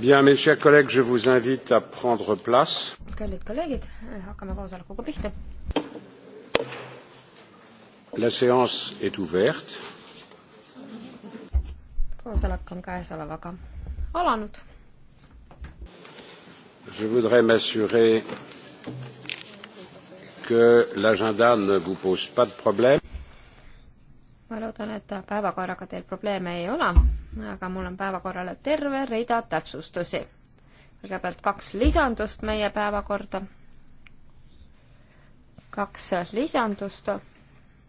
Bien, mes chers collègues, je vous invite à prendre place. kallid kolleegid, hakkame koosolekuga pihta. La séance est ouverte. koosolek on käesolevaga alanud. Je voudrais m'assurer que l'agenda ne vous pose pas de problème. ma loodan, et päevakorraga teil probleeme ei ole aga mul on päevakorrale terve rida täpsustusi. kõigepealt kaks lisandust meie päevakorda. kaks lisandust,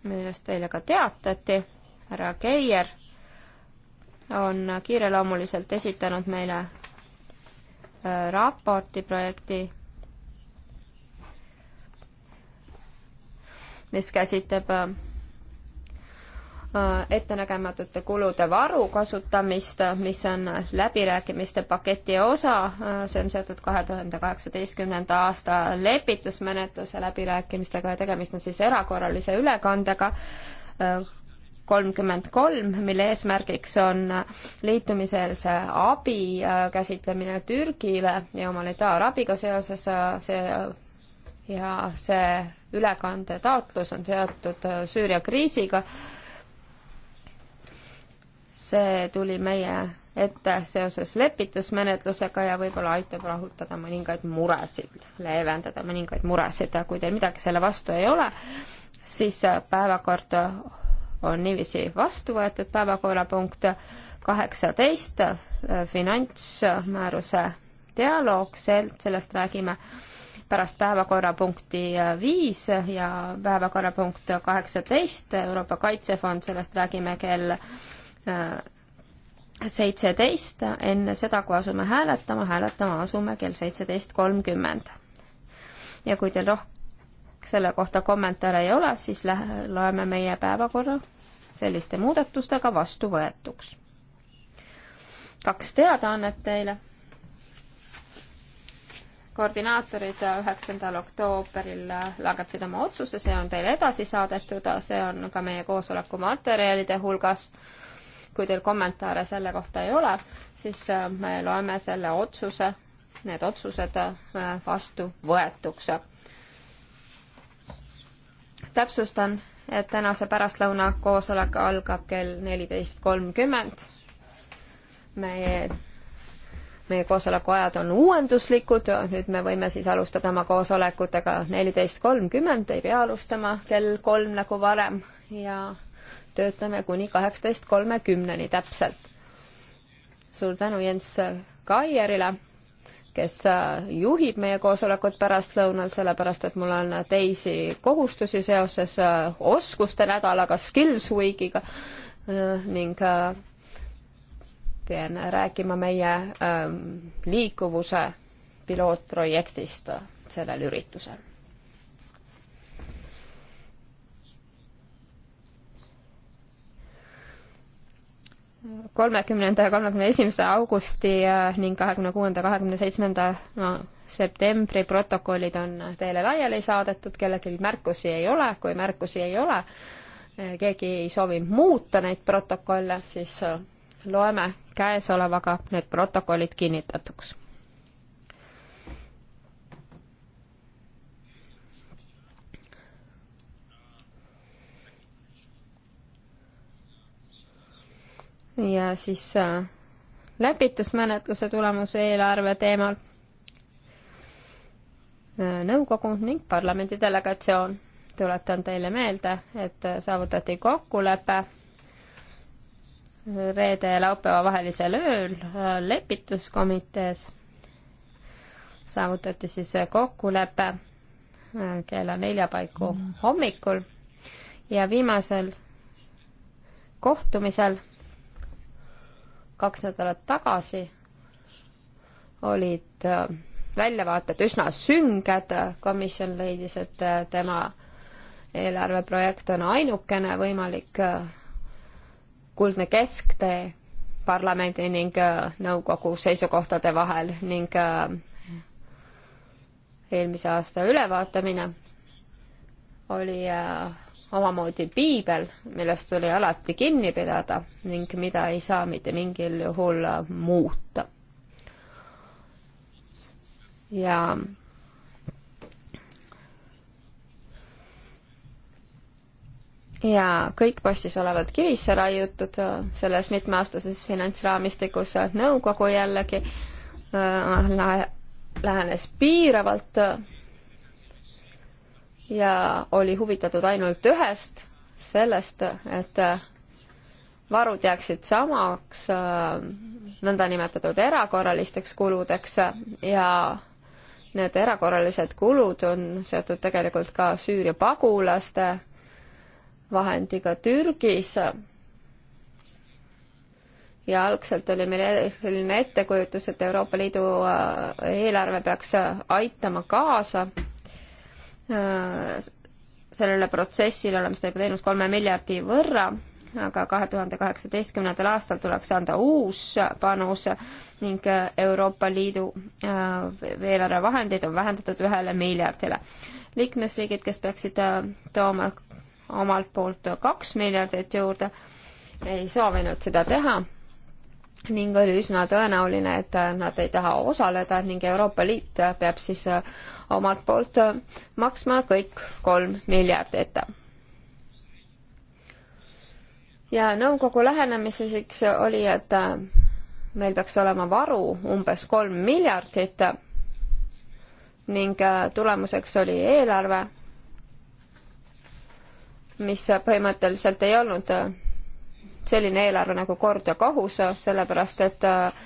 millest teile ka teatati. härra Keier on kiireloomuliselt esitanud meile äh, raporti projekti, mis käsitleb äh, Äh, ettenägematute kulude varu kasutamist, mis on läbirääkimiste paketi osa, äh, see on seotud kahe tuhande kaheksateistkümnenda aasta lepitusmenetluse läbirääkimistega ja tegemist on siis erakorralise ülekandega äh, kolmkümmend kolm, mille eesmärgiks on liitumiseelse abi käsitlemine Türgile ja humanitaarabiga seoses see ja see ülekandetaotlus on seotud Süüria kriisiga see tuli meie ette seoses lepitusmenetlusega ja võib-olla aitab rahutada mõningaid muresid, leevendada mõningaid muresid, aga kui teil midagi selle vastu ei ole, siis päevakord on niiviisi vastu võetud, päevakorrapunkt kaheksateist, finantsmääruse dialoog, sel-, sellest räägime pärast päevakorrapunkti viis ja päevakorrapunkt kaheksateist, Euroopa Kaitsefond, sellest räägime kell Äh, seitseteist, enne seda, kui asume hääletama, hääletama asume kell seitseteist kolmkümmend. ja kui teil roh-, selle kohta kommentaare ei ole, siis lähe-, loeme meie päevakorra selliste muudatustega vastu võetuks. kaks teadaannet teile. koordinaatorid üheksandal oktoobril langetasid oma otsuse, see on teile edasi saadetud, see on ka meie koosoleku materjalide hulgas kui teil kommentaare selle kohta ei ole, siis äh, me loeme selle otsuse, need otsused äh, vastu võetuks. täpsustan, et tänase pärastlõuna koosolek algab kell neliteist kolmkümmend. meie meie koosolekuajad on uuenduslikud, nüüd me võime siis alustada oma koosolekutega neliteist kolmkümmend, ei pea alustama kell kolm nagu varem ja töötame kuni kaheksateist kolmekümneni täpselt. suur tänu Jens Kaierile, kes äh, juhib meie koosolekut pärastlõunal, sellepärast et mul on teisi kohustusi seoses äh, oskuste nädalaga, Skills Weekiga äh, ning pean rääkima meie liikuvuse pilootprojektist sellel üritusel. kolmekümnenda ja kolmekümne esimese augusti äh, ning kahekümne kuuenda, kahekümne seitsmenda septembri protokollid on teile laiali saadetud, kellelgi märkusi ei ole, kui märkusi ei ole, äh, keegi ei soovi muuta neid protokolle, siis äh, loeme käesolevaga need protokollid kinnitatuks. ja siis äh, läbitusmenetluse tulemuse eelarve teemal äh, nõukogu ning parlamendi delegatsioon. tuletan teile meelde, et äh, saavutati kokkulepe reede ja laupäeva vahelisel ööl lepituskomitees. saavutati siis kokkulepe kella nelja paiku mhm. hommikul ja viimasel kohtumisel kaks nädalat tagasi olid äh, väljavaated üsna sünged, komisjon leidis, et äh, tema eelarveprojekt on ainukene võimalik äh, kuldne kesktee parlamendi ning nõukogu seisukohtade vahel ning eelmise aasta ülevaatamine oli omamoodi piibel, millest tuli alati kinni pidada ning mida ei saa mitte mingil juhul muuta. ja ja kõik postis olevat kivisse raiutud selles mitmeaastases finantsraamistikus, nõukogu jällegi äh, lähenes piiravalt äh, ja oli huvitatud ainult ühest, sellest, et varud jääksid samaks äh, nõndanimetatud erakorralisteks kuludeks ja need erakorralised kulud on seotud tegelikult ka Süüria pagulaste vahendiga Türgis. ja algselt oli meil e-, selline ettekujutus, et Euroopa Liidu äh, eelarve peaks äh, aitama kaasa Äh, sellele protsessile oleme seda juba teinud kolme miljardi võrra, aga kahe tuhande kaheksateistkümnendal aastal tuleks anda uus panus ning Euroopa Liidu äh, eelarvevahendeid on vähendatud ühele miljardile. liikmesriigid, kes peaksid äh, tooma omalt poolt kaks miljardit juurde, ei soovinud seda teha ning oli üsna tõenäoline, et äh, nad ei taha osaleda ning Euroopa Liit äh, peab siis äh, omalt poolt maksma kõik kolm miljardit. ja nõukogu lähenemiseks oli, et meil peaks olema varu umbes kolm miljardit ning tulemuseks oli eelarve, mis põhimõtteliselt ei olnud selline eelarve nagu kord ja kohus, sellepärast et äh,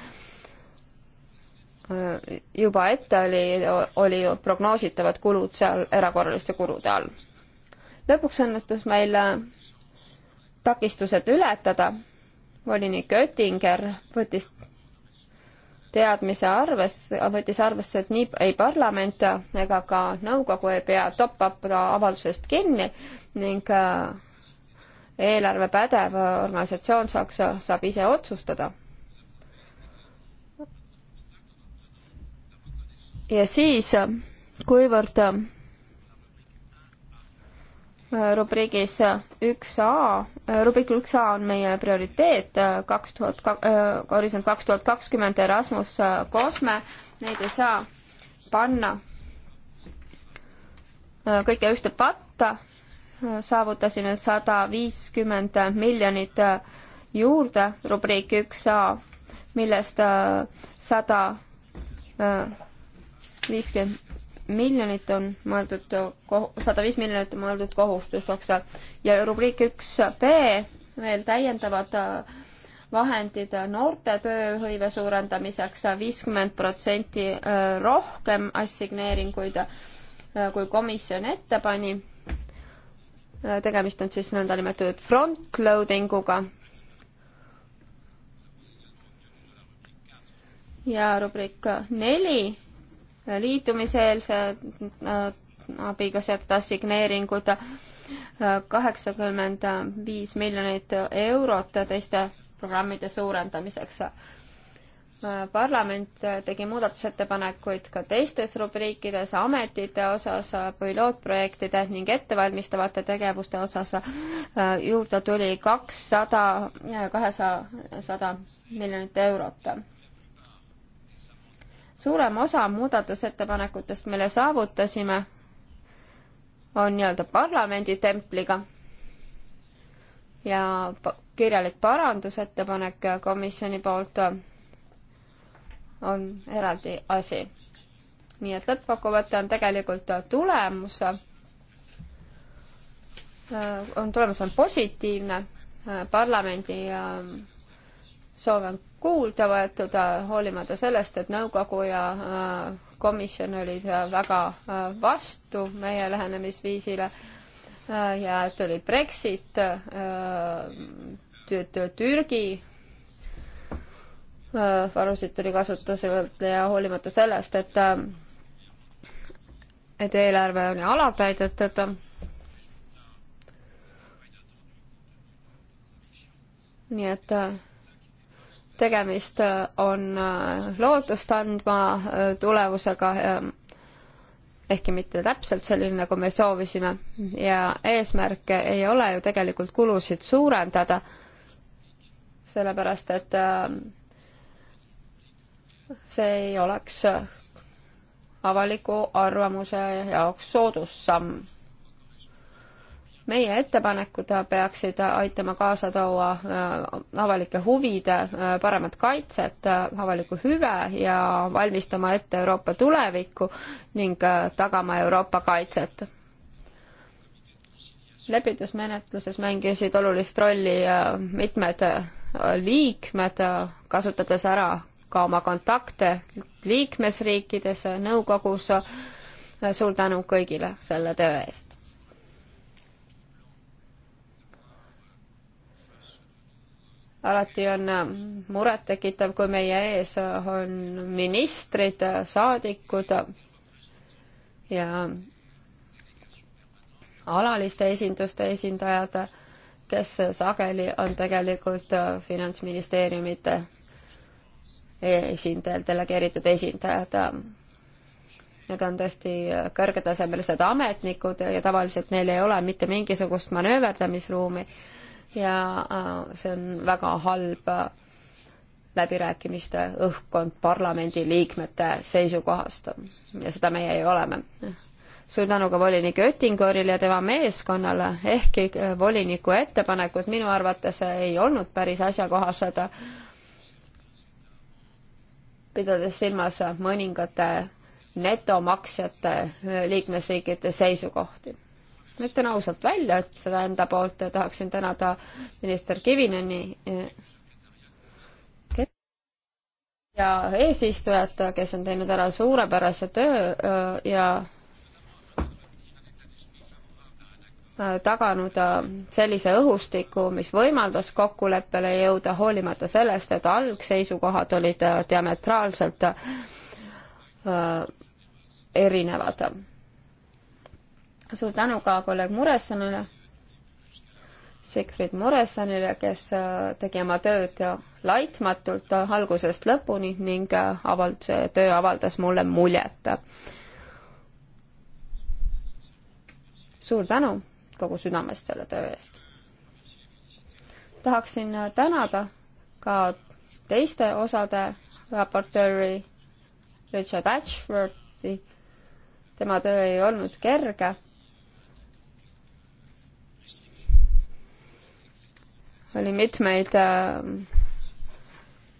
juba ette oli, oli ju prognoositavad kulud seal erakorraliste kulude all. lõpuks õnnetus meil äh, takistused ületada, volinik Oettinger võttis teadmise arvesse, võttis arvesse, et nii ei parlament ega ka nõukogu ei pea top-up avaldusest kinni ning äh, eelarvepädev organisatsioon saaks, saab ise otsustada. ja siis, kuivõrd rubriigis üks A, rubriikil üks A on meie prioriteet, kaks tuhat, horisont kaks tuhat kakskümmend Erasmus Kosme, neid ei saa panna kõike ühte patta, saavutasime sada viiskümmend miljonit äh, juurde rubriik üks A, millest äh, sada äh, viiskümmend miljonit on mõeldud, sada viis miljonit on mõeldud kohustusteks ja rubriik üks B veel täiendavad vahendid noorte tööhõive suurendamiseks viiskümmend protsenti rohkem assigneeringuid, kui komisjon ette pani Äh, tegemist on siis nõndanimetatud front-loading uga. ja rubriik neli, äh, liitumiseelse äh, abiga seotud assigneeringud, kaheksakümmend viis miljonit eurot teiste programmide suurendamiseks parlament tegi muudatusettepanekuid ka teistes rubriikides ametite osas, pilootprojektide ning ettevalmistavate tegevuste osas. juurde tuli kakssada, kahesada miljonit eurot. suurem osa muudatusettepanekutest, mille saavutasime, on nii-öelda parlamendi templiga ja kirjalik parandusettepanek komisjoni poolt on eraldi asi. nii et lõppkokkuvõte on tegelikult tulemus, äh, on, tulemus on positiivne, äh, parlamendi äh, soov on kuulda võetud, hoolimata sellest, et nõukogu ja komisjon olid väga vastu meie lähenemisviisile ja tuli Brexit, Türgi Äh, varusid tuli kasutuselt ja hoolimata sellest, et äh, et eelarve oli alatäidetud. nii et äh, tegemist on lootust andma tulemusega, ehkki mitte täpselt selline, nagu me soovisime ja eesmärk ei ole ju tegelikult kulusid suurendada, sellepärast et äh, see ei oleks avaliku arvamuse jaoks soodussamm. meie ettepanekud peaksid aitama kaasa tuua äh, avalike huvide äh, paremat kaitset, äh, avalikku hüve ja valmistama ette Euroopa tulevikku ning tagama Euroopa kaitset lepitusmenetluses mängisid olulist rolli mitmed liikmed, kasutades ära ka oma kontakte liikmesriikides, nõukogus. suur tänu kõigile selle töö eest. alati on murettekitav, kui meie ees on ministrid, saadikud ja alaliste esinduste esindajad, kes sageli on tegelikult Finantsministeeriumite esindajal, delegeeritud esindajad. Need on tõesti kõrgetasemelised ametnikud ja tavaliselt neil ei ole mitte mingisugust manööverdamisruumi ja äh, see on väga halb äh, läbirääkimiste õhkkond parlamendi liikmete seisukohast ja seda meie ju oleme. suur tänu ka volinik Oettingerile ja tema meeskonnale, ehkki äh, voliniku ettepanekud minu arvates ei olnud päris asjakohased pidades silmas mõningate netomaksjate äh, liikmesriikide seisukohti. ütlen ausalt välja, et seda enda poolt ja tahaksin tänada minister Kivineni äh, ja eesistujat, kes on teinud ära suurepärase töö äh, ja Äh, taganud äh, sellise õhustiku, mis võimaldas kokkuleppele jõuda, hoolimata sellest, et algseisukohad olid äh, diametraalselt erinevad. suur tänu ka kolleeg Muressonile, Sigfrid Muressonile, kes tegi oma tööd laitmatult algusest lõpuni ning avald-, see töö avaldas mulle muljet. suur tänu kogu südamest selle töö eest. tahaksin tänada ka teiste osade raportööri Richard Ashworthi, tema töö ei olnud kerge. oli mitmeid äh,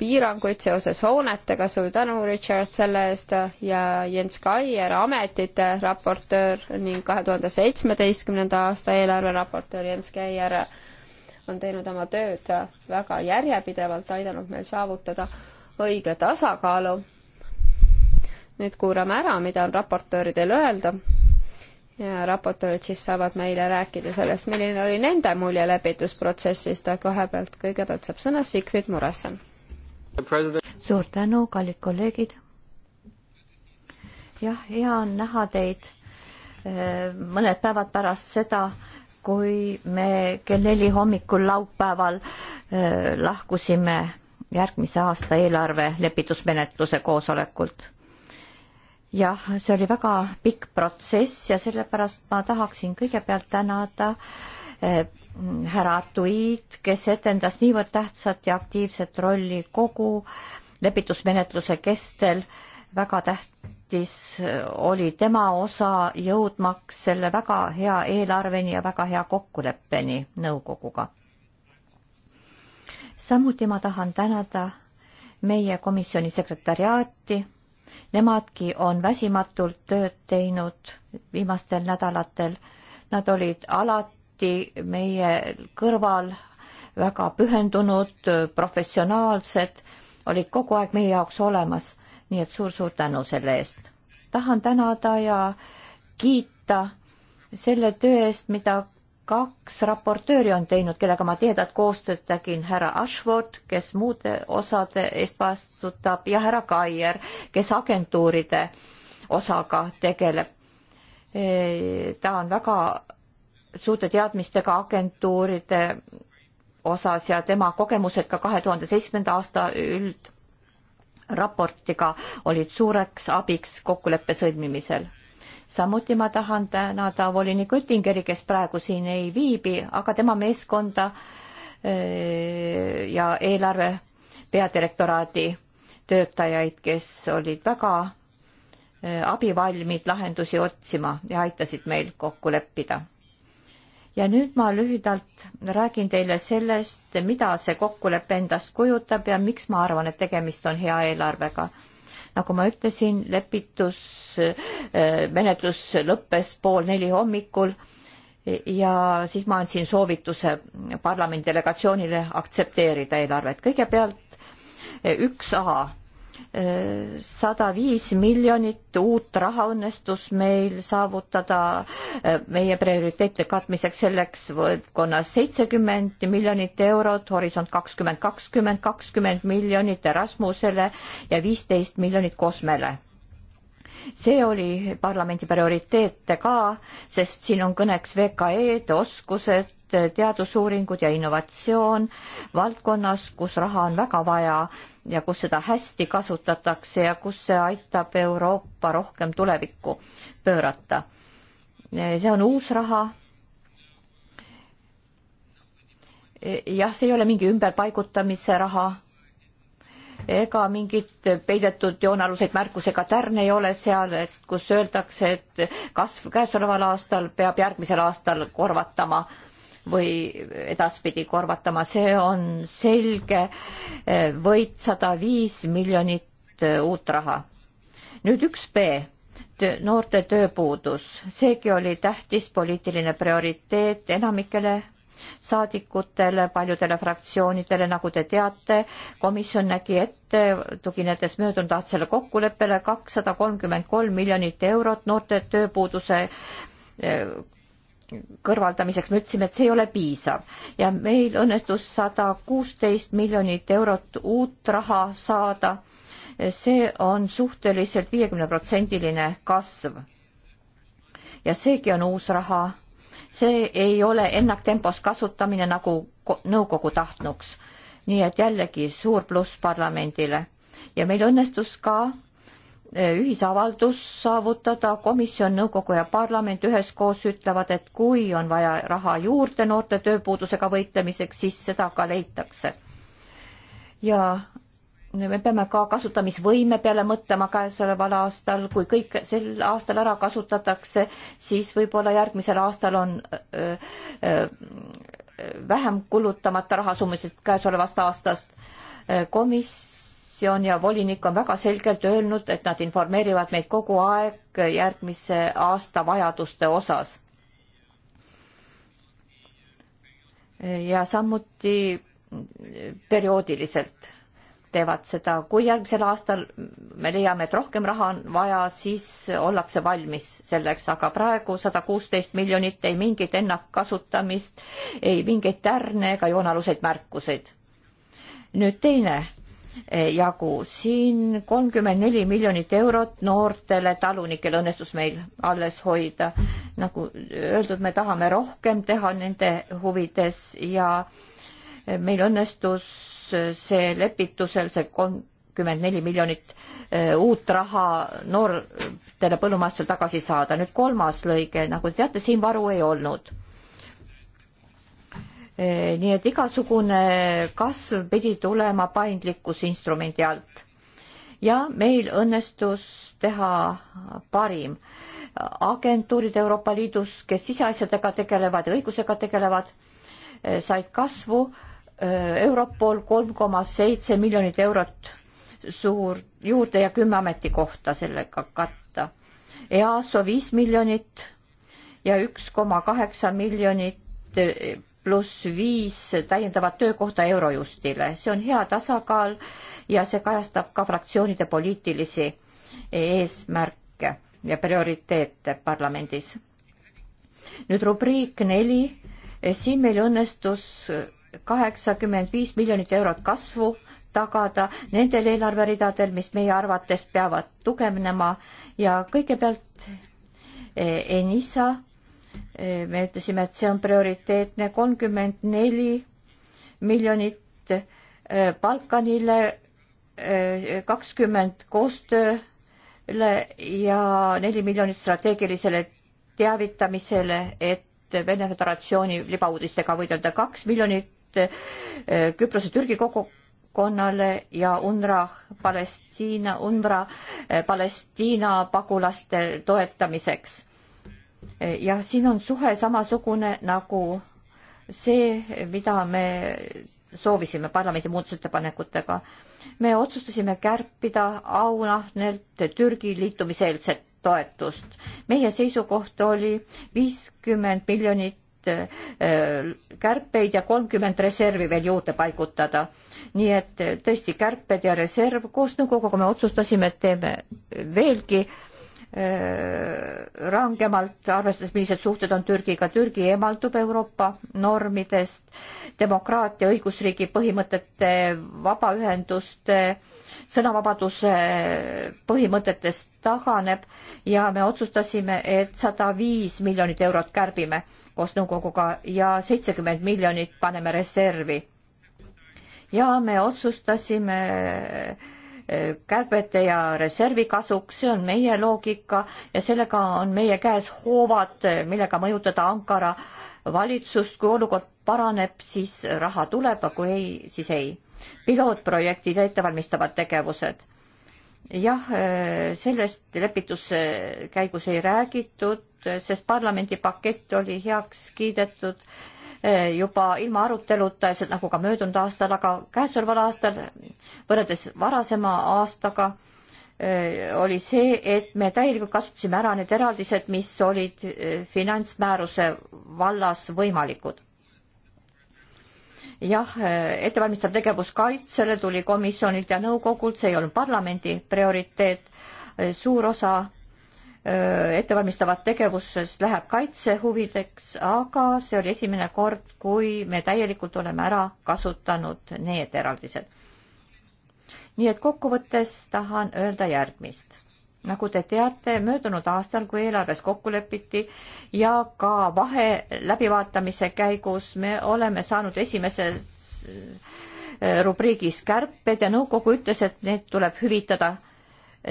piiranguid seoses hoonetega, suur tänu, Richard, selle eest ja Jens Kaier, ametite raportöör ning kahe tuhande seitsmeteistkümnenda aasta eelarve raportöör Jens Kaier on teinud oma tööd väga järjepidevalt, aidanud meil saavutada õige tasakaalu. nüüd kuulame ära, mida on raportööridel öelda ja raportöörid siis saavad meile rääkida sellest, milline oli nende mulje lepitusprotsessist, aga vahepealt kõigepealt saab sõna Sigrid Murasen suur tänu, kallid kolleegid. jah, hea on näha teid eh, mõned päevad pärast seda, kui me kell neli hommikul laupäeval eh, lahkusime järgmise aasta eelarve lepitusmenetluse koosolekult. jah, see oli väga pikk protsess ja sellepärast ma tahaksin kõigepealt tänada eh, härra Artuiid, kes etendas niivõrd tähtsat ja aktiivset rolli kogu lepitusmenetluse kestel. väga tähtis oli tema osa jõudmaks selle väga hea eelarveni ja väga hea kokkuleppeni nõukoguga. samuti ma tahan tänada meie komisjoni sekretariaati. Nemadki on väsimatult tööd teinud viimastel nädalatel. Nad olid alati samuti meie kõrval väga pühendunud, professionaalsed, olid kogu aeg meie jaoks olemas. nii et suur-suur tänu selle eest. tahan tänada ja kiita selle töö eest, mida kaks raportööri on teinud, kellega ma tihedat koostööd tegin, härra Ashford, kes muude osade eest vastutab ja härra Kaier, kes agentuuride osaga tegeleb. ta on väga suurte teadmistega agentuuride osas ja tema kogemused ka kahe tuhande seitsmenda aasta üldraportiga olid suureks abiks kokkuleppe sõlmimisel. samuti ma tahan tänada volinik Oettingeri, kes praegu siin ei viibi, aga tema meeskonda äh, ja eelarve peadirektoraadi töötajaid, kes olid väga äh, abivalmid lahendusi otsima ja aitasid meil kokku leppida ja nüüd ma lühidalt räägin teile sellest, mida see kokkulepe endast kujutab ja miks ma arvan, et tegemist on hea eelarvega. nagu ma ütlesin, lepitusmenetlus äh, lõppes pool neli hommikul ja siis ma andsin soovituse parlamendi delegatsioonile aktsepteerida eelarvet. kõigepealt üks A sada viis miljonit uut raha õnnestus meil saavutada eh, meie prioriteete katmiseks selleks valdkonnas seitsekümmend miljonit eurot, Horisont kakskümmend kakskümmend, kakskümmend miljonit Erasmusele ja viisteist miljonit Kosmele see oli parlamendi prioriteete ka, sest siin on kõneks VKE-d, oskused, teadusuuringud ja innovatsioon valdkonnas, kus raha on väga vaja ja kus seda hästi kasutatakse ja kus see aitab Euroopa rohkem tulevikku pöörata. see on uus raha. jah, see ei ole mingi ümberpaigutamise raha ega mingit peidetud joonealuseid märkusega tärne ei ole seal, et kus öeldakse, et kasv käesoleval aastal peab järgmisel aastal korvatama äh, või edaspidi korvatama, see on selge eh, võit sada viis miljonit eh, uut raha. nüüd üks B, noorte tööpuudus, seegi oli tähtis poliitiline prioriteet enamikele saadikutele, paljudele fraktsioonidele, nagu te teate, komisjon nägi ette, tuginedes möödunud aastasele kokkuleppele, kakssada kolmkümmend kolm miljonit eurot noorte tööpuuduse eh, kõrvaldamiseks, me ütlesime, et see ei ole piisav ja meil õnnestus sada kuusteist miljonit eurot uut raha saada. see on suhteliselt viiekümneprotsendiline kasv. ja seegi on uus raha. see ei ole ennaktempos kasutamine nagu nõukogu tahtnuks. nii et jällegi suur pluss parlamendile ja meil õnnestus ka Eh, ühisavaldus saavutada, komisjon, nõukogu ja parlament üheskoos ütlevad, et kui on vaja raha juurde noorte tööpuudusega võitlemiseks, siis seda ka leitakse. ja me peame ka kasutamisvõime peale mõtlema käesoleval aastal, kui kõik sel aastal ära kasutatakse, siis võib-olla järgmisel aastal on öö, eh, öö, eh, vähem kulutamata rahasummasid käesolevast aastast. komis-, komisjon ja volinik on väga selgelt öelnud, et nad informeerivad meid kogu aeg järgmise aasta vajaduste osas. ja samuti perioodiliselt teevad seda, kui järgmisel aastal me leiame, et rohkem raha on vaja, siis ollakse valmis selleks, aga praegu sada kuusteist miljonit ei mingit ennakkasutamist, ei mingeid tärne ega joonaluseid märkuseid. nüüd teine Eh, jagu. siin kolmkümmend neli miljonit eurot noortele talunikele õnnestus meil alles hoida. nagu öeldud, me tahame rohkem teha nende huvides ja meil õnnestus see lepitusel see kolmkümmend neli miljonit eh, uut raha noortele põllumajandusel tagasi saada. nüüd kolmas lõige, nagu te teate, siin varu ei olnud nii et igasugune kasv pidi tulema paindlikkusinstrumendi alt. ja meil õnnestus teha parim. agentuurid Euroopa Liidus, kes siseasjadega tegelevad ja õigusega tegelevad, said kasvu. Europol kolm koma seitse miljonit eurot suur juurde ja kümme ametikohta sellega katta. EASO viis miljonit ja üks koma kaheksa miljonit pluss viis täiendavat töökohta Eurojustile. see on hea tasakaal ja see kajastab ka fraktsioonide poliitilisi eesmärke ja prioriteete parlamendis. nüüd rubriik neli, siin meil õnnestus kaheksakümmend viis miljonit eurot kasvu tagada nendel eelarveridadel, mis meie arvates peavad tugevnema ja kõigepealt eh, ENISA me ütlesime, et see on prioriteetne, kolmkümmend neli miljonit äh, Balkanile, äh, kakskümmend koostööle ja neli miljonit strateegilisele teavitamisele, et Vene Föderatsiooni libauudistega võidelda, kaks miljonit äh, Küprose Türgi kogukonnale ja UNRWA Palestiina, UNRWA Palestiina pagulaste toetamiseks jah, siin on suhe samasugune nagu see, mida me soovisime parlamendi muudatusettepanekutega. me otsustasime kärpida aunahnelt Türgi liitumiseelset toetust. meie seisukoht oli viiskümmend miljonit äh, kärpeid ja kolmkümmend reservi veel juurde paigutada. nii et tõesti kärped ja reserv koos nõukoguga me otsustasime, et teeme veelgi äh, Äh, rangemalt, arvestades, millised suhted on Türgiga. Türgi eemaldub Euroopa normidest, demokraatia, õigusriigi põhimõtete, vabaühenduste, sõnavabaduse põhimõtetest taganeb ja me otsustasime, et sada viis miljonit eurot kärbime koos nõukoguga ja seitsekümmend miljonit paneme reservi. ja me otsustasime kärbete ja reservi kasuks, see on meie loogika ja sellega on meie käes hoovad, millega mõjutada Ankara valitsust, kui olukord paraneb, siis raha tuleb, aga kui ei, siis ei. pilootprojektid ja ettevalmistavad tegevused. jah, sellest lepituse käigus ei räägitud, sest parlamendi pakett oli heaks kiidetud Eh, juba ilma aruteluta, nagu ka möödunud aastal, aga käesoleval aastal võrreldes varasema aastaga eh, oli see, et me täielikult kasutasime ära need eraldised, mis olid eh, finantsmääruse vallas võimalikud. jah, ettevalmistav tegevus kaitsele tuli komisjonilt ja nõukogult, see ei olnud parlamendi prioriteet, suur osa Äh, ettevalmistavat tegevusest läheb kaitsehuvideks, aga see oli esimene kord, kui me täielikult oleme ära kasutanud need eraldised. nii et kokkuvõttes tahan öelda järgmist. nagu te teate, möödunud aastal, kui eelarves kokku lepiti ja ka vahe läbivaatamise käigus me oleme saanud esimese äh, rubriigis kärped ja nõukogu ütles, et need tuleb hüvitada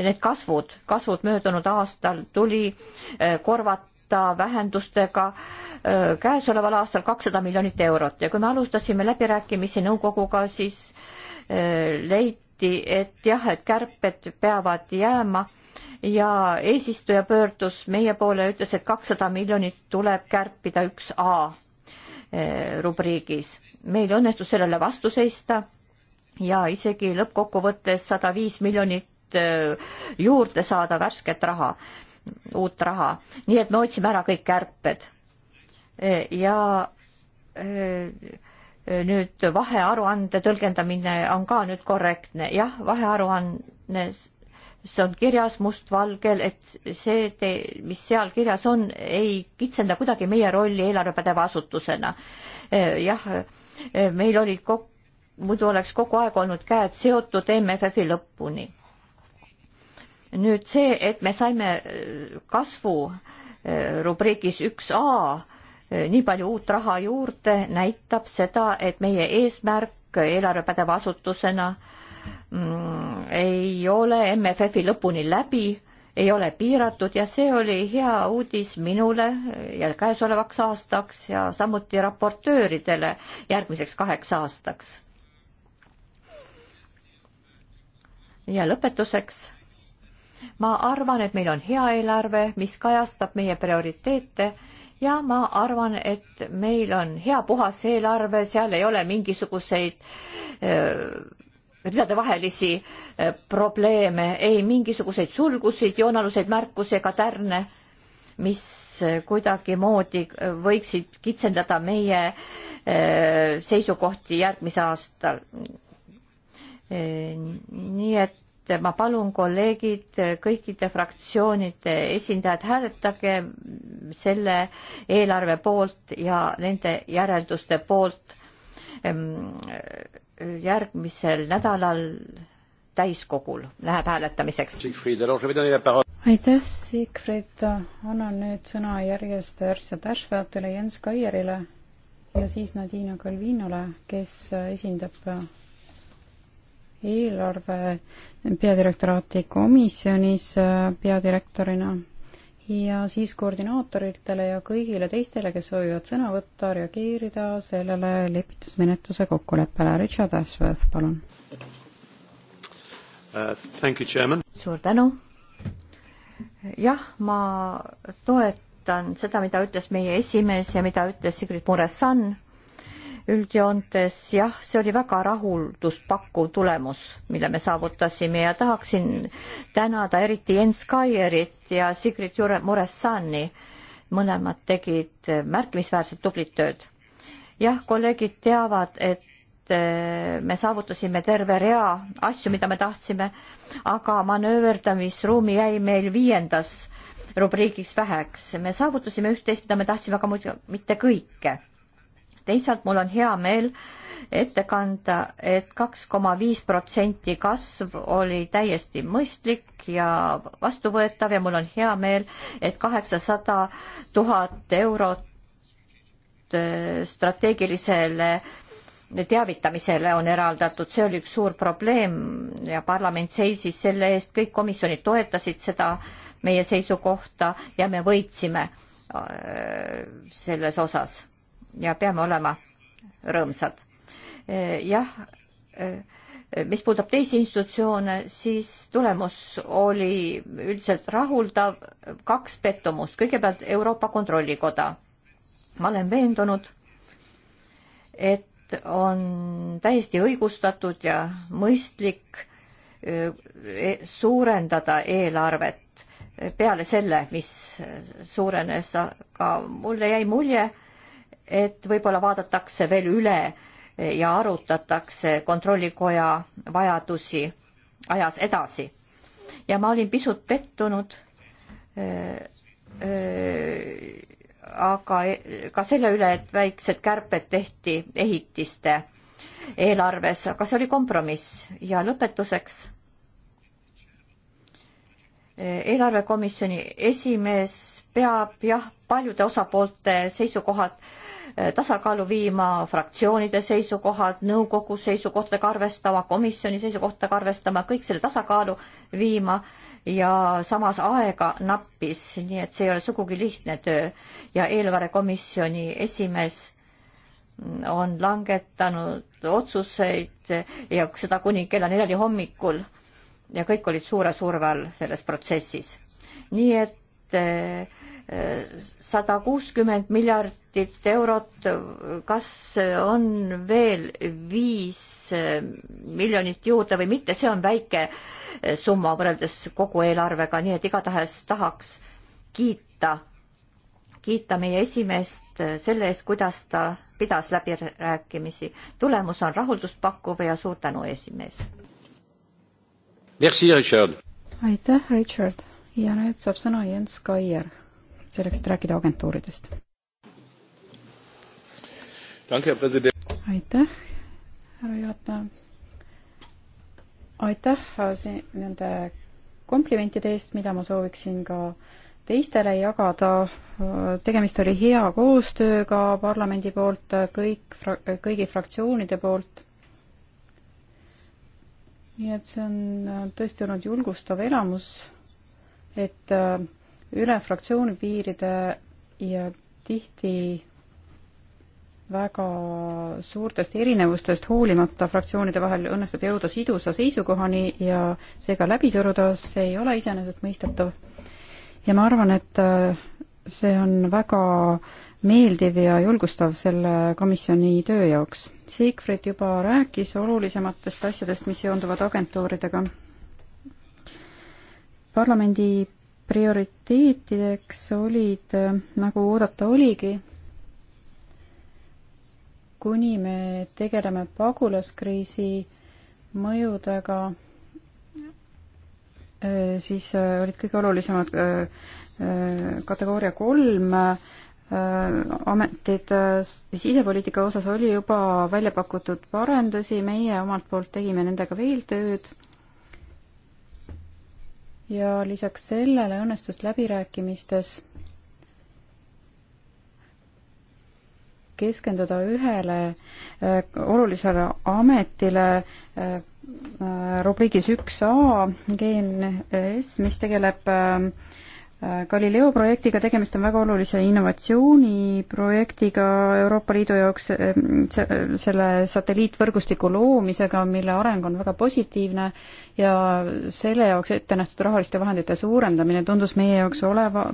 need kasvud, kasvud möödunud aastal tuli eh, korvata vähendustega eh, käesoleval aastal kakssada miljonit eurot ja kui me alustasime läbirääkimisi nõukoguga, siis eh, leiti, et jah, et kärped peavad jääma ja eesistuja pöördus meie poole ja ütles, et kakssada miljonit tuleb kärpida üks A rubriigis. meil õnnestus sellele vastu seista ja isegi lõppkokkuvõttes sada viis miljonit Äh, juurde saada värsket raha, uut raha. nii et me hoidsime ära kõik kärped. E, ja e, e, nüüd vahearuande tõlgendamine on ka nüüd korrektne, jah, vahearuanne, see on kirjas mustvalgel, et see, mis seal kirjas on, ei kitsenda kuidagi meie rolli eelarvepädeva asutusena. jah, meil oli kok-, muidu oleks kogu aeg olnud käed seotud MFF-i lõpuni nüüd see, et me saime äh, kasvu äh, rubriigis üks A äh, nii palju uut raha juurde, näitab seda, et meie eesmärk eelarvepädeva asutusena mm, ei ole MFF-i lõpuni läbi, ei ole piiratud ja see oli hea uudis minule ja käesolevaks aastaks ja samuti raportööridele järgmiseks kaheks aastaks. ja lõpetuseks ma arvan, et meil on hea eelarve, mis kajastab meie prioriteete ja ma arvan, et meil on hea puhas eelarve, seal ei ole mingisuguseid äh, ridadevahelisi äh, probleeme, ei mingisuguseid sulgusid, joonaluseid märkusi ega tärne, mis äh, kuidagimoodi võiksid kitsendada meie seisukohti järgmise aastal. nii et et ma palun, kolleegid, kõikide fraktsioonide esindajad, hääletage selle eelarve poolt ja nende järelduste poolt ehm, järgmisel nädalal täiskogul läheb hääletamiseks. aitäh, Siegfried, annan nüüd sõna järjest Ersa Tärsveotile, Jens Kaierile ja siis Nadina Kalvinole, kes esindab eelarve peadirektoraati komisjonis äh, peadirektorina ja siis koordinaatoritele ja kõigile teistele, kes soovivad sõna võtta, reageerida sellele lepitusmenetluse kokkuleppele. Richard Ashworth, palun uh,. suur tänu. jah, ma toetan seda, mida ütles meie esimees ja mida ütles Sigrid Muresan üldjoontes jah, see oli väga rahuldust pakkuv tulemus, mille me saavutasime ja tahaksin tänada eriti Jens Kaierit ja Sigrid Jure Muressani. mõlemad tegid märkimisväärselt tublit tööd. jah, kolleegid teavad, et eh, me saavutasime terve rea asju, mida me tahtsime, aga manööverdamisruumi jäi meil viiendas rubriigiks väheks. me saavutasime üht-teist, mida me tahtsime, aga muidu mitte kõike teisalt mul on hea meel ette kanda et, et kaks koma viis protsenti kasv oli täiesti mõistlik ja vastuvõetav ja mul on hea meel, et kaheksasada tuhat eurot äh, strateegilisele teavitamisele on eraldatud, see oli üks suur probleem ja parlament seisis selle eest, kõik komisjonid toetasid seda meie seisukohta ja me võitsime äh, selles osas ja peame olema rõõmsad. Eh, jah, eh, mis puudutab teisi institutsioone, siis tulemus oli üldiselt rahuldav, kaks pettumust, kõigepealt Euroopa Kontrollikoda. ma olen veendunud, et on täiesti õigustatud ja mõistlik eh, suurendada eelarvet peale selle, mis suurenes, aga mulle jäi mulje, et võib-olla vaadatakse veel üle ja arutatakse kontrollikoja vajadusi ajas edasi. ja ma olin pisut pettunud äh,. Äh, aga e, ka selle üle, et väiksed kärped tehti ehitiste eelarves, aga see oli kompromiss ja lõpetuseks äh, eelarvekomisjoni esimees peab jah, paljude osapoolte seisukohad Eh, tasakaalu viima fraktsioonide seisukohad, nõukogu seisukohtadega arvestama, komisjoni seisukohtadega arvestama, kõik selle tasakaalu viima ja samas aega nappis, nii et see ei ole sugugi lihtne töö ja eelarvekomisjoni esimees on langetanud otsuseid ja seda kuni kella neljani hommikul ja kõik olid suure surve all selles protsessis. nii et äh, sada kuuskümmend miljardit eurot, kas on veel viis miljonit juurde või mitte, see on väike summa võrreldes kogu eelarvega, nii et igatahes tahaks kiita, kiita meie esimeest selle eest, kuidas ta pidas läbirääkimisi. tulemus on rahulduspakkuv ja suur tänu, esimees! aitäh, Richard! ja nüüd saab sõna Jens Kaier selleks, et rääkida agentuuridest. aitäh, härra juhataja. aitäh äh, see, nende komplimentide eest, mida ma sooviksin ka teistele jagada. Äh, tegemist oli hea koostööga parlamendi poolt, äh, kõik fra-, kõigi fraktsioonide poolt. nii et see on tõesti olnud julgustav elamus, et äh, üle fraktsiooni piiride ja tihti väga suurtest erinevustest hoolimata fraktsioonide vahel õnnestub jõuda sidusa seisukohani ja seega läbi suruda, see ei ole iseenesestmõistetav. ja ma arvan, et äh, see on väga meeldiv ja julgustav selle komisjoni töö jaoks. Siegfried juba rääkis olulisematest asjadest, mis seonduvad agentuuridega. parlamendi prioriteetideks olid, nagu oodata oligi, kuni me tegeleme pagulaskriisi mõjudega, eh, siis eh, olid kõige olulisemad eh, kategooria kolm ametid sisepoliitika osas oli juba välja pakutud parendusi, meie omalt poolt tegime nendega veel tööd ja lisaks sellele õnnestus läbirääkimistes keskenduda ühele äh, olulisele ametile äh, äh rubriigis üks A GNS, mis tegeleb äh, Äh, Galileo projektiga, tegemist on väga olulise innovatsiooniprojektiga Euroopa Liidu jaoks, äh, selle satelliitvõrgustiku loomisega, mille areng on väga positiivne ja selle jaoks ette nähtud rahaliste vahendite suurendamine tundus meie jaoks oleva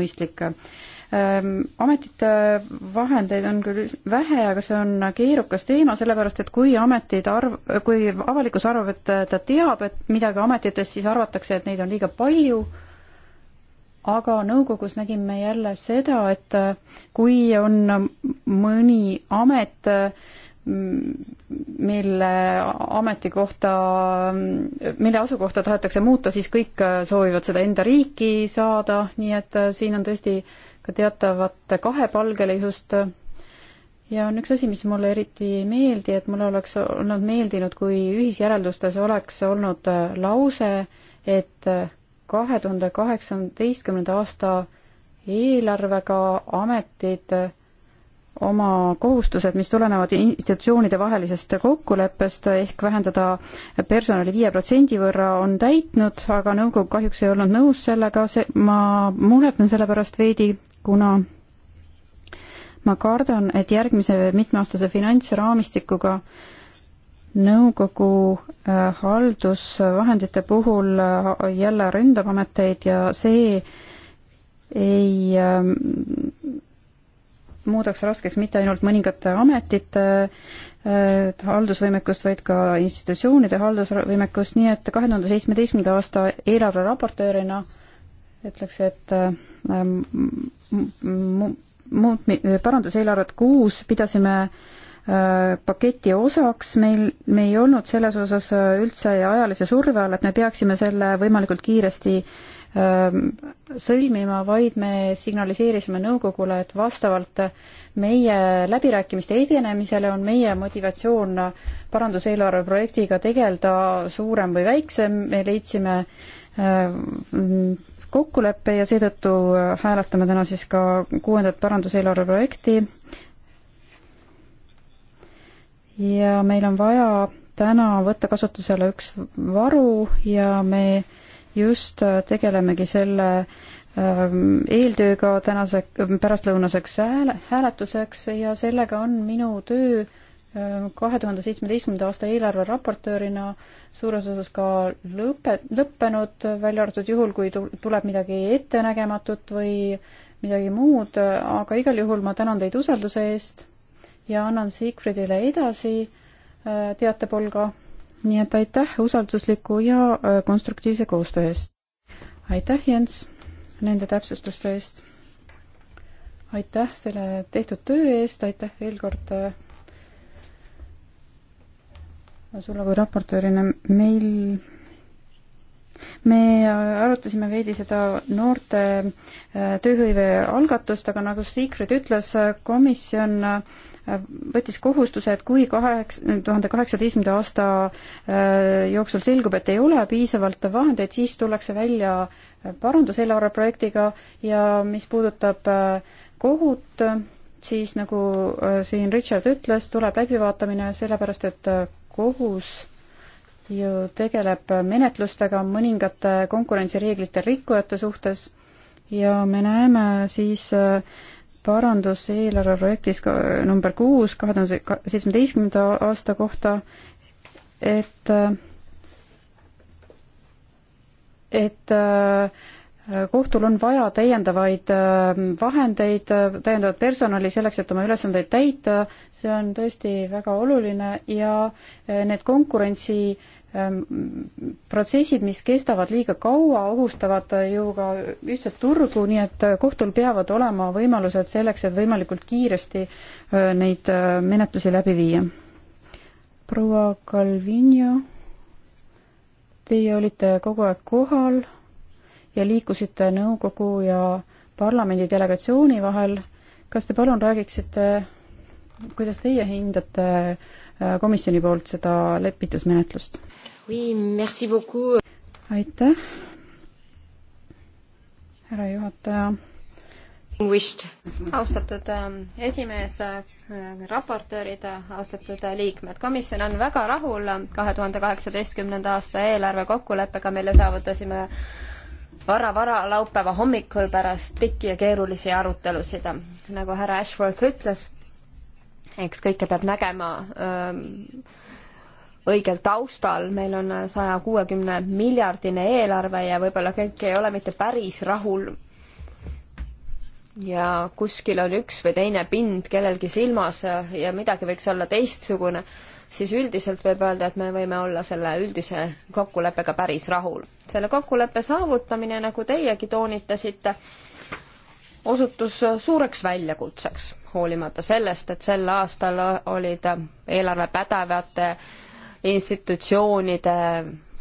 mõistlik. Ähm, ametite vahendeid on küll vähe, aga see on keerukas teema, sellepärast et kui ametid arv-, kui avalikkus arvab, et ta teab, et midagi ametites, siis arvatakse, et neid on liiga palju aga nõukogus nägime jälle seda, et äh, kui on mõni amet, mm, mille ametikohta, mm, mille asukohta tahetakse muuta, siis kõik äh, soovivad seda enda riiki saada, nii et äh, siin on tõesti ka teatavat kahepalgelisust. ja on üks asi, mis mulle eriti ei meeldi, et mulle oleks olnud meeldinud, kui ühisjäreldustes oleks olnud lause, et kahe tuhande kaheksateistkümnenda aasta eelarvega ametid oma kohustused, mis tulenevad institutsioonide vahelisest kokkuleppest ehk vähendada personali viie protsendi võrra, on täitnud, aga nõukogu kahjuks ei olnud nõus sellega, see, ma muretsen selle pärast veidi, kuna ma kardan, et järgmise mitmeaastase finantsraamistikuga äh, nõukogu haldusvahendite puhul jälle ründab ameteid ja see ei muudaks raskeks mitte ainult mõningate ametite haldusvõimekust, vaid ka institutsioonide haldusvõimekust, nii et kahe tuhande seitsmeteistkümnenda aasta eelarve raportöörina ütleks, et muutmi-, paranduseelarvet kuus pidasime äh, Äh, paketi osaks, meil, me ei olnud selles osas äh, üldse ajalise surve all, et me peaksime selle võimalikult kiiresti ähm, sõlmima, vaid me signaliseerisime nõukogule, et vastavalt meie läbirääkimiste edenemisele on meie motivatsioon paranduseelarve projektiga tegeleda suurem või väiksem, me leidsime äh, kokkuleppe ja seetõttu hääletame täna siis ka kuuendat paranduseelarve projekti ja meil on vaja täna võtta kasutusele üks varu ja me just äh, tegelemegi selle ähm, eeltööga tänase, pärastlõunaseks hääle, hääletuseks ja sellega on minu töö ähm, kahe tuhande seitsmeteistkümnenda aasta eelarve raportöörina suures osas ka lõpe, lõppenud, välja arvatud juhul, kui tuleb midagi ettenägematut või midagi muud, aga igal juhul ma tänan teid usalduse eest ja annan Siegfriedile edasi äh, teatepolga. nii et aitäh usaldusliku ja äh, konstruktiivse koostöö eest. aitäh, Jens, nende täpsustuste eest. aitäh selle tehtud töö eest, aitäh veel kord äh, sulle kui raportöörina. meil me arutasime veidi seda noorte tööhõive algatust, aga nagu Siegfried ütles, komisjon võttis kohustuse, et kui kaheks, tuhande kaheksateistkümnenda aasta äh, jooksul selgub, et ei ole piisavalt vahendeid, siis tullakse välja äh, paranduseelarve projektiga ja mis puudutab äh, kohut, siis nagu siin Richard ütles, tuleb läbivaatamine, sellepärast et kohus ju tegeleb menetlustega mõningate konkurentsireeglite rikkujate suhtes ja me näeme siis äh, parandus eelarve projektis ka, number kuus kahe tuhande seitsmeteistkümnenda aasta kohta, et, et äh, kohtul on vaja täiendavaid äh, vahendeid, täiendavat personali selleks, et oma ülesandeid täita, see on tõesti väga oluline ja äh, need konkurentsi äh, Ehm, protsessid, mis kestavad liiga kaua, ohustavad ju ka ühtset turgu, nii et äh, kohtul peavad olema võimalused selleks, et võimalikult kiiresti äh, neid äh, menetlusi läbi viia. proua Calvino, teie olite kogu aeg kohal ja liikusite nõukogu ja parlamendi delegatsiooni vahel. kas te palun räägiksite, kuidas teie hindate äh, Äh, komisjoni poolt seda lepitusmenetlust. aitäh, härra juhataja austatud ähm, esimees, äh, raportöörid, äh, austatud liikmed, komisjon on väga rahul kahe tuhande kaheksateistkümnenda aasta eelarve kokkuleppega, mille saavutasime vara-vara laupäeva hommikul pärast pikki ja keerulisi arutelusid. nagu härra Ashworth ütles, eks kõike peab nägema öö, ähm, õigel taustal, meil on saja kuuekümne miljardine eelarve ja võib-olla kõik ei ole mitte päris rahul. ja kuskil on üks või teine pind kellelgi silmas äh, ja midagi võiks olla teistsugune, siis üldiselt võib öelda, et me võime olla selle üldise kokkuleppega päris rahul. selle kokkuleppe saavutamine, nagu teiegi toonitasite, osutus suureks väljakutseks, hoolimata sellest, et sel aastal olid eelarvepädevate institutsioonide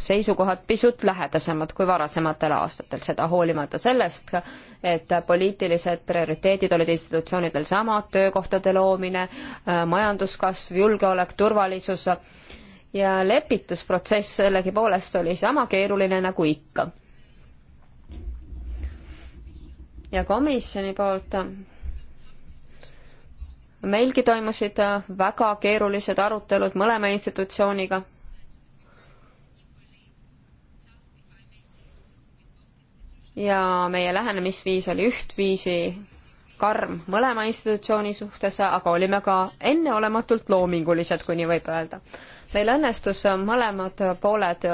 seisukohad pisut lähedasemad kui varasematel aastatel, seda hoolimata sellest, et poliitilised prioriteedid olid institutsioonidel samad, töökohtade loomine, majanduskasv, julgeolek, turvalisus ja lepitusprotsess sellegipoolest oli sama keeruline nagu ikka ja komisjoni poolt. meilgi toimusid väga keerulised arutelud mõlema institutsiooniga. ja meie lähenemisviis oli ühtviisi karm mõlema institutsiooni suhtes, aga olime ka enneolematult loomingulised, kui nii võib öelda. meil õnnestus mõlemad pooled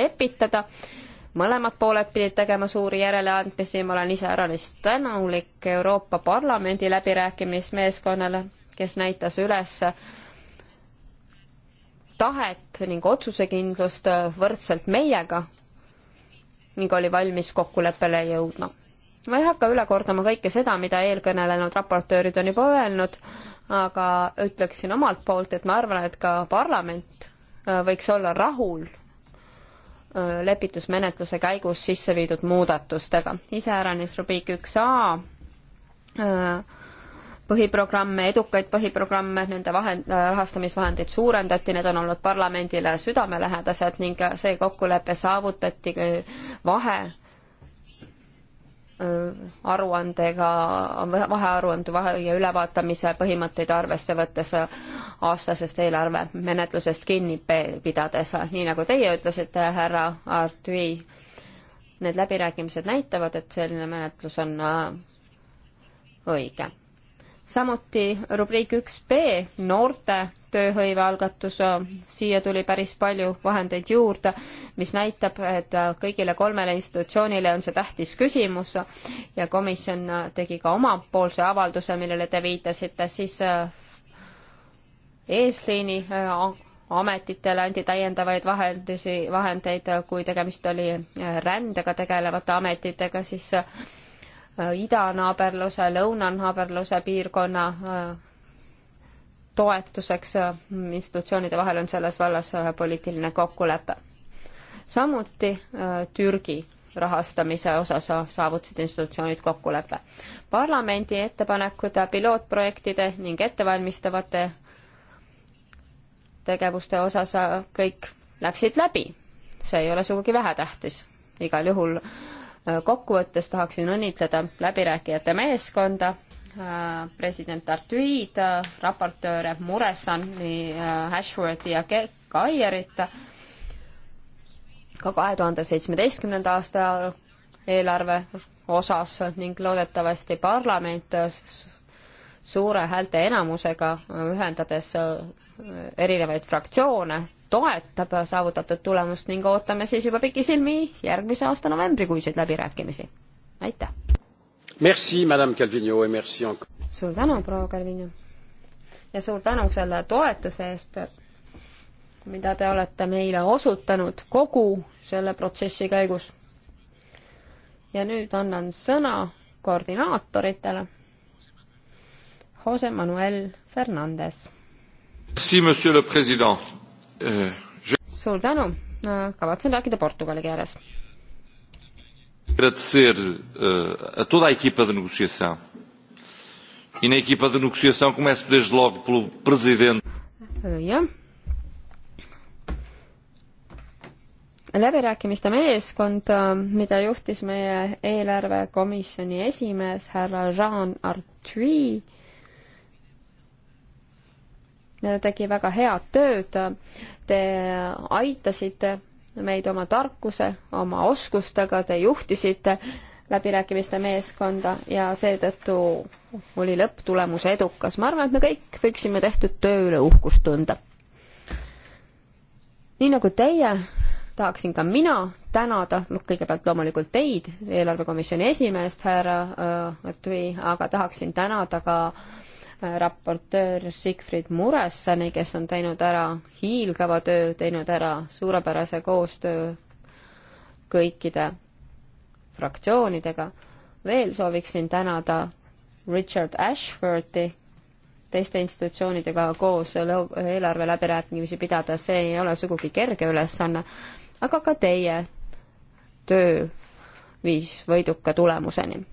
lepitada mõlemad pooled pidid tegema suuri järeleandmisi, ma olen iseäranis tänulik Euroopa Parlamendi läbirääkimismeeskonnale, kes näitas üles tahet ning otsusekindlust võrdselt meiega ning oli valmis kokkuleppele jõudma. ma ei hakka üle kordama kõike seda, mida eelkõnelenud raportöörid on juba öelnud, aga ütleksin omalt poolt, et ma arvan, et ka parlament võiks olla rahul lepitusmenetluse käigus sisse viidud muudatustega. iseäranis rubriik üks A põhiprogramme, edukaid põhiprogramme, nende vahend, rahastamisvahendeid suurendati, need on olnud parlamendile südamelähedased ning see kokkulepe saavutati vahe aruandega, vahearuande vahe ja ülevaatamise põhimõtteid arvesse võttes äh, aastasest eelarvemenetlusest kinni pidades, nii nagu teie ütlesite, härra Artui. Need läbirääkimised näitavad, et selline menetlus on äh, õige samuti rubriik üks B, noorte tööhõive algatus, siia tuli päris palju vahendeid juurde, mis näitab, et kõigile kolmele institutsioonile on see tähtis küsimus ja komisjon tegi ka omapoolse avalduse, millele te viitasite, siis äh, eesliini äh, ametitele anti täiendavaid vahendisi, vahendeid, kui tegemist oli äh, rändega tegelevate ametitega, siis Äh, idanaaberluse, lõunanaaberluse piirkonna äh, toetuseks äh, institutsioonide vahel on selles vallas poliitiline kokkulepe. samuti Türgi rahastamise osas saavutasid institutsioonid kokkuleppe. parlamendi ettepanekud pilootprojektide ning ettevalmistavate tegevuste osas kõik läksid läbi. see ei ole sugugi vähetähtis. igal juhul äh, kokkuvõttes tahaksin õnnitleda läbirääkijate meeskonda, äh, president Artüid, äh, raportööre Muresani, äh, Ashworthi ja Kaierit, ka kahe tuhande seitsmeteistkümnenda aasta eelarve osas ning loodetavasti parlament suure häälte enamusega ühendades erinevaid fraktsioone toetab saavutatud tulemust ning ootame siis juba pikisilmi järgmise aasta novembrikuiseid läbirääkimisi. aitäh! Merci, madame Calvino ja merci encore! suur tänu, proua Calvino! ja suur tänu selle toetuse eest, mida te olete meile osutanud kogu selle protsessi käigus. ja nüüd annan sõna koordinaatoritele. Jose Manuel Fernandez. Merci, monsieur le president! Äh, suur tänu, kavatsen rääkida portugali keeles. Agradecer uh, a toda a equipa de negociação. E na equipa de negociação começo desde logo pelo presidente. Äh, jah. läbirääkimiste meeskond, mida juhtis meie eelarvekomisjoni esimees härra Jean Artui tegi väga head tööd. Te aitasite meid oma tarkuse, oma oskustega, te juhtisite läbirääkimiste meeskonda ja seetõttu oli lõpptulemus edukas. ma arvan, et me kõik võiksime tehtud töö üle uhkust tunda. nii nagu teie, tahaksin ka mina tänada, noh kõigepealt loomulikult teid, eelarvekomisjoni esimeest, härra äh, Artui, aga tahaksin tänada ka äh, raportöör Sigfrid Muressani, kes on teinud ära hiilgava töö, teinud ära suurepärase koostöö kõikide fraktsioonidega. veel sooviksin tänada Richard Ashfordi, teiste institutsioonidega koos eelarve läbirääkimisi pidada, see ei ole sugugi kerge ülesanne, aga ka teie töö viis võiduka tulemuseni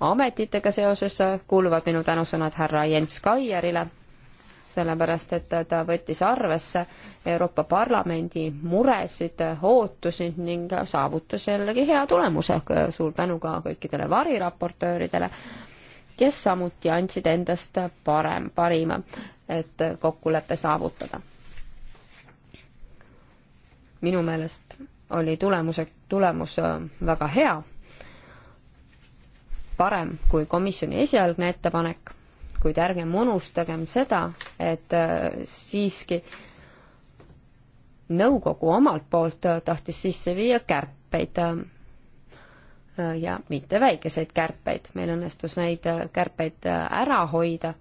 ametitega seoses kuuluvad minu tänusõnad härra Jens Kaierile, sellepärast et ta võttis arvesse Euroopa Parlamendi muresid, ootusi ning saavutas jällegi hea tulemuse. suur tänu ka kõikidele variraportööridele, kes samuti andsid endast parem, parima, et kokkulepe saavutada. minu meelest oli tulemuse, tulemus väga hea parem kui komisjoni esialgne ettepanek, kuid ärgem unustagem seda, et äh, siiski nõukogu omalt poolt tahtis sisse viia kärpeid äh, ja mitte väikeseid kärpeid, meil õnnestus neid äh, kärpeid ära hoida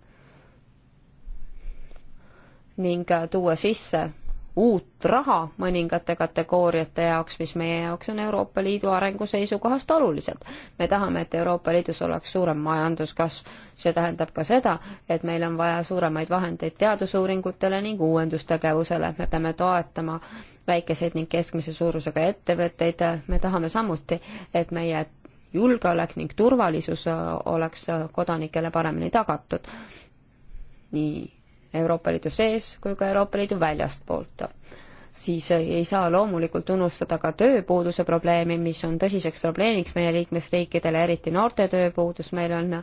ning tuua sisse uut raha mõningate kategooriate jaoks, mis meie jaoks on Euroopa Liidu arengu seisukohast olulised. me tahame, et Euroopa Liidus oleks suurem majanduskasv, see tähendab ka seda, et meil on vaja suuremaid vahendeid teadusuuringutele ning uuendustegevusele, me peame toetama väikeseid ning keskmise suurusega ettevõtteid, me tahame samuti, et meie julgeolek ning turvalisus oleks kodanikele paremini tagatud. nii Euroopa Liidu sees kui ka Euroopa Liidu väljastpoolt. siis ei saa loomulikult unustada ka tööpuuduse probleemi, mis on tõsiseks probleemiks meie liikmesriikidele, eriti noorte tööpuudus, meil on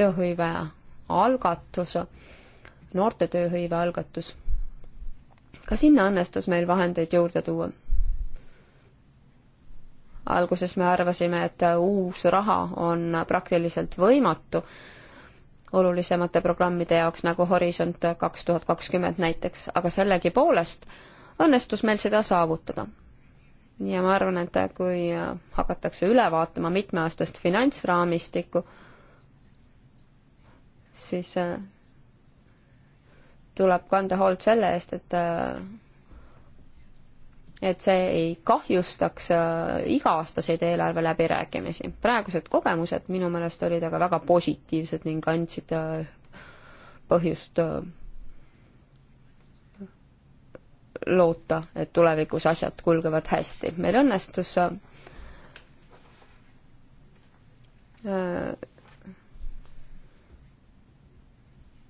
tööhõive algatus, noorte tööhõive algatus. ka sinna õnnestus meil vahendeid juurde tuua alguses me arvasime, et uus raha on praktiliselt võimatu olulisemate programmide jaoks nagu Horisont kaks tuhat kakskümmend näiteks, aga sellegipoolest õnnestus meil seda saavutada. ja ma arvan, et kui hakatakse üle vaatama mitmeaastast finantsraamistikku, siis äh, tuleb kanda hoolt selle eest, et äh, et see ei kahjustaks äh, iga-aastaseid eelarveläbirääkimisi. praegused kogemused minu meelest olid aga väga positiivsed ning andsid äh, põhjust äh, loota, et tulevikus asjad kulgevad hästi. meil õnnestus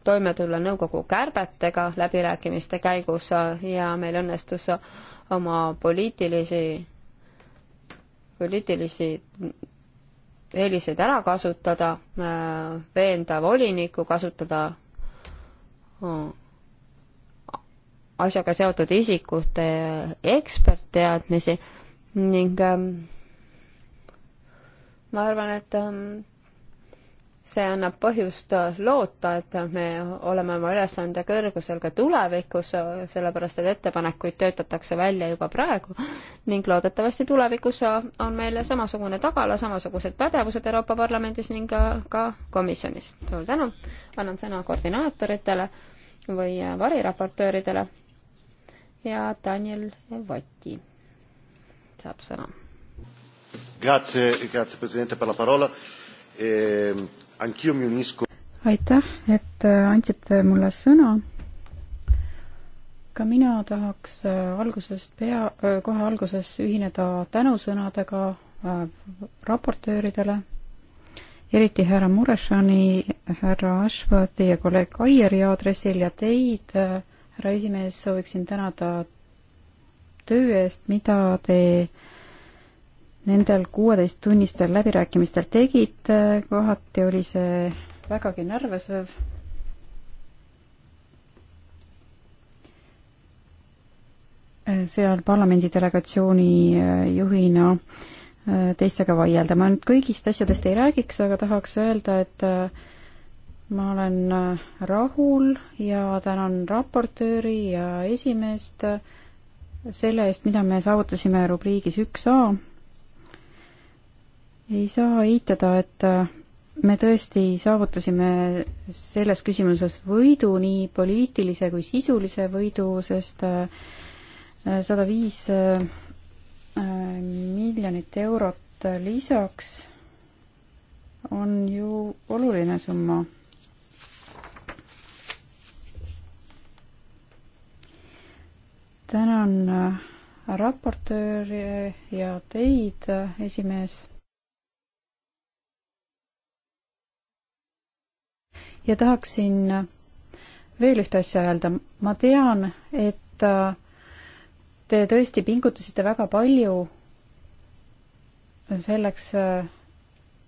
toime tulla nõukogu kärbetega läbirääkimiste käigus ja meil õnnestus oma poliitilisi, poliitilisi eeliseid ära kasutada, äh, veenda volinikku, kasutada äh, asjaga seotud isikute ekspertteadmisi ning ähm, ma arvan, et ähm, see annab põhjust loota, et me oleme oma ülesande kõrgusel ka tulevikus, sellepärast et ettepanekuid töötatakse välja juba praegu ning loodetavasti tulevikus on meil samasugune tagala, samasugused pädevused Euroopa Parlamendis ning ka, ka komisjonis. suur tänu, annan sõna koordinaatoritele või variraportööridele ja Daniel Voti saab sõna. Grazie, grazie Presidente per la parola eh, aitäh, et äh, andsite mulle sõna. ka mina tahaks äh, algusest pea, äh, kohe alguses ühineda tänusõnadega raportööridele, eriti härra Murešani, härra Ashworthi ja kolleeg Aieri aadressil ja teid, härra esimees, sooviksin tänada töö eest, mida te äh, nendel kuueteisttunnistel läbirääkimistel tegid, äh, kohati oli see vägagi närvesööv. seal parlamendi delegatsiooni äh, juhina äh, teistega vaielda. ma nüüd kõigist asjadest ei räägiks, aga tahaks öelda, et ma olen rahul ja tänan raportööri ja esimeest selle eest, mida me saavutasime rubriigis üks A ei saa eitada, et äh, me tõesti saavutasime selles küsimuses võidu, nii poliitilise kui sisulise võidu, sest äh, äh, sada viis miljonit eurot lisaks on ju oluline summa tänan raportööri ja teid, esimees. ja tahaksin veel ühte asja öelda. ma tean, et äh, te tõesti pingutasite väga palju selleks, äh,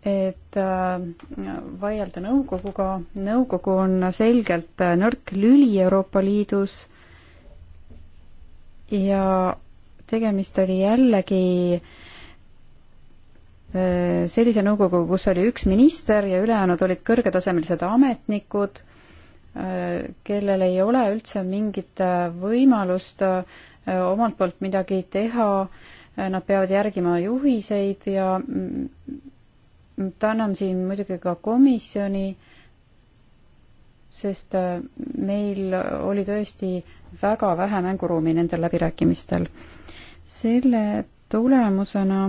et äh, vaielda nõukoguga. nõukogu on selgelt nõrk lüli Euroopa Liidus ja tegemist oli jällegi äh, Äh, sellise nõukogu, kus oli üks minister ja ülejäänud olid kõrgetasemelised ametnikud, äh, kellel ei ole üldse mingit äh, võimalust omalt poolt midagi teha, nad peavad järgima juhiseid ja mm, tänan siin muidugi ka komisjoni, sest meil oli tõesti väga vähe mänguruumi nendel läbirääkimistel. selle tulemusena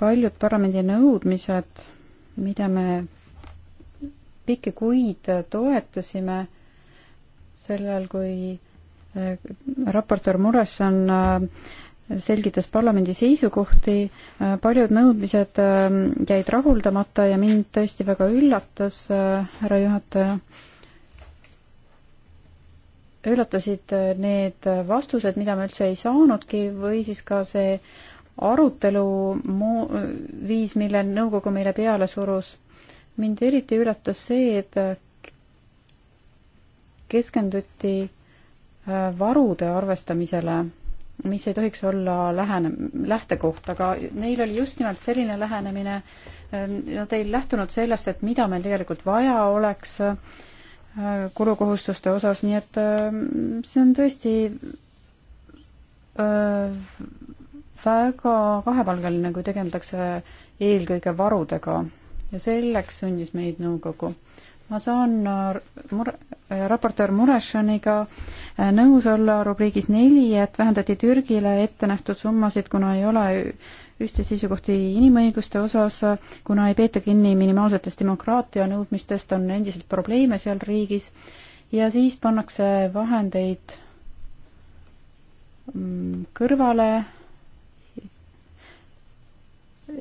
paljud parlamendi nõudmised, mida me pikki kuid toetasime sellel, kui äh, raportöör Muresson äh, selgitas parlamendi seisukohti, äh, paljud nõudmised jäid rahuldamata ja mind tõesti väga üllatas, härra juhataja, üllatasid need vastused, mida me üldse ei saanudki või siis ka see arutelu mu-, viis, mille nõukogu meile peale surus. mind eriti üllatas see, et keskenduti äh, varude arvestamisele, mis ei tohiks olla lähene, lähtekoht, aga neil oli just nimelt selline lähenemine, äh, nad ei lähtunud sellest, et mida meil tegelikult vaja oleks äh, kulukohustuste osas, nii et see on tõesti öö, väga kahepalgeline, kui tegeldakse eelkõige varudega ja selleks sundis meid nõukogu. ma saan äh, mure, äh, raportöör Murešaniga äh, nõus olla rubriigis neli, et vähendati Türgile ette nähtud summasid, kuna ei ole ühtseid seisukohti inimõiguste osas, kuna ei peeta kinni minimaalsetest demokraatia nõudmistest, on endiselt probleeme seal riigis ja siis pannakse vahendeid mm, kõrvale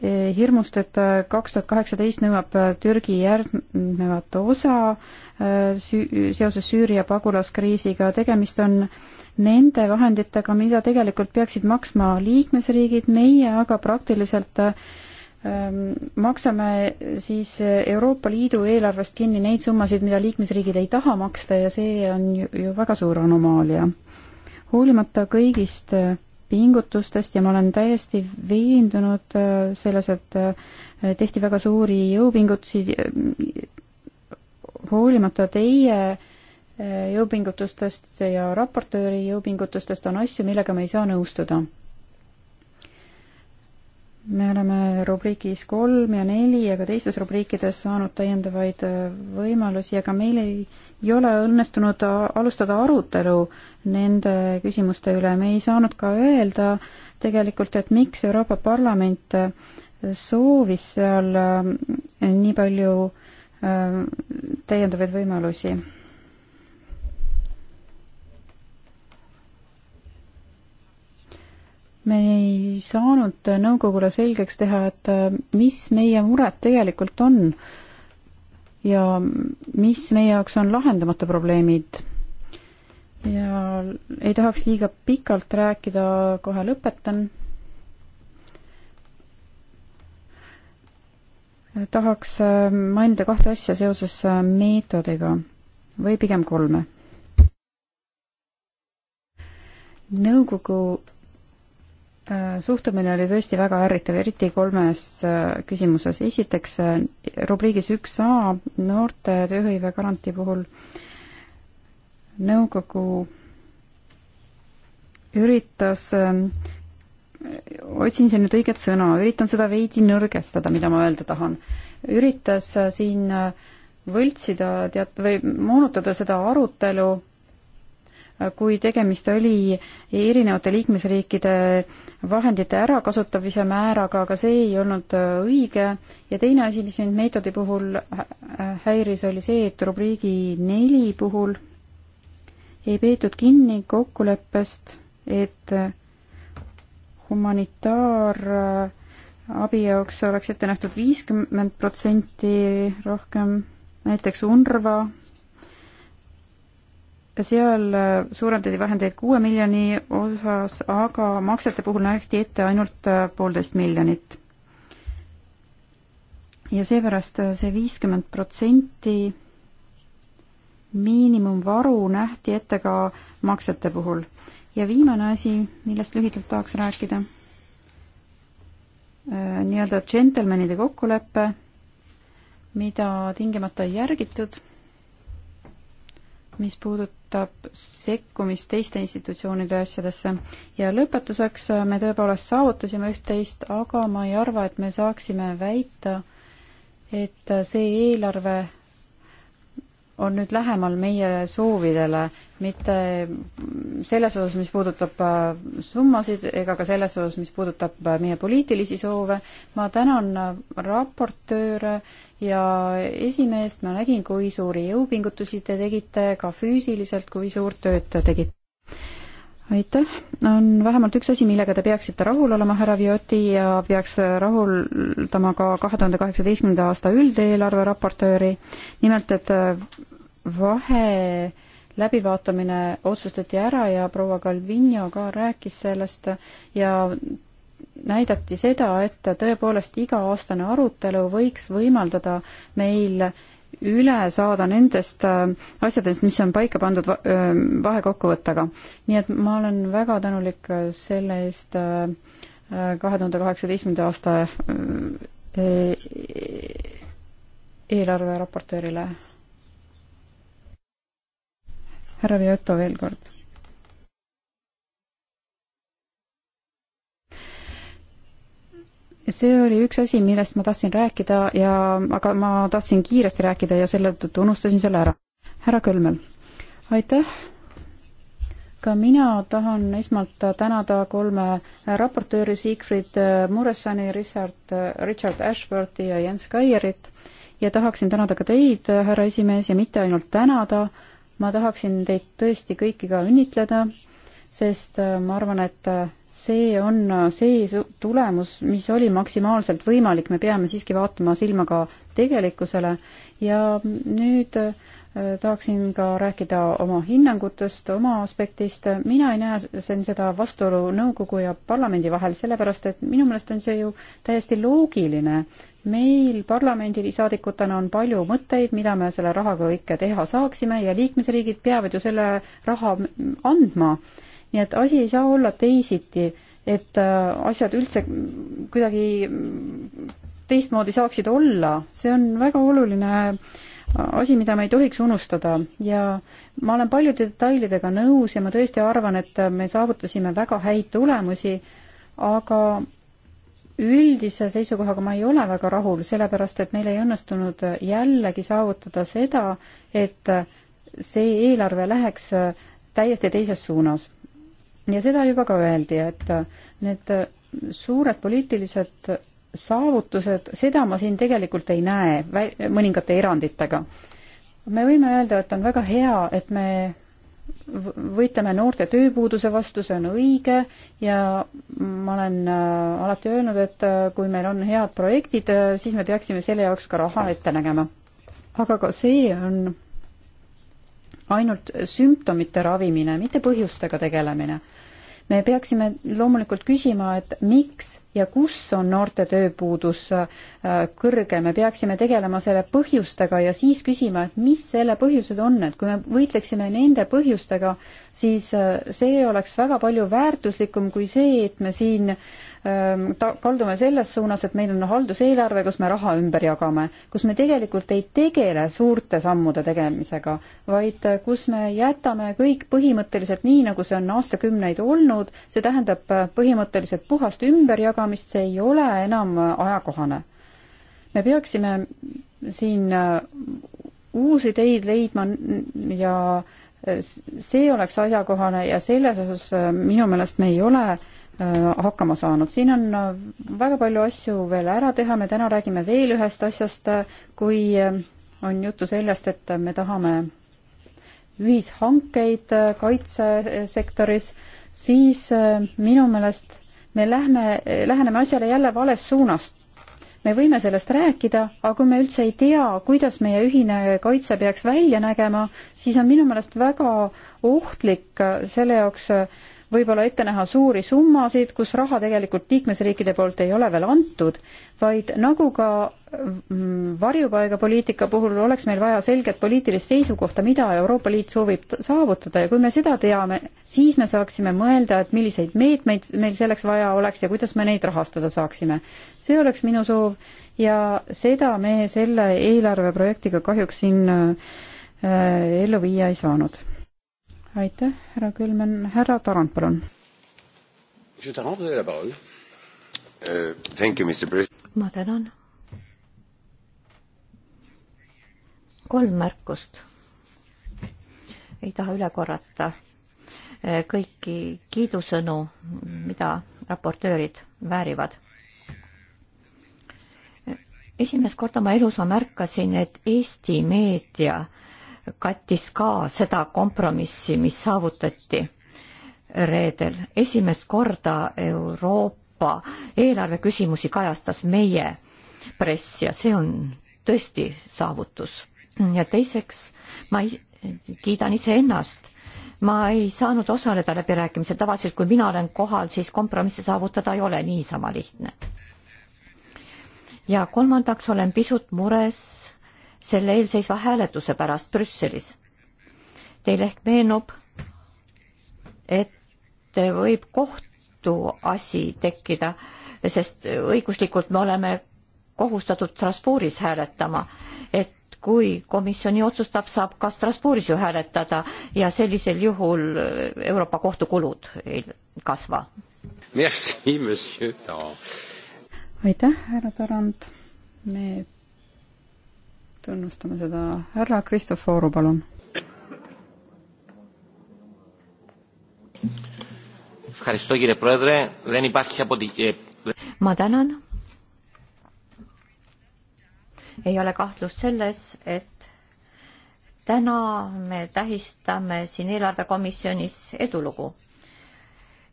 hirmust, et äh, kaks tuhat kaheksateist nõuab äh, Türgi järgnevat osa äh, süü-, seoses Süüria pagulaskriisiga, tegemist on nende vahenditega, mida tegelikult peaksid maksma liikmesriigid, meie aga praktiliselt ähm, maksame siis Euroopa Liidu eelarvest kinni neid summasid, mida liikmesriigid ei taha maksta ja see on ju, ju väga suur anomaalia. hoolimata kõigist pingutustest ja ma olen täiesti veendunud äh, selles, et äh, tehti väga suuri jõupingutusi, äh, hoolimata teie jõupingutustest ja raportööri jõupingutustest on asju, millega me ei saa nõustuda. me oleme rubriigis kolm ja neli ja ka teistes rubriikides saanud täiendavaid võimalusi, aga meil ei äh, ei ole õnnestunud alustada arutelu nende küsimuste üle, me ei saanud ka öelda tegelikult, et miks Euroopa Parlament soovis seal nii palju täiendavaid võimalusi me ei saanud nõukogule selgeks teha, et mis meie mured tegelikult on ja mis meie jaoks on lahendamata probleemid. ja ei tahaks liiga pikalt rääkida, kohe lõpetan. tahaks äh, mainida kahte asja seoses äh, meetodiga või pigem kolme nõukogu Äh, suhtumine oli tõesti väga ärritav, eriti kolmes äh, küsimuses. esiteks äh, rubriigis üks A noorte tööhõive garantii puhul nõukogu üritas otsin siin nüüd õiget sõna, üritan seda veidi nõrgestada, mida ma öelda tahan. üritas siin võltsida tead- või moonutada seda arutelu kui tegemist oli erinevate liikmesriikide vahendite ärakasutamise määraga, aga see ei olnud õige. ja teine asi, mis mind meetodi puhul häiris, oli see, et rubriigi neli puhul ei peetud kinni kokkuleppest, et humanitaarabi äh, jaoks oleks ette nähtud viiskümmend protsenti rohkem, näiteks UNRWA seal äh, suurendati vahendeid kuue miljoni osas, aga maksete puhul nähti ette ainult äh, poolteist miljonit. ja seepärast äh, see viiskümmend protsenti miinimumvaru nähti ette ka maksete puhul. ja viimane asi, millest lühidalt tahaks rääkida, nii-öelda džentelmenide kokkulepe, mida tingimata ei järgitud, mis puudutab puudutab sekkumist teiste institutsioonide asjadesse. ja lõpetuseks, äh, me tõepoolest saavutasime üht-teist, aga ma ei arva, et me saaksime väita, et äh, see eelarve on nüüd lähemal meie soovidele, mitte selles osas, mis puudutab äh, summasid, ega ka selles osas, mis puudutab äh, meie poliitilisi soove. ma tänan äh, raportööre ja esimeest, ma nägin, kui suuri jõupingutusi te tegite, ka füüsiliselt, kui suurt tööd te tegite aitäh, on vähemalt üks asi, millega te peaksite rahul olema, härra Vioti, ja peaks rahuldama ka kahe tuhande kaheksateistkümnenda aasta üldeelarve raportööri, nimelt et äh, vahe läbivaatamine otsustati ära ja proua Calvino ka rääkis sellest ja näidati seda, et tõepoolest iga-aastane arutelu võiks võimaldada meil äh, üle saada nendest äh, asjadest, mis on paika pandud vahekokkuvõttega. nii et ma olen väga tänulik äh, selle eest äh, kahe tuhande kaheksateistkümnenda aasta e-, eelarveraportöörile. härra Vioto veel kord see oli üks asi, millest ma tahtsin rääkida ja, aga ma tahtsin kiiresti rääkida ja selle tõttu unustasin selle ära. härra Kölmel, aitäh! ka mina tahan esmalt tänada kolme raportööri Siegfried Muressani, Richard, Richard Ashworthi ja Jens Kaierit ja tahaksin tänada ka teid, härra esimees, ja mitte ainult tänada, ma tahaksin teid tõesti kõiki ka õnnitleda sest äh, ma arvan, et äh, see on äh, see tulemus, mis oli maksimaalselt võimalik, me peame siiski vaatama silma ka tegelikkusele ja nüüd tahaksin ka rääkida oma hinnangutest, oma aspektist. mina ei näe siin seda vastuolu nõukogu ja parlamendi vahel, sellepärast et minu meelest on see ju täiesti loogiline. meil parlamendisaadikutena on palju mõtteid, mida me selle rahaga kõike teha saaksime ja liikmesriigid peavad ju selle raha andma nii et asi ei saa olla teisiti, et äh, asjad üldse kuidagi teistmoodi saaksid olla, see on väga oluline äh, asi, mida me ei tohiks unustada ja ma olen paljude detailidega nõus ja ma tõesti arvan, et äh, me saavutasime väga häid tulemusi, aga üldise seisukohaga ma ei ole väga rahul, sellepärast et meil ei õnnestunud jällegi saavutada seda, et see eelarve läheks täiesti teises suunas ja seda juba ka öeldi, et äh, need äh, suured poliitilised saavutused, seda ma siin tegelikult ei näe, mõningate eranditega. me võime öelda, et on väga hea, et me võitleme noorte tööpuuduse vastu, see on õige ja ma olen äh, alati öelnud, et kui meil on head projektid, siis me peaksime selle jaoks ka raha ette nägema. aga ka see on ainult sümptomite ravimine, mitte põhjustega tegelemine. me peaksime loomulikult küsima, et miks ja kus on noorte tööpuudus äh, kõrge, me peaksime tegelema selle põhjustega ja siis küsima, et mis selle põhjused on, et kui me võitleksime nende põhjustega, siis äh, see oleks väga palju väärtuslikum kui see, et me siin äh, Ehm, ta-, kaldume selles suunas, et meil on halduseelarve, kus me raha ümber jagame, kus me tegelikult ei tegele suurte sammude tegemisega, vaid äh, kus me jätame kõik põhimõtteliselt nii, nagu see on aastakümneid olnud, see tähendab äh, põhimõtteliselt puhast ümberjagamist, see ei ole enam äh, ajakohane. me peaksime siin uusi teid leidma ja see oleks asjakohane ja selles osas minu meelest me ei ole äh, Äh, hakkama saanud. siin on äh, väga palju asju veel ära teha, me täna räägime veel ühest asjast, äh, kui on juttu sellest, et me tahame ühishankeid kaitsesektoris, siis minu meelest me lähme, läheneme asjale jälle valest suunast. me võime sellest rääkida, aga kui me üldse ei tea, kuidas meie ühine kaitse peaks välja nägema, siis on minu meelest väga ohtlik selle jaoks äh, võib-olla ette näha suuri summasid, kus raha tegelikult liikmesriikide poolt ei ole veel antud, vaid nagu ka mm, varjupaigapoliitika puhul oleks meil vaja selget poliitilist seisukohta, mida Euroopa Liit soovib saavutada ja kui me seda teame, siis me saaksime mõelda, et milliseid meetmeid meil selleks vaja oleks ja kuidas me neid rahastada saaksime. see oleks minu soov ja seda me selle eelarveprojektiga kahjuks siin äh, ellu viia ei saanud aitäh, härra Külmen, härra Tarand, palun. Uh, ma tänan. kolm märkust. ei taha üle korrata eh, kõiki kiidusõnu, mida raportöörid väärivad. Eh, esimest korda oma elus ma märkasin, et Eesti meedia kattis ka seda kompromissi, mis saavutati reedel. esimest korda Euroopa eelarve küsimusi kajastas meie press ja see on tõesti saavutus. ja teiseks ma ei, kiidan iseennast. ma ei saanud osaleda läbirääkimisel, tavaliselt kui mina olen kohal, siis kompromisse saavutada ei ole niisama lihtne. ja kolmandaks olen pisut mures selle eelseisva hääletuse pärast Brüsselis. Teile ehk meenub, et võib kohtuasi tekkida, sest õiguslikult me oleme kohustatud Strasbourgis hääletama, et kui komisjon nii otsustab, saab ka Strasbourgis ju hääletada ja sellisel juhul Euroopa Kohtu kulud ei kasva. aitäh, härra Tarand, me tunnustame seda. härra Kristoforu, palun. ma tänan. ei ole kahtlust selles, et täna me tähistame siin eelarvekomisjonis edulugu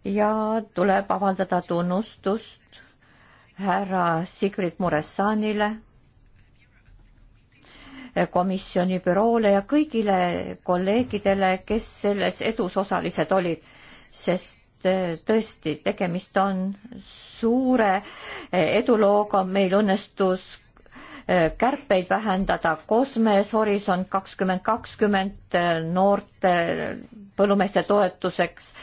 ja tuleb avaldada tunnustust härra Sigrid Muressanile komisjoni büroole ja kõigile kolleegidele, kes selles edus osalised olid, sest äh, tõesti, tegemist on suure äh, edulooga, meil õnnestus äh, kärpeid vähendada kosmes Horisont kakskümmend kakskümmend noorte põllumeeste toetuseks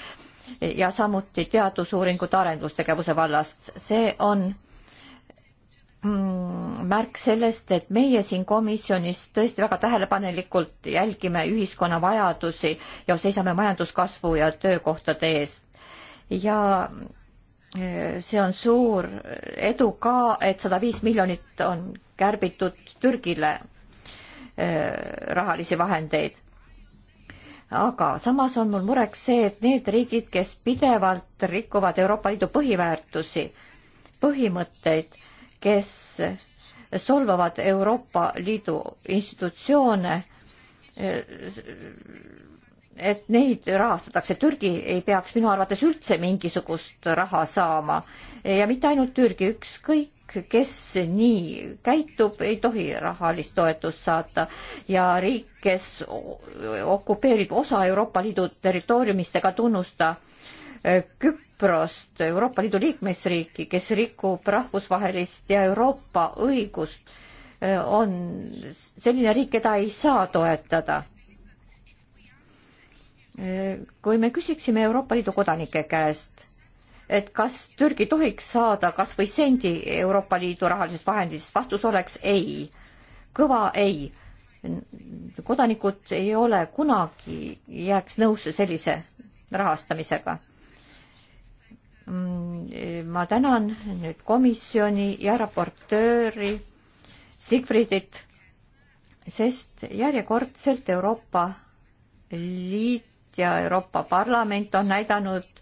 ja samuti teadusuuringute arendustegevuse vallast. see on Mm, märk sellest, et meie siin komisjonis tõesti väga tähelepanelikult jälgime ühiskonna vajadusi ja seisame majanduskasvu ja töökohtade eest. ja e, see on suur edu ka, et sada viis miljonit on kärbitud Türgile e, rahalisi vahendeid aga samas on mul mureks see, et need riigid, kes pidevalt rikuvad Euroopa Liidu põhiväärtusi, põhimõtteid, kes solvavad Euroopa Liidu institutsioone, et neid rahastatakse. Türgi ei peaks minu arvates üldse mingisugust raha saama ja mitte ainult Türgi, ükskõik kes nii käitub, ei tohi rahalist toetust saata ja riik, kes okupeerib osa Euroopa Liidu territooriumist ega tunnusta Küprose Küprost, Euroopa Liidu liikmesriiki, kes rikub rahvusvahelist ja Euroopa õigust, eh, on selline riik, keda ei saa toetada. Eh, kui me küsiksime Euroopa Liidu kodanike käest, et kas Türgi tohiks saada kas või sendi Euroopa Liidu rahalisest vahendist, vastus oleks ei, kõva ei. kodanikud ei ole kunagi, jääks nõusse sellise rahastamisega Mm, ma tänan nüüd komisjoni ja raportööri Sigfridit, sest järjekordselt Euroopa Liit ja Euroopa Parlament on näidanud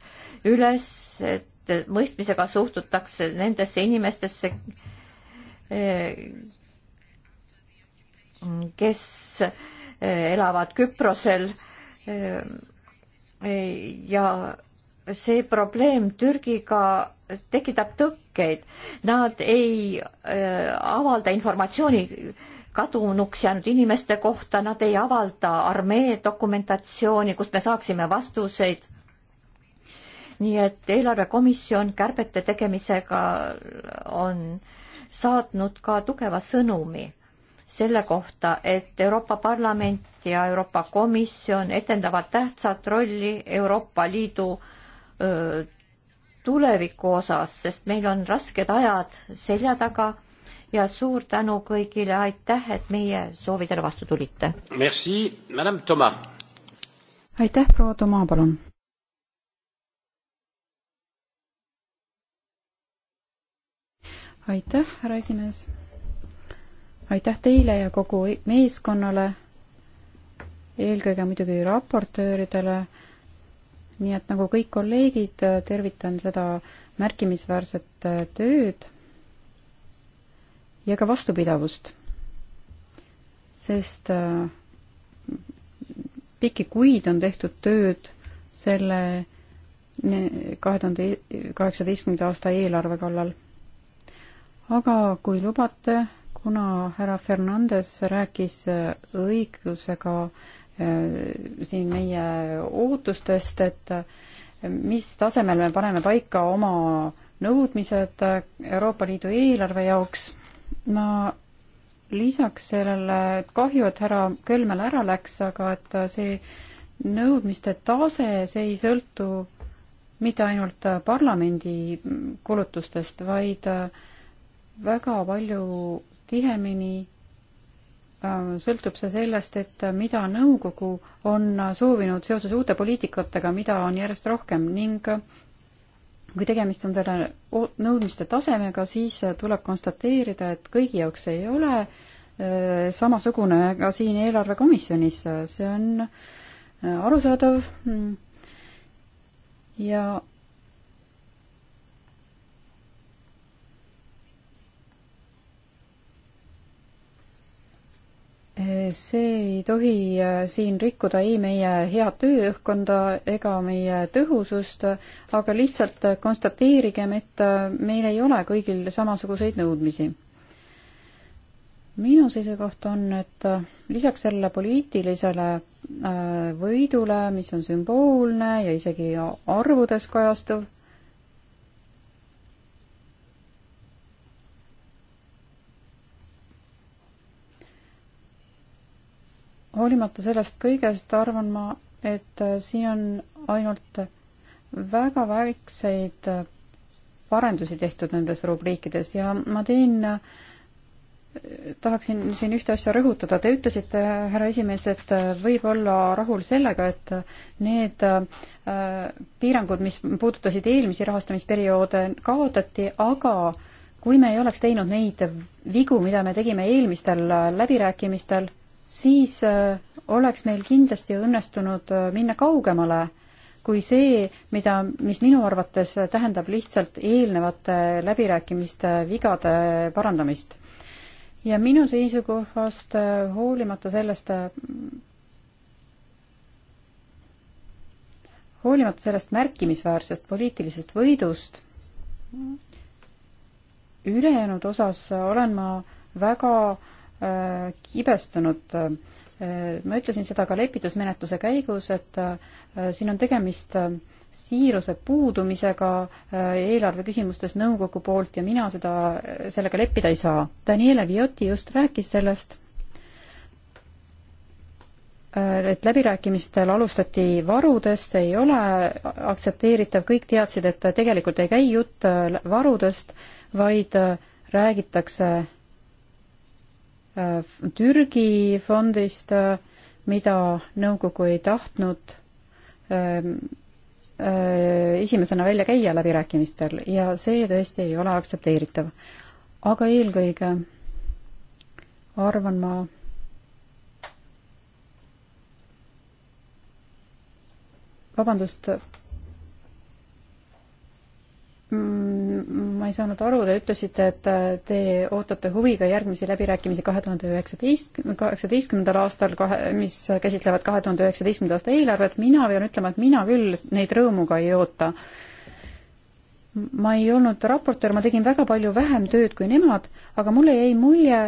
üles, et mõistmisega suhtutakse nendesse inimestesse, kes elavad Küprosel ja see probleem Türgiga tekitab tõkkeid, nad ei äh, avalda informatsiooni kadunuks jäänud inimeste kohta, nad ei avalda armee dokumentatsiooni, kust me saaksime vastuseid. nii et eelarvekomisjon kärbete tegemisega on saatnud ka tugeva sõnumi selle kohta, et Euroopa Parlament ja Euroopa Komisjon etendavad tähtsat rolli Euroopa Liidu äh, tuleviku osas, sest meil on rasked ajad selja taga ja suur tänu kõigile, aitäh, et meie soovidele vastu tulite. Merci, madame Toma. aitäh, proua Toma, palun. aitäh, härra esimees. aitäh teile ja kogu meeskonnale, eelkõige muidugi raportööridele nii et nagu kõik kolleegid, äh, tervitan seda märkimisväärset äh, tööd ja ka vastupidavust. sest äh, pikki kuid on tehtud tööd selle kahe tuhande kaheksateistkümnenda aasta eelarve kallal. aga kui lubate, kuna härra Fernandes rääkis õigusega äh, Äh, siin meie ootustest, et äh, mis tasemel me paneme paika oma nõudmised äh, Euroopa Liidu eelarve jaoks. ma lisaks sellele, et kahju, et härra Kölmel ära läks, aga et see nõudmiste tase, see ei sõltu mitte ainult parlamendi kulutustest, vaid väga palju tihemini Äh, sõltub see sellest, et mida nõukogu on soovinud seoses uute poliitikatega, mida on järjest rohkem ning kui tegemist on selle nõudmiste tasemega, siis tuleb konstateerida, et kõigi jaoks ei ole äh, samasugune ka siin eelarvekomisjonis, see on äh, arusaadav mm. ja see ei tohi äh, siin rikkuda ei meie head tööõhkkonda ega meie tõhusust, aga lihtsalt konstateerigem, et äh, meil ei ole kõigil samasuguseid nõudmisi. minu seisukoht on, et äh, lisaks sellele poliitilisele võidule, mis on sümboolne ja isegi arvudes kajastuv, hoolimata sellest kõigest arvan ma, et äh, siin on ainult väga väikseid äh, parendusi tehtud nendes rubriikides ja ma teen, äh, tahaksin siin ühte asja rõhutada. Te ütlesite, härra esimees, et võib olla rahul sellega, et need piirangud, mis puudutasid eelmisi rahastamisperioode, kaotati, aga kui me ei oleks teinud neid vigu, mida me tegime eelmistel läbirääkimistel, siis äh, oleks meil kindlasti õnnestunud äh, minna kaugemale kui see, mida, mis minu arvates tähendab lihtsalt eelnevate läbirääkimiste vigade parandamist. ja minu seisukohast äh, hoolimata sellest, hoolimata sellest märkimisväärsest poliitilisest võidust, ülejäänud osas olen ma väga äh, Äh, kibestunud. Äh, ma ütlesin seda ka lepitusmenetluse käigus, et äh, siin on tegemist siiruse puudumisega eelarve küsimustes nõukogu poolt ja mina seda, sellega leppida ei saa. Daniele Viotti just rääkis sellest, et läbirääkimistel alustati varudest, see ei ole aktsepteeritav, kõik teadsid, et tegelikult ei käi jutt varudest, vaid räägitakse Äh, Türgi fondist, äh, mida nõukogu ei tahtnud ähm, äh, esimesena välja käia läbirääkimistel ja see tõesti ei ole aktsepteeritav. aga eelkõige arvan ma, vabandust, Mm, ma ei saanud aru, te ütlesite, et äh, te ootate huviga järgmisi läbirääkimisi kahe tuhande üheksateist, kaheksateistkümnendal aastal, kahe, mis käsitlevad kahe tuhande üheksateistkümnenda aasta eelarvet, mina pean ütlema, et mina küll neid rõõmuga ei oota. ma ei olnud raportöör, ma tegin väga palju vähem tööd kui nemad, aga mulle jäi mulje,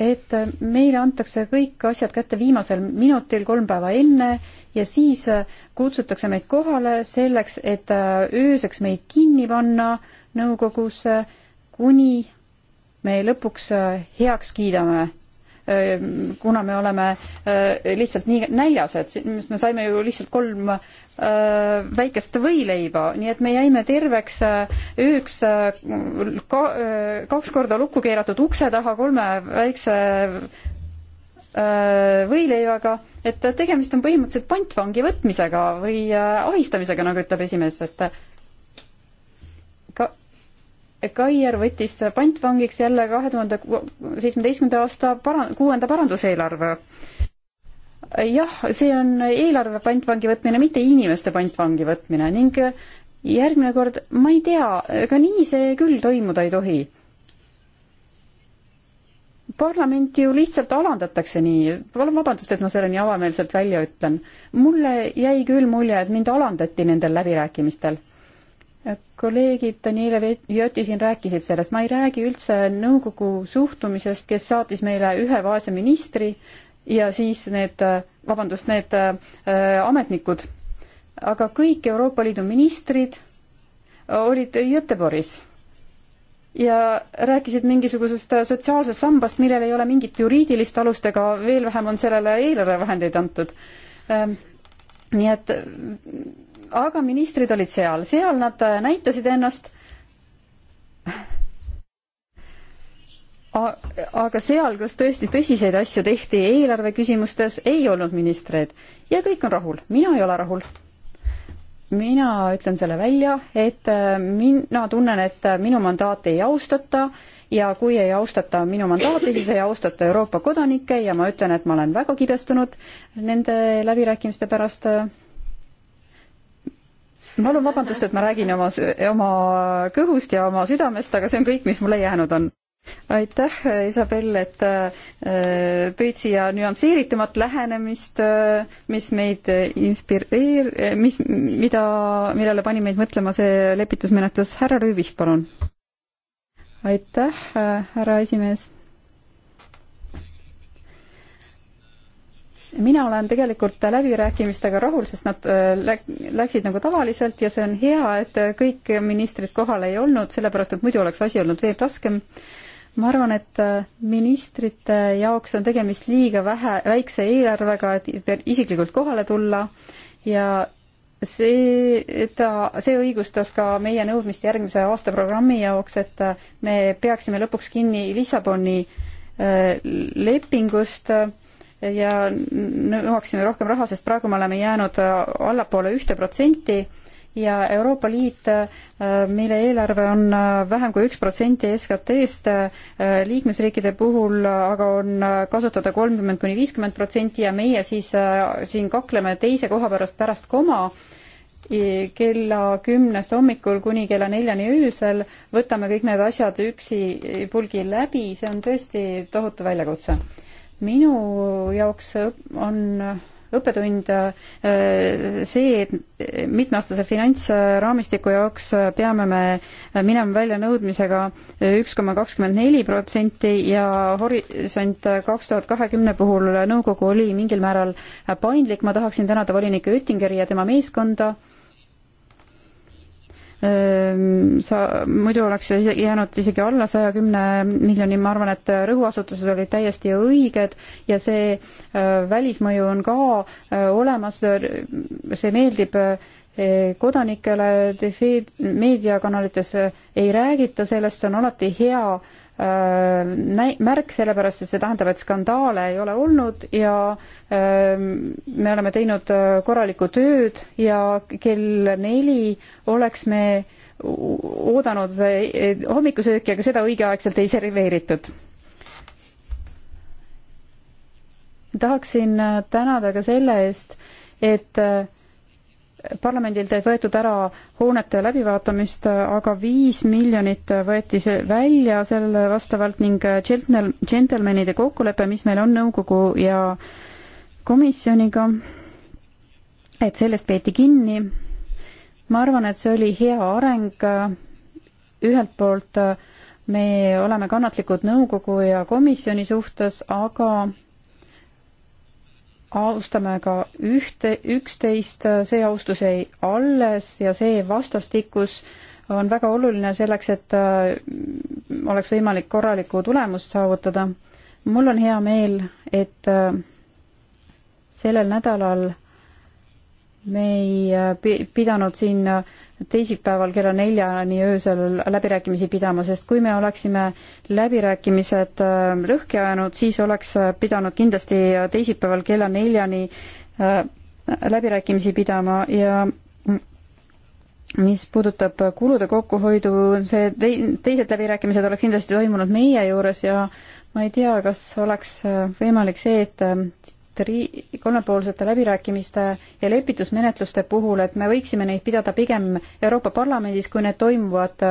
et meile antakse kõik asjad kätte viimasel minutil kolm päeva enne ja siis kutsutakse meid kohale selleks, et ööseks meid kinni panna nõukogusse, kuni me lõpuks heaks kiidame. Äh, kuna me oleme äh, lihtsalt nii näljased, sest me saime ju lihtsalt kolm Äh, väikest võileiba, nii et me jäime terveks ööks äh, äh, ka, kaks korda lukku keeratud ukse taha kolme väikse võileivaga, et tegemist on põhimõtteliselt pantvangi võtmisega või ahistamisega, nagu ütleb esimees, et ka Kaier võttis pantvangiks jälle kahe tuhande seitsmeteistkümnenda aasta para-, kuuenda paranduseelarve jah, see on eelarve pantvangi võtmine, mitte inimeste pantvangi võtmine ning järgmine kord, ma ei tea, ega nii see küll toimuda ei tohi. parlamenti ju lihtsalt alandatakse nii, palun vabandust, et ma selle nii avameelselt välja ütlen. mulle jäi küll mulje, et mind alandati nendel läbirääkimistel kolleegid Daniele Jõti siin rääkisid sellest, ma ei räägi üldse nõukogu suhtumisest, kes saatis meile ühe vaese ministri, ja siis need, vabandust, need äh, ametnikud, aga kõik Euroopa Liidu ministrid olid Göteborgis ja rääkisid mingisugusest sotsiaalsest sambast, millel ei ole mingit juriidilist alust ega veel vähem on sellele eelarvevahendeid antud. Ähm, nii et, aga ministrid olid seal, seal nad näitasid ennast aga seal, kus tõesti tõsiseid asju tehti eelarve küsimustes, ei olnud ministreid ja kõik on rahul, mina ei ole rahul. mina ütlen selle välja, et äh, mina tunnen, et äh, minu mandaati ei austata ja kui ei austata minu mandaati, siis ei austata Euroopa kodanikke ja ma ütlen, et ma olen väga kibestunud nende läbirääkimiste pärast palun vabandust, et ma räägin oma, oma kõhust ja oma südamest, aga see on kõik, mis mulle jäänud on aitäh, Isabel, et tõid äh, siia nüansseeritumat lähenemist, äh, mis meid inspireer-, mis, mida, millele pani meid mõtlema see lepitusmenetlus. härra Rüübich, palun. aitäh, äh, härra esimees. mina olen tegelikult läbirääkimistega rahul, sest nad läk-, läksid nagu tavaliselt ja see on hea, et kõik ministrid kohal ei olnud, sellepärast et muidu oleks asi olnud veel raskem ma arvan, et äh, ministrite jaoks on tegemist liiga vähe, väikse eelarvega, et isiklikult kohale tulla ja see, ta, see õigustas ka meie nõudmist järgmise aasta programmi jaoks, et äh, me peaksime lõpuks kinni Lissaboni äh, lepingust ja nõuaksime rohkem raha, sest praegu me oleme jäänud allapoole ühte protsenti ja Euroopa Liit, äh, mille eelarve on äh, vähem kui üks protsenti SKT-st, äh, liikmesriikide puhul aga on kasutada kolmkümmend kuni viiskümmend protsenti ja meie siis siin kakleme teise koha pärast pärast koma kella kümnest hommikul kuni kella neljani öösel, võtame kõik need asjad üksi pulgi läbi, see on tõesti tohutu väljakutse. minu jaoks on õppetund äh, see, et mitmeaastase finantsraamistiku jaoks peame me minema välja nõudmisega üks koma kakskümmend neli protsenti ja Horisont kaks tuhat kahekümne puhul nõukogu oli mingil määral paindlik, ma tahaksin tänada volinik Oettingeri ja tema meeskonda Ehm, sa, muidu oleks see jäänud isegi alla saja kümne miljoni, ma arvan, et rõhuasutused olid täiesti õiged ja see äh, välismõju on ka äh, olemas, see meeldib äh, kodanikele, meediakanalites ei räägita sellest, see on alati hea äh, Äh, näi-, märk, sellepärast et see tähendab, et skandaale ei ole olnud ja ähm, me oleme teinud äh, korralikku tööd ja kell neli oleks me oodanud äh, hommikusööki, aga seda õigeaegselt ei serveeritud. tahaksin tänada ka selle eest, et parlamendilt ei võetud ära hoonete läbivaatamist, aga viis miljonit võeti see välja selle vastavalt ning džentel-, äh, džentelmenide kokkulepe, mis meil on nõukogu ja komisjoniga, et sellest peeti kinni. ma arvan, et see oli hea areng, ühelt poolt äh, me oleme kannatlikud nõukogu ja komisjoni suhtes, aga austame ka ühte, üksteist, see austus jäi alles ja see vastastikus on väga oluline selleks, et äh, oleks võimalik korralikku tulemust saavutada. mul on hea meel, et äh, sellel nädalal me ei äh, pidanud siin äh, teisipäeval kella neljani öösel läbirääkimisi pidama, sest kui me oleksime läbirääkimised äh, lõhki ajanud, siis oleks pidanud kindlasti teisipäeval kella neljani äh, läbirääkimisi pidama ja mis puudutab kulude kokkuhoidu, see tei-, teised läbirääkimised oleks kindlasti toimunud meie juures ja ma ei tea, kas oleks võimalik see, et et ri-, kolmepoolsete läbirääkimiste ja lepitusmenetluste puhul, et me võiksime neid pidada pigem Euroopa Parlamendis, kui need toimuvad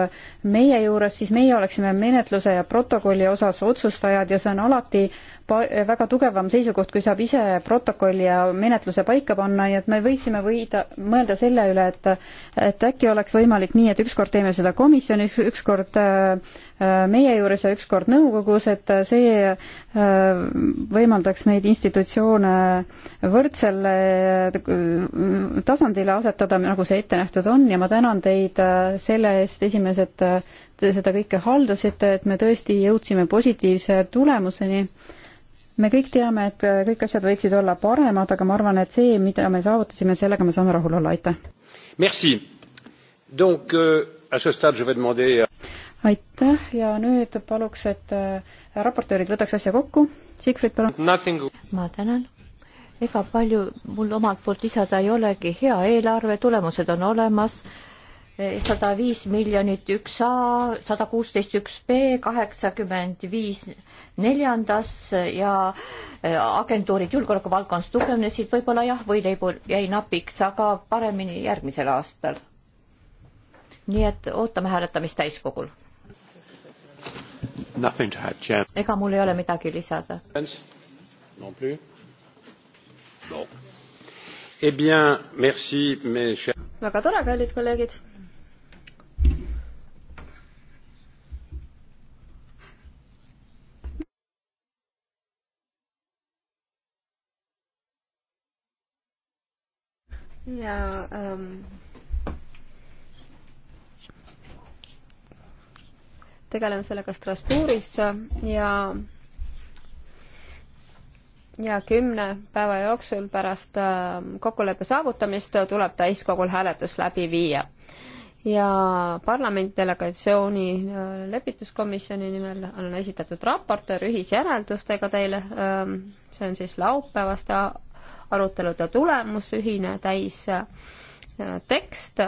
meie juures, siis meie oleksime menetluse ja protokolli osas otsustajad ja see on alati pa-, väga tugevam seisukoht, kui saab ise protokolli ja menetluse paika panna, nii et me võiksime võida, mõelda selle üle, et et äkki oleks võimalik nii, et ükskord teeme seda komisjonis, ükskord äh, meie juures ja ükskord nõukogus, et see äh, võimaldaks neid institutsioone võrdsele äh, tasandile asetada, nagu see ette nähtud on ja ma tänan teid äh, selle eest, esimees, et te seda kõike haldasite, et me tõesti jõudsime positiivse tulemuseni me kõik teame, et kõik asjad võiksid olla paremad, aga ma arvan, et see, mida me saavutasime, sellega me saame rahul olla, aitäh. Merci. Donc euh, à ce stade je vais demander aitäh ja nüüd paluks, et äh, raportöörid võtaks asja kokku. Siegfried, palun. ma tänan. ega palju mul omalt poolt lisada ei olegi, hea eelarve, tulemused on olemas sada viis miljonit üks A, sada kuusteist üks B, kaheksakümmend viis neljandas ja äh, agentuurid julgeolekuvaldkonnas tugevnesid, võib-olla jah, võileibu jäi napiks, aga paremini järgmisel aastal. nii et ootame hääletamist täiskogul ega mul ei ole midagi lisada. Non plus. Bon. Eh bien, merci, mes chers... väga tore, kallid kolleegid. ja ähm, tegeleme sellega Strasbourgis ja ja kümne päeva jooksul pärast äh, kokkuleppe saavutamist tuleb täiskogul hääletus läbi viia. ja parlamendi delegatsiooni äh, lepituskomisjoni nimel on esitatud raportöör ühisjäreldustega teile, ähm, see on siis laupäevaste arutelude tulemus, ühine täis äh, tekst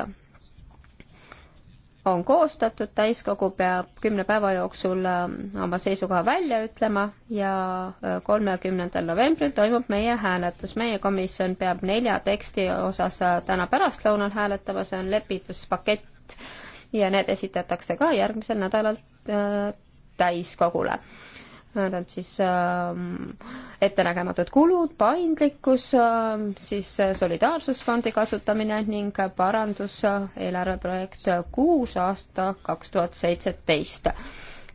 on koostatud, täiskogu peab kümne päeva jooksul äh, oma seisukoha välja ütlema ja äh, kolmekümnendal novembril toimub meie hääletus. meie komisjon peab nelja teksti osas äh, täna pärastlõunal hääletama, see on lepituspakett ja need esitatakse ka järgmisel nädalal täiskogule tähendab siis ähm, ettenägematud kulud, paindlikkus, ähm, siis äh, solidaarsusfondi kasutamine ning parandus äh, eelarveprojekt kuus aasta kaks tuhat seitseteist.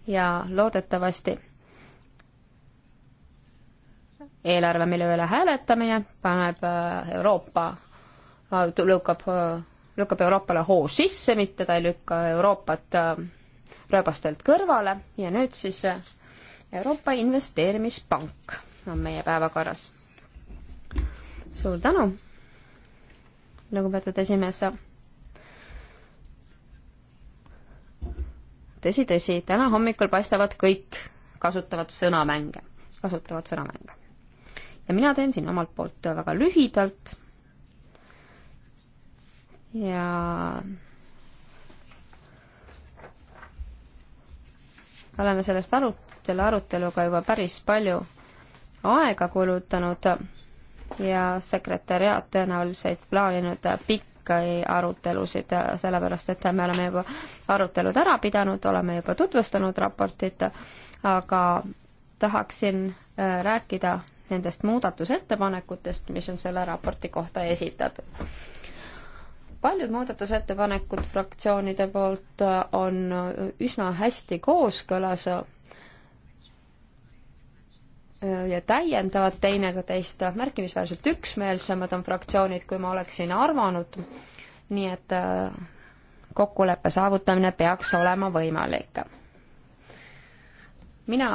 ja loodetavasti eelarve, mille üle hääletamine paneb äh, Euroopa, lükkab, lükkab Euroopale hoo sisse, mitte ta ei lükka Euroopat rööbastelt kõrvale ja nüüd siis Euroopa Investeerimispank on meie päevakorras. suur tänu, lugupeetud esimees. tõsi, tõsi, täna hommikul paistavad kõik kasutavad sõnamänge, kasutavad sõnamänge. ja mina teen siin omalt poolt väga lühidalt ja oleme sellest aru-, selle aruteluga juba päris palju aega kulutanud ja sekretäriaat tõenäoliselt plaaninud pikka arutelusid, sellepärast et me oleme juba arutelud ära pidanud, oleme juba tutvustanud raportit, aga tahaksin äh, rääkida nendest muudatusettepanekutest, mis on selle raporti kohta esitatud. paljud muudatusettepanekud fraktsioonide poolt äh, on üsna hästi kooskõlas Äh, ja täiendavad teineteist märkimisväärselt üksmeelsemad on fraktsioonid, kui ma oleksin arvanud. nii et äh, kokkuleppe saavutamine peaks olema võimalik. mina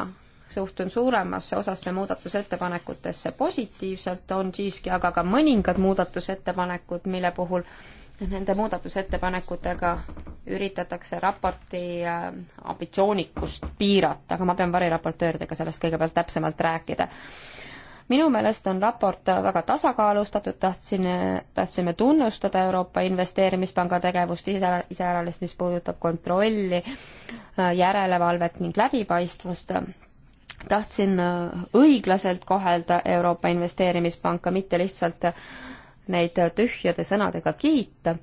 suhtun suuremasse osasse muudatusettepanekutesse positiivselt, on siiski aga ka mõningad muudatusettepanekud, mille puhul äh, nende muudatusettepanekutega üritatakse raporti äh, ambitsioonikust piirata, aga ma pean variraportööridega sellest kõigepealt täpsemalt rääkida. minu meelest on raport väga tasakaalustatud, tahtsin, tahtsime tunnustada Euroopa Investeerimispanga tegevust ise, iseäranis, mis puudutab kontrolli, äh, järelevalvet ning läbipaistvust tahtsin äh, õiglaselt kohelda Euroopa Investeerimispanka, mitte lihtsalt neid tühjade sõnadega kiita.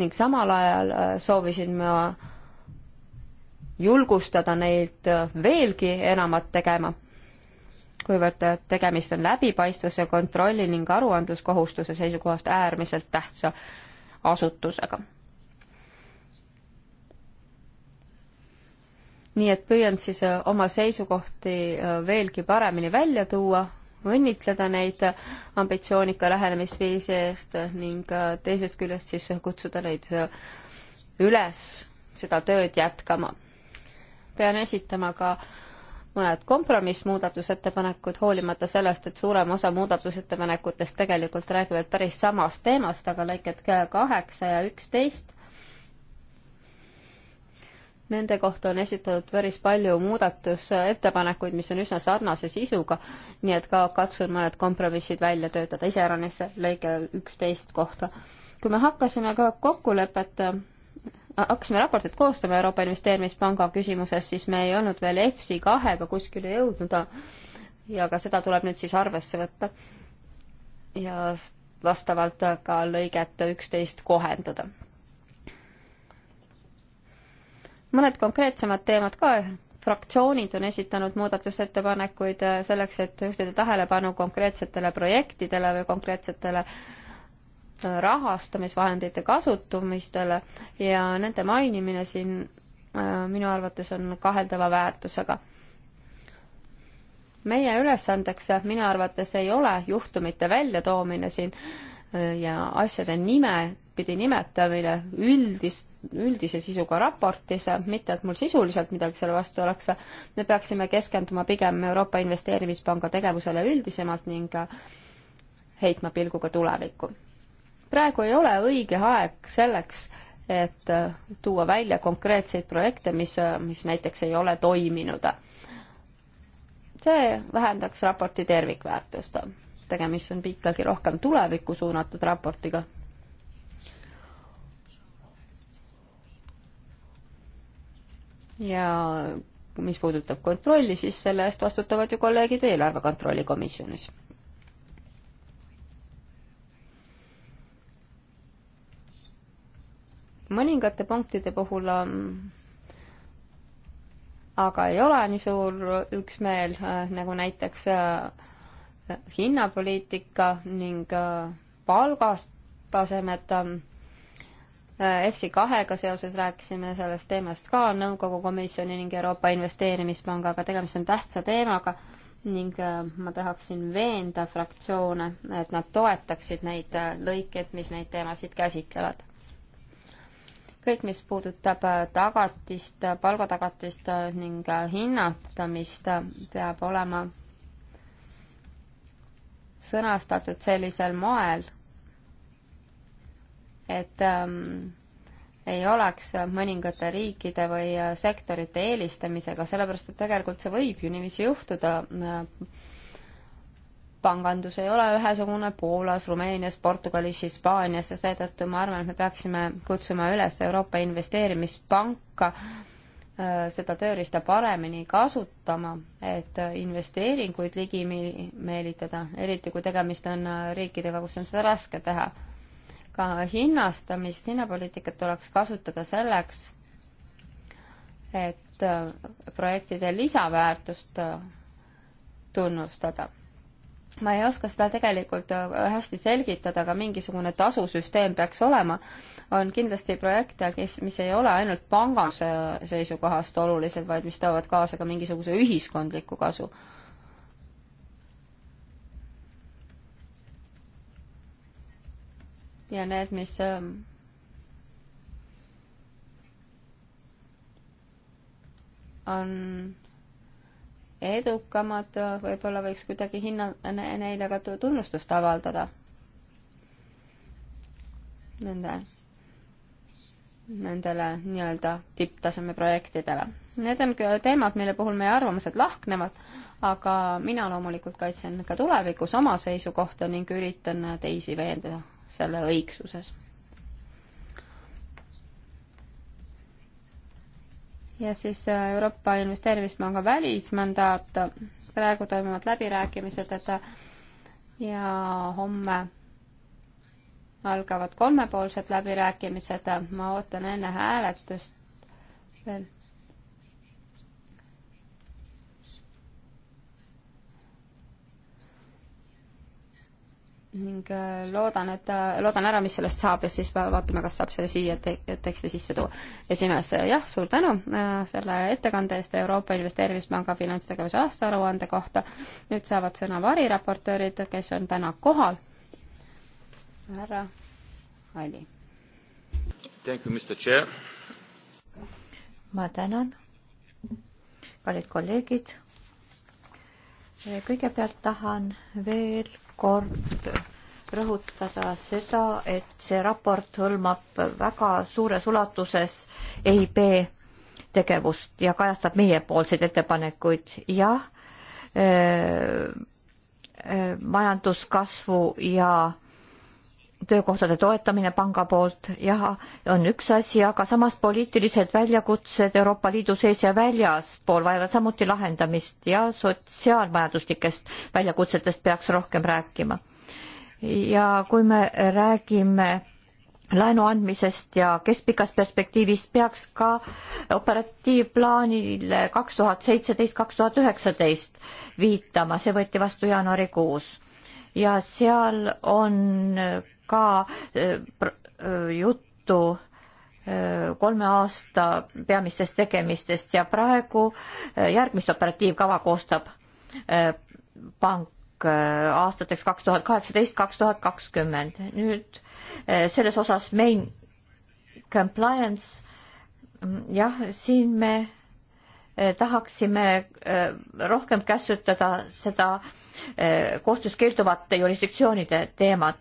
ning samal ajal äh, soovisin ma julgustada neid äh, veelgi enamat tegema, kuivõrd äh, tegemist on läbipaistvuse kontrolli ning aruandluskohustuse seisukohast äärmiselt tähtsa asutusega. nii et püüan siis oma seisukohti veelgi paremini välja tuua õnnitleda neid ambitsioonika lähenemisviisi eest ning äh, teisest küljest siis kutsuda neid äh, üles seda tööd jätkama. pean esitama ka mõned kompromissmuudatusettepanekud, hoolimata sellest, et suurem osa muudatusettepanekutest tegelikult räägivad päris samast teemast, aga lõiked äh, kaheksa ja üksteist Nende kohta on esitatud päris palju muudatusettepanekuid, mis on üsna sarnase sisuga, nii et ka katsun mõned kompromissid välja töötada iseäranis lõige üksteist kohta. kui me hakkasime ka kokkulepet äh, hakkasime raportit koostama Euroopa Investeerimispanga küsimuses, siis me ei olnud veel EFSI kahega kuskile jõudnud ja ka seda tuleb nüüd siis arvesse võtta. ja vastavalt ka lõiget üksteist kohendada mõned konkreetsemad teemad ka. fraktsioonid on esitanud muudatusettepanekuid äh, selleks, et juhtida tähelepanu konkreetsetele projektidele või konkreetsetele äh, rahastamisvahendite kasutamistele ja nende mainimine siin äh, minu arvates on kaheldava väärtusega meie ülesandeks minu arvates ei ole juhtumite väljatoomine siin ja asjade nime pidi nimetamine üldist, üldise sisuga raportis, mitte et mul sisuliselt midagi selle vastu oleks, me peaksime keskenduma pigem Euroopa Investeerimispanga tegevusele üldisemalt ning heitma pilguga tulevikku. praegu ei ole õige aeg selleks, et tuua välja konkreetseid projekte, mis, mis näiteks ei ole toiminud. see vähendaks raporti tervikväärtust tegemist on ikkagi rohkem tulevikku suunatud raportiga. ja mis puudutab kontrolli, siis selle eest vastutavad ju kolleegid eelarve kontrolli komisjonis. mõningate punktide puhul aga ei ole nii suur üksmeel, äh, nagu näiteks äh, hinnapoliitika ning äh, palgastasemed. EFSI ähm, äh, kahega seoses rääkisime sellest teemast ka Nõukogu komisjoni ning Euroopa Investeerimispangaga, tegemist on tähtsa teemaga ning äh, ma tahaksin veenda fraktsioone, et nad toetaksid neid lõikeid, mis neid teemasid käsitlevad. kõik, mis puudutab tagatist, palgatagatist ning hinnatamist, peab olema sõnastatud sellisel moel, et ähm, ei oleks mõningate riikide või äh, sektorite eelistamisega, sellepärast et tegelikult see võib ju niiviisi juhtuda. Äh, pangandus ei ole ühesugune Poolas, Rumeenias, Portugalis, Hispaanias ja seetõttu ma arvan, et me peaksime kutsuma üles Euroopa Investeerimispanka äh, Äh, seda tööriista paremini kasutama, et investeeringuid ligi meelitada, eriti kui tegemist on äh, riikidega, kus on seda raske teha. ka hinnastamist, hinnapoliitikat tuleks kasutada selleks, et äh, projektide lisaväärtust tunnustada ma ei oska seda tegelikult äh, hästi selgitada, aga mingisugune tasusüsteem peaks olema, on kindlasti projekte, kes, mis ei ole ainult panganduse seisukohast olulised, vaid mis toovad kaasa ka mingisuguse ühiskondliku kasu. ja need, mis ähm, on edukamad, võib-olla võiks kuidagi hinna, neile ka tunnustust avaldada. Nende, nendele nii-öelda tipptaseme projektidele. Need on teemad, mille puhul meie arvamused lahknevad, aga mina loomulikult kaitsen ka tulevikus oma seisukohta ning üritan teisi veenda selle õigsuses ja siis äh, Euroopa Investeerimispanga välismandaat. praegu toimuvad läbirääkimised, et äh, ja homme algavad kolmepoolsed läbirääkimised. ma ootan enne hääletust veel ning äh, loodan, et, äh, loodan ära, mis sellest saab ja siis vaatame, kas saab selle siia te teksti sisse tuua. esimees, äh, jah, suur tänu selle ettekande eest Euroopa Investeerimispanga finantstegevuse aastaaruande kohta. nüüd saavad sõna variraportöörid, kes on täna kohal. härra Ali. ma tänan, kallid kolleegid. kõigepealt tahan veel kord rõhutada seda, et see raport hõlmab väga suures ulatuses EIB tegevust ja kajastab meiepoolseid ettepanekuid. jah äh,, äh, majanduskasvu ja äh, töökohtade toetamine panga poolt, jah, on üks asi, aga samas poliitilised väljakutsed Euroopa Liidu sees ja väljaspool vajavad samuti lahendamist ja sotsiaalmajanduslikest väljakutsetest peaks rohkem rääkima. ja kui me räägime laenu andmisest ja keskpikas perspektiivis peaks ka operatiivplaanile kaks tuhat seitseteist, kaks tuhat üheksateist viitama, see võeti vastu jaanuarikuus ja seal on ka äh, äh, juttu äh, kolme aasta peamistest tegemistest ja praegu järgmist operatiivkava koostab pank aastateks kaks tuhat kaheksateist, kaks tuhat kakskümmend. nüüd selles osas main compliance, jah, siin me tahaksime rohkem käsutada seda koostöös keelduvate jurisdiktsioonide teemat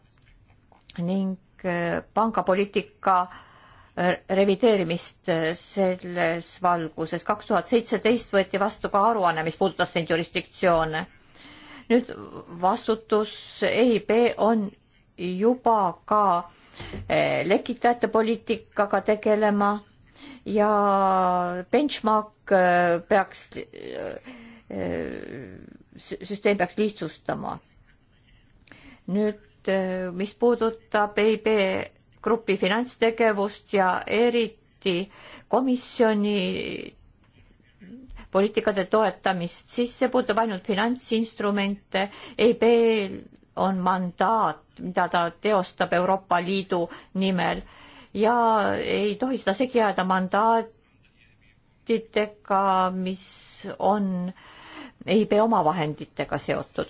ning äh, pangapoliitika äh, revideerimist äh, selles valguses. kaks tuhat seitseteist võeti vastu ka aruanne, mis puudutas neid jurisdiktsioone. nüüd vastutus EIB on juba ka lekitajate poliitikaga tegelema ja benchmark peaks, süsteem peaks lihtsustama. nüüd Eh, mis puudutab EIB grupi finantstegevust ja eriti komisjoni poliitikate toetamist, siis see puudutab ainult finantsinstrumente, EIB-l on mandaat, mida ta teostab Euroopa Liidu nimel ja ei tohi seda segi ajada mandaatidega, mis on EIB omavahenditega seotud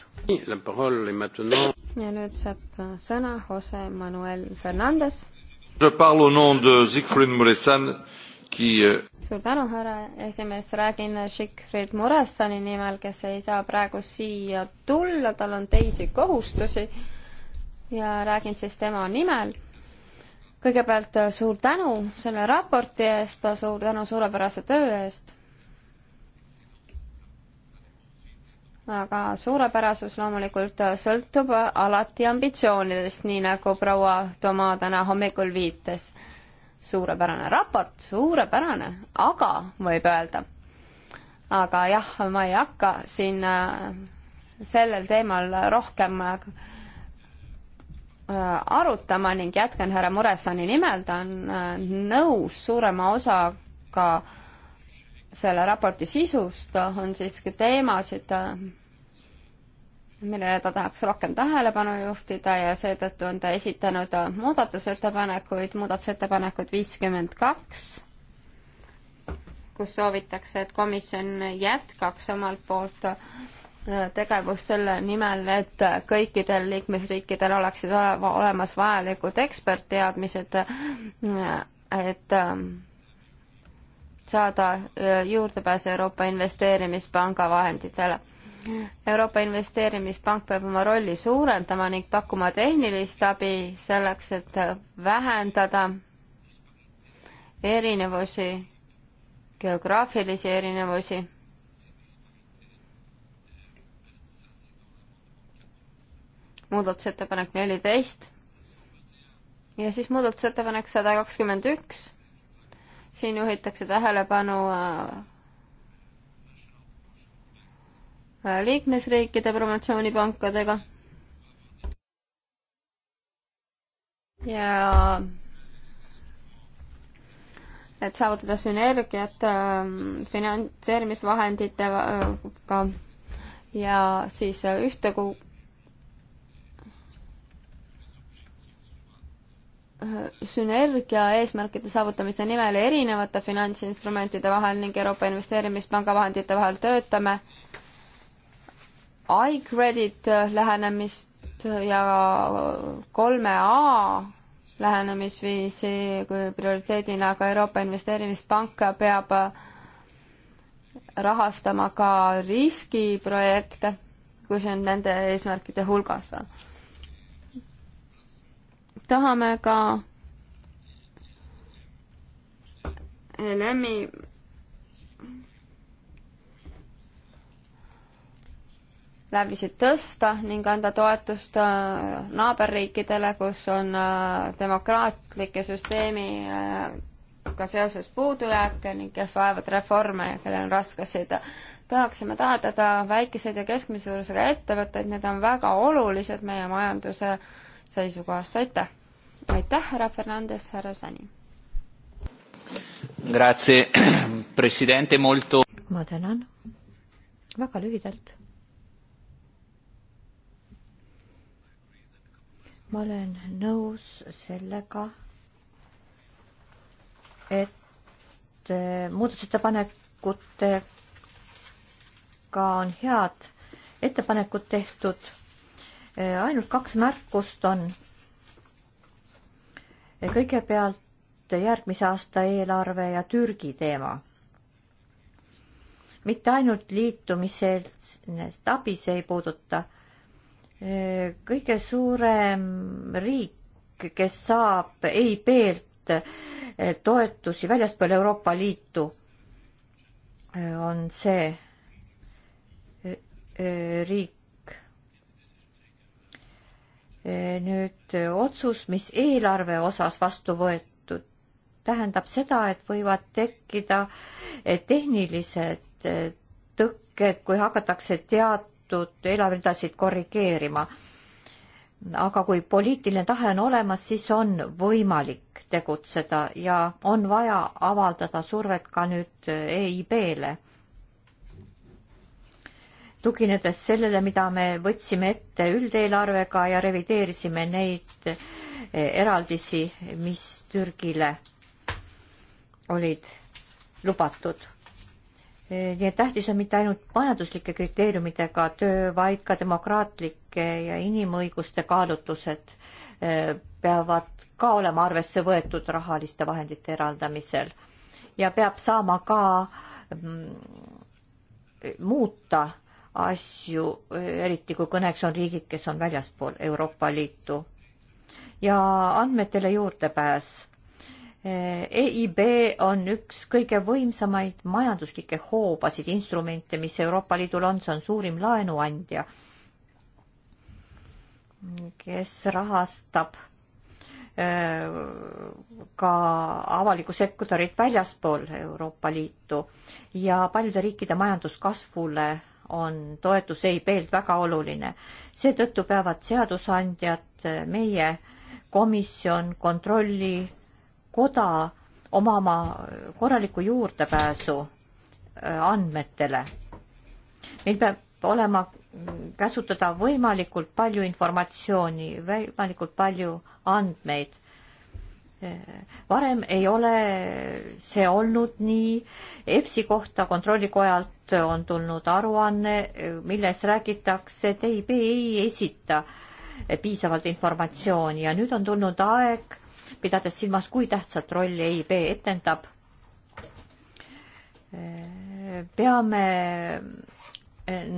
ja nüüd saab sõna Jose Manuel Fernandez. Ki... Euh, suur tänu, härra esimees, räägin Siegfried Muressani nimel, kes ei saa praegu siia tulla, tal on teisi kohustusi ja räägin siis tema nimel kõigepealt äh, suur tänu selle raporti eest, suur tänu suurepärase töö eest. aga suurepärasus loomulikult sõltub alati ambitsioonidest, nii nagu proua Toma täna hommikul viitas. suurepärane raport, suurepärane, aga võib öelda. aga jah, ma ei hakka siin äh, sellel teemal rohkem äh, arutama ning jätkan härra Muresani nimel, ta on äh, nõus suurema osaga selle raporti sisust, on siiski teemasid, millele ta tahaks rohkem tähelepanu juhtida ja seetõttu on ta esitanud muudatusettepanekuid, muudatusettepanekud viiskümmend kaks, kus soovitakse, et komisjon jätkaks omalt poolt äh, tegevust selle nimel, et kõikidel liikmesriikidel oleksid olemas vajalikud ekspertteadmised, äh, et ähm, saada äh, juurdepääs Euroopa Investeerimispanga vahenditele Euroopa Investeerimispank peab oma rolli suurendama ning pakkuma tehnilist abi selleks, et vähendada erinevusi, geograafilisi erinevusi. muudatusettepanek neliteist ja siis muudatusettepanek sada kakskümmend üks. siin juhitakse tähelepanu äh, Äh, liikmesriikide promotsioonipankadega. ja et saavutada sünergiat ähm, äh, finantseerimisvahenditega äh, ja siis äh, ühtegu- äh, sünergia eesmärkide saavutamise nimel erinevate finantsinstrumentide vahel ning Euroopa Investeerimispanga vahendite vahel töötame äh, iCredit lähenemist ja kolme A lähenemisviisi kui prioriteedina, aga Euroopa Investeerimispank peab rahastama ka riskiprojekte, kui see on nende eesmärkide hulgas. tahame ka LM-i läbisid tõsta ning anda toetust äh, naaberriikidele, kus on äh, demokraatlike süsteemiga äh, seoses puudujääke ning kes vajavad reforme ja kellel on raskusid. tahaksime toetada väikeseid ja keskmise suurusega ettevõtteid, need on väga olulised meie majanduse seisukohast, aitäh! aitäh, härra Fernandes, härra Sani! Grazie, presidente, molto ma tänan, väga lühidalt ma olen nõus sellega, et eh, muudatusettepanekutega on head ettepanekud tehtud. Eh, ainult kaks märkust on. Eh, kõigepealt järgmise aasta eelarve ja Türgi teema. mitte ainult liitumiseelset abi see ei puuduta kõige suurem riik, kes saab EIB-lt eh, toetusi väljaspool Euroopa Liitu, eh, on see eh, riik. nüüd otsus, mis eelarve osas vastu võetud, tähendab seda, et võivad tekkida tehnilised tõkked, kui hakatakse teat-, sunnitud eelarveridasid korrigeerima. aga kui poliitiline tahe on olemas, siis on võimalik tegutseda ja on vaja avaldada survet ka nüüd EIB-le. tuginedes sellele, mida me võtsime ette üldeelarvega ja revideerisime neid eh, eraldisi, mis Türgile olid lubatud nii et tähtis on mitte ainult majanduslike kriteeriumidega töö, vaid ka demokraatlike ja inimõiguste kaalutlused eh, peavad ka olema arvesse võetud rahaliste vahendite eraldamisel ja peab saama ka mm, muuta asju, eh, eriti kui kõneks on riigid, kes on väljaspool Euroopa Liitu. ja andmetele juurdepääs EIB on üks kõige võimsamaid majanduslikke hoobasid, instrumente, mis Euroopa Liidul on, see on suurim laenuandja, kes rahastab äh, ka avalikku sektorit väljaspool Euroopa Liitu ja paljude riikide majanduskasvule on toetus EIB-lt väga oluline. seetõttu peavad seadusandjad, meie komisjon, kontrolli koda omama korralikku juurdepääsu äh, andmetele. meil peab olema mm, käsutada võimalikult palju informatsiooni, võimalikult palju andmeid. Äh, varem ei ole see olnud nii. EFSi kohta kontrollikojalt on tulnud aruanne, äh, milles räägitakse, et ei, ei esita piisavalt informatsiooni ja nüüd on tulnud aeg pidades silmas, kui tähtsat rolli EIB etendab. peame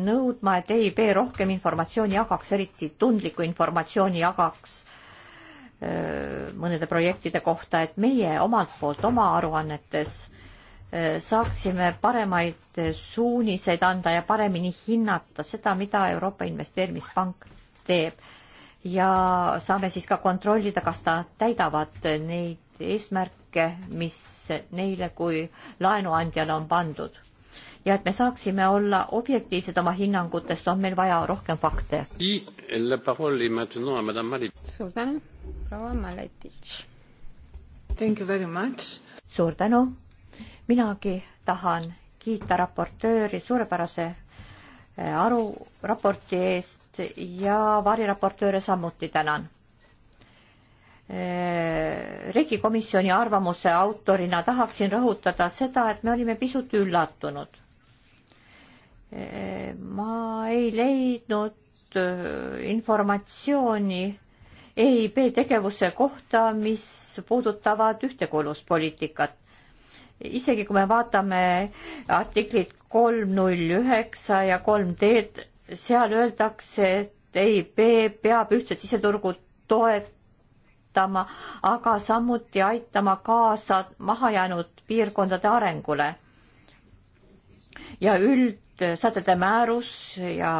nõudma, et EIB rohkem informatsiooni jagaks, eriti tundlikku informatsiooni jagaks äh, mõnede projektide kohta, et meie omalt poolt oma aruannetes äh, saaksime paremaid suuniseid anda ja paremini hinnata seda, mida Euroopa Investeerimispank teeb ja saame siis ka kontrollida, kas nad täidavad neid eesmärke, mis neile kui laenuandjale on pandud. ja et me saaksime olla objektiivsed oma hinnangutest, on meil vaja rohkem fakte. suur tänu, proua Maletitš. suur tänu, minagi tahan kiita raportööri suurepärase eh, aru raporti eest ja variraportööre samuti tänan. riigikomisjoni arvamuse autorina tahaksin rõhutada seda, et me olime pisut üllatunud. ma ei leidnud informatsiooni EIB tegevuse kohta, mis puudutavad ühtekuuluvuspoliitikat. isegi kui me vaatame artiklit kolm null üheksa ja kolm D-d, seal öeldakse, et EIB peab ühtset siseturgu toetama, aga samuti aitama kaasa mahajäänud piirkondade arengule. ja üldsätete määrus ja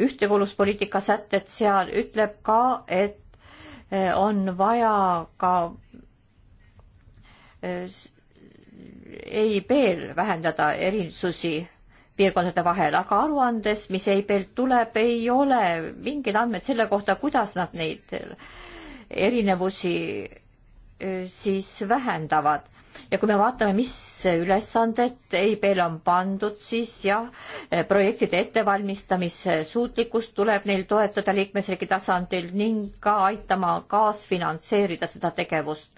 ühtekuuluvuspoliitika sätted seal ütleb ka, et e, on vaja ka EIB-l e vähendada erisusi piirkondade vahel, aga aruandes, mis EIB-lt tuleb, ei ole mingeid andmeid selle kohta, kuidas nad neid erinevusi siis vähendavad. ja kui me vaatame, mis ülesanded EIB-le on pandud, siis jah, projektide ettevalmistamise suutlikkust tuleb neil toetada liikmesriigi tasandil ning ka aitama kaasfinantseerida seda tegevust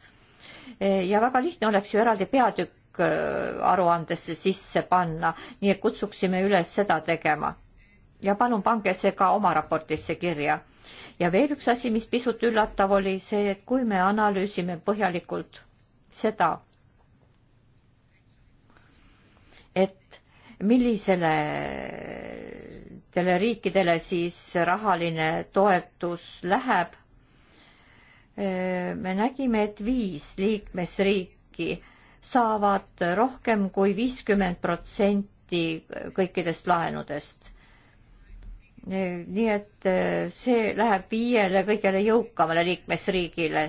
ja väga lihtne oleks ju eraldi peatükk kõik äh, aruandesse sisse panna, nii et kutsuksime üles seda tegema. ja palun pange see ka oma raportisse kirja. ja veel üks asi, mis pisut üllatav oli see, et kui me analüüsime põhjalikult seda, et millisele teistele riikidele siis rahaline toetus läheb. Äh, me nägime, et viis liikmesriiki saavad rohkem kui viiskümmend protsenti kõikidest laenudest. nii et eh, see läheb viiele kõigele jõukamale liikmesriigile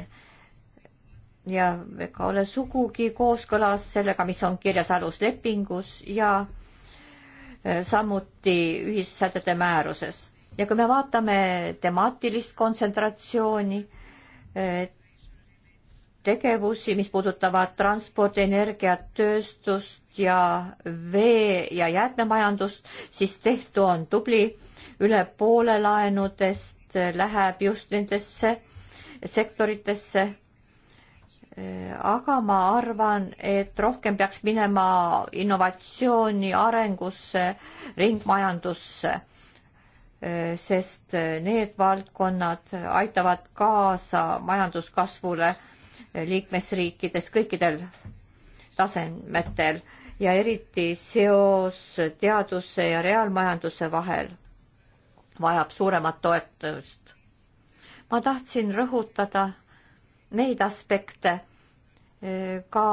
ja ega ole sugugi kooskõlas sellega, mis on kirjas aluslepingus ja eh, samuti ühissätete määruses. ja kui me vaatame temaatilist kontsentratsiooni, et eh, tegevusi, mis puudutavad transporti, energiat, tööstust ja vee- ja jäätmemajandust, siis tehtu on tubli. üle poole laenudest läheb just nendesse sektoritesse. aga ma arvan, et rohkem peaks minema innovatsiooni arengusse, ringmajandusse, sest need valdkonnad aitavad kaasa majanduskasvule liikmesriikides kõikidel tasemetel ja eriti seos teaduse ja reaalmajanduse vahel vajab suuremat toetust. ma tahtsin rõhutada neid aspekte, e, ka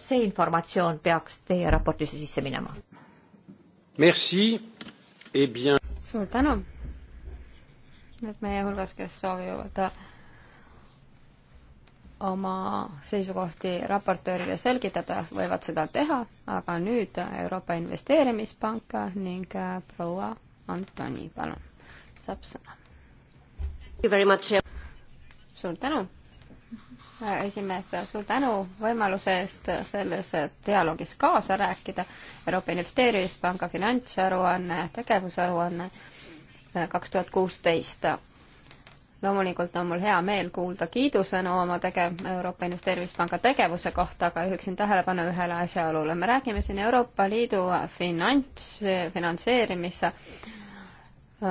see informatsioon peaks teie raportisse sisse minema. Merci eh bien. suur tänu. Need meie hulgas, kes soovivad oma seisukohti raportöörile selgitada, võivad seda teha, aga nüüd Euroopa Investeerimispank ning äh, proua Antoni, palun, saab sõna. suur tänu, äh, esimees, suur tänu võimaluse eest selles dialoogis kaasa rääkida. Euroopa Investeerimispanga finantsaruanne, tegevusaruanne äh, kaks tuhat kuusteist loomulikult on mul hea meel kuulda kiidusõnu oma tegev, Euroopa Investeerimispanga tegevuse kohta, aga juhiksin tähelepanu ühele asjaolule. me räägime siin Euroopa Liidu finants, finantseerimise äh,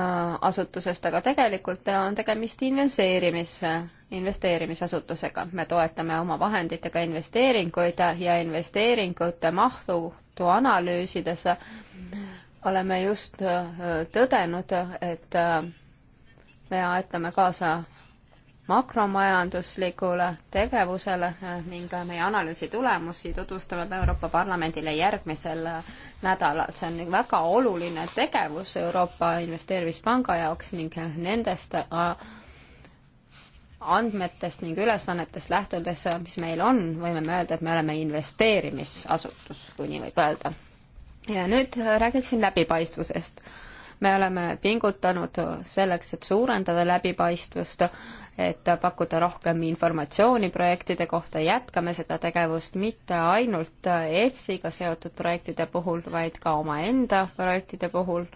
asutusest, aga tegelikult on tegemist investeerimis, investeerimisasutusega. me toetame oma vahenditega investeeringuid ja investeeringute mahtu analüüsides oleme just äh, tõdenud, et äh, me aitame kaasa makromajanduslikule tegevusele eh, ning meie analüüsi tulemusi tutvustame Euroopa Parlamendile järgmisel eh, nädalal. see on väga oluline tegevus Euroopa Investeerimispanga jaoks ning eh, nendest andmetest ning ülesannetest lähtudes, mis meil on, võime me öelda, et me oleme investeerimisasutus, kui nii võib öelda. ja nüüd räägiksin läbipaistvusest me oleme pingutanud selleks, et suurendada läbipaistvust, et pakkuda rohkem informatsiooni projektide kohta, jätkame seda tegevust mitte ainult EFSI-ga seotud projektide puhul, vaid ka omaenda projektide puhul.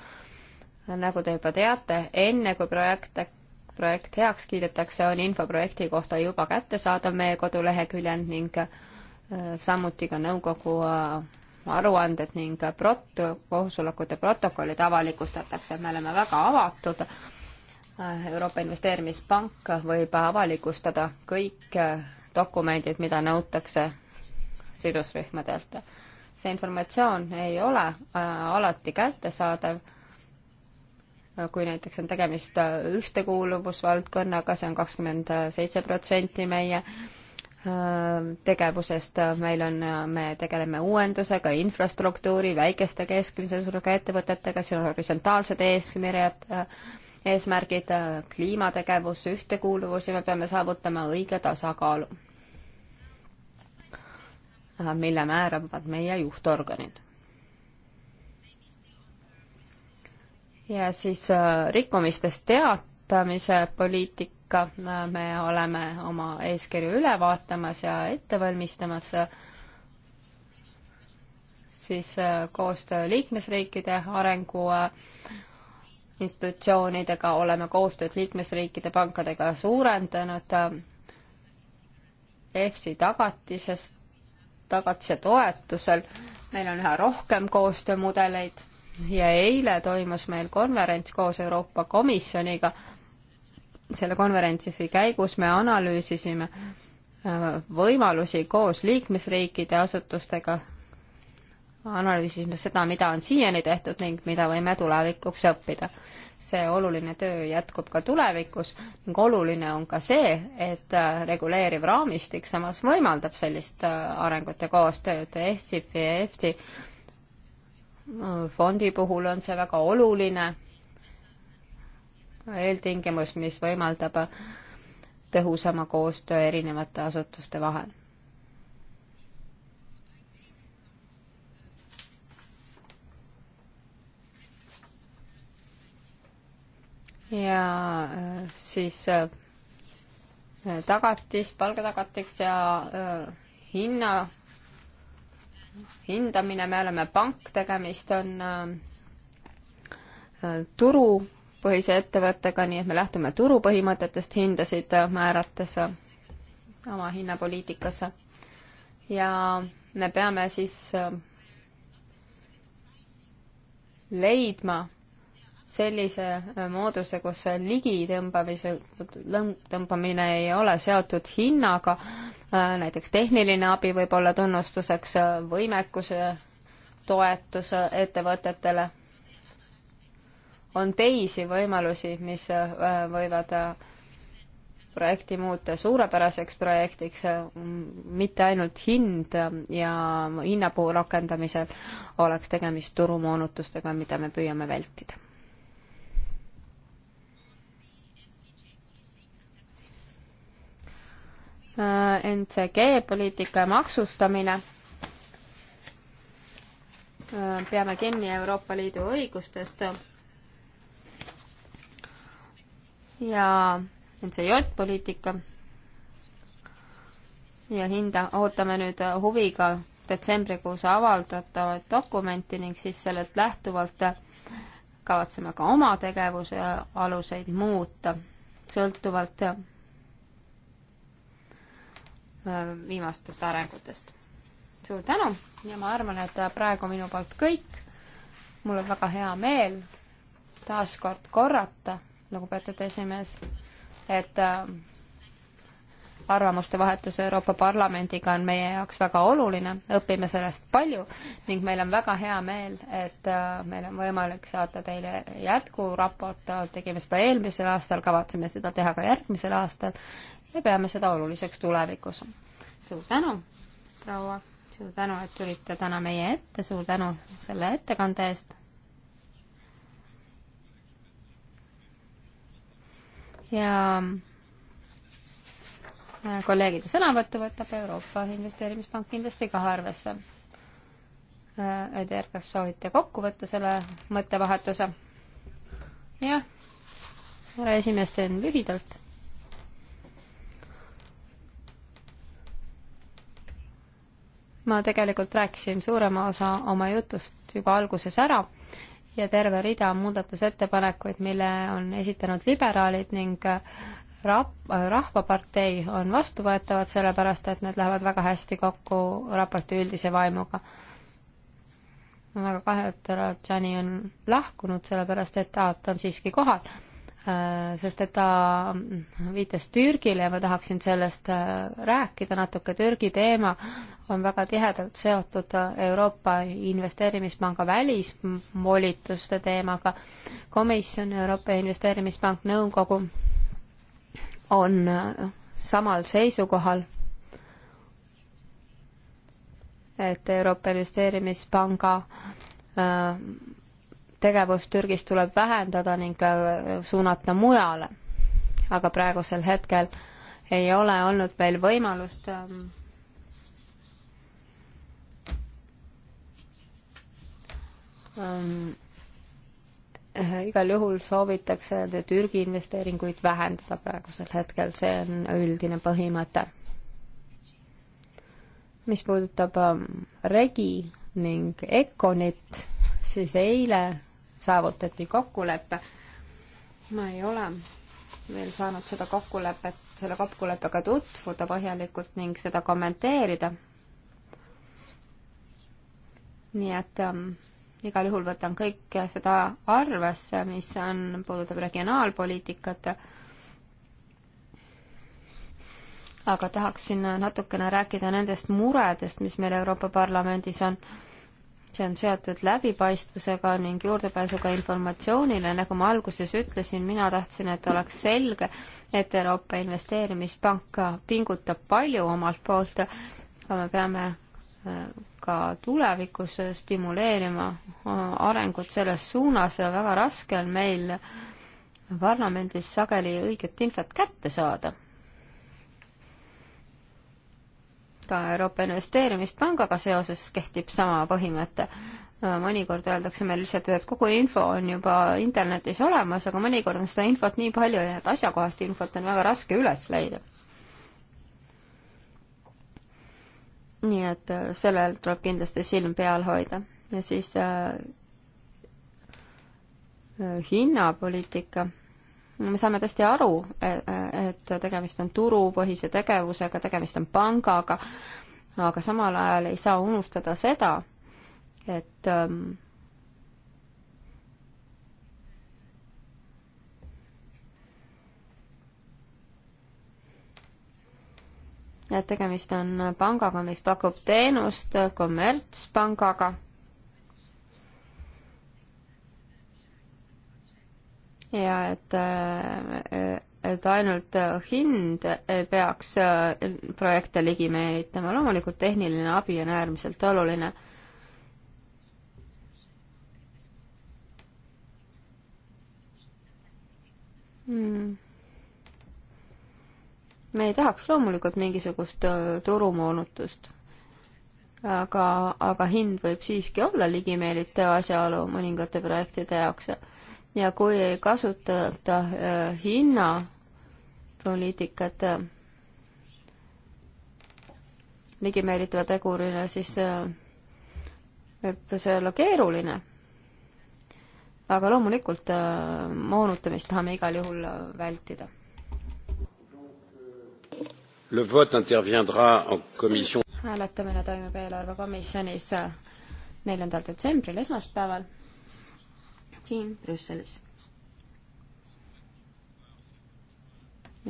nagu te juba teate, enne kui projekte projekt heaks kiidetakse, on info projekti kohta juba kättesaadav meie koduleheküljel ning äh, samuti ka nõukogu äh, aruanded ning prot-, koosolekute protokollid avalikustatakse, me oleme väga avatud. Euroopa Investeerimispank võib avalikustada kõik dokumendid, mida nõutakse sidusrühmadelt. see informatsioon ei ole äh, alati kättesaadav kui näiteks on tegemist ühtekuuluvusvaldkonnaga, see on kakskümmend seitse protsenti meie Äh, tegevusest, meil on, me tegeleme uuendusega, infrastruktuuri, väikeste keskmise suurusega ettevõtetega, siin on horisontaalsed eeskirjad, äh, eesmärgid, äh, kliimategevus, ühtekuuluvus ja me peame saavutama õige tasakaalu, mille määravad meie juhtorganid. ja siis rikkumistest teatamise poliitik-, paika, me oleme oma eeskirju üle vaatamas ja ette valmistamas siis äh, koostöö liikmesriikide arengu äh, institutsioonidega, oleme koostööd liikmesriikide pankadega suurendanud. Äh, EFSI tagatisest, tagatise toetusel meil on üha rohkem koostöömudeleid ja eile toimus meil konverents koos Euroopa Komisjoniga selle konverentsi käigus me analüüsisime äh, võimalusi koos liikmesriikide asutustega, analüüsisime seda, mida on siiani tehtud ning mida võime tulevikuks õppida. see oluline töö jätkub ka tulevikus ning oluline on ka see, et äh, reguleeriv raamistik samas võimaldab sellist äh, arengut ja koostööd EFSIF ja EFSI fondi puhul on see väga oluline eeltingimus, mis võimaldab tõhusama koostöö erinevate asutuste vahel. ja äh, siis äh, tagatis, palgatagatiks ja äh, hinna hindamine, me oleme pank, tegemist on turu põhise ettevõttega, nii et me lähtume turupõhimõtetest hindasid määrates oma hinnapoliitikas. ja me peame siis äh, leidma sellise äh, mooduse, kus ligitõmbamise, tõmbamine ei ole seotud hinnaga, äh, näiteks tehniline abi võib olla tunnustuseks, võimekuse toetus ettevõtetele on teisi võimalusi, mis äh, võivad äh, projekti muuta suurepäraseks projektiks, äh, mitte ainult hind ja hinna puhul rakendamisel oleks tegemist turumoonutustega, mida me püüame vältida. NCG poliitika ja maksustamine. peame kinni Euroopa Liidu õigustest ja NCJ poliitika. ja hinda, ootame nüüd huviga detsembrikuus avaldatavat dokumenti ning siis sellelt lähtuvalt kavatseme ka oma tegevuse aluseid muuta, sõltuvalt äh, viimastest arengutest. suur tänu ja ma arvan, et praegu minu poolt kõik. mul on väga hea meel taas kord korrata lugupeetud esimees, et äh, arvamuste vahetus Euroopa Parlamendiga on meie jaoks väga oluline, õpime sellest palju ning meil on väga hea meel, et äh, meil on võimalik saata teile jätkuraport, äh, tegime seda eelmisel aastal, kavatseme seda teha ka järgmisel aastal ja peame seda oluliseks tulevikus. suur tänu, proua, suur tänu, et tulite täna meie ette, suur tänu selle ettekande eest ja kolleegide sõnavõttu võtab Euroopa Investeerimispank kindlasti ka arvesse. Äh, Eder, kas soovite kokku võtta selle mõttevahetuse? jah, härra esimees, teen lühidalt. ma tegelikult rääkisin suurema osa oma jutust juba alguses ära ja terve rida muudatusettepanekuid, mille on esitanud liberaalid ning äh, rap-, äh, Rahvapartei on vastuvõetavad, sellepärast et need lähevad väga hästi kokku raporti üldise vaimuga. ma väga kahju, et härra Tšani on lahkunud, sellepärast et aa, ta on siiski kohal Äh, sest et ta mm, viitas Türgile ja ma tahaksin sellest äh, rääkida natuke. Türgi teema on väga tihedalt seotud äh, Euroopa Investeerimispanga välisvolituste teemaga. komisjon, Euroopa Investeerimispank, nõukogu on samal seisukohal, et Euroopa Investeerimispanga tegevust Türgis tuleb vähendada ning äh, suunata mujale. aga praegusel hetkel ei ole olnud veel võimalust ähm, ähm äh, igal juhul soovitakse Türgi investeeringuid vähendada praegusel hetkel, see on üldine põhimõte. mis puudutab ähm, Regi ning Econit, siis eile saavutati kokkulepe. ma ei ole veel saanud seda kokkulepet, selle kokkuleppega tutvuda põhjalikult ning seda kommenteerida. nii et ähm, igal juhul võtan kõike seda arvesse, mis on, puudutab regionaalpoliitikat. aga tahaksin natukene rääkida nendest muredest, mis meil Euroopa Parlamendis on see on seotud läbipaistvusega ning juurdepääsuga informatsioonile, nagu ma alguses ütlesin, mina tahtsin, et oleks selge, et Euroopa Investeerimispank pingutab palju omalt poolt, aga me peame äh, ka tulevikus stimuleerima äh, arengut selles suunas ja väga raske on meil parlamendis sageli õiget infot kätte saada ka Euroopa Investeerimispangaga seoses kehtib sama põhimõte. mõnikord öeldakse meile lihtsalt, et kogu info on juba internetis olemas, aga mõnikord on seda infot nii palju, et asjakohast infot on väga raske üles leida. nii et äh, sellel tuleb kindlasti silm peal hoida ja siis äh, äh hinnapoliitika me saame tõesti aru, et tegemist on turupõhise tegevusega, tegemist on pangaga, aga samal ajal ei saa unustada seda, et ähm, et tegemist on pangaga, mis pakub teenust kommertspangaga ja et, äh, et ainult hind peaks äh, projekte ligi meelitama. loomulikult tehniline abi on äärmiselt oluline. Hmm. me ei tahaks loomulikult mingisugust äh, turumoonutust aga, aga hind võib siiski olla ligimeelitav asjaolu mõningate projektide jaoks ja kui ei kasutata äh, hinnapoliitikat äh, ligimeelitava tegurina, siis äh, võib see olla keeruline. aga loomulikult moonutamist tahame igal juhul vältida. hääletamine toimub eelarvekomisjonis neljandal detsembril, esmaspäeval siin Brüsselis.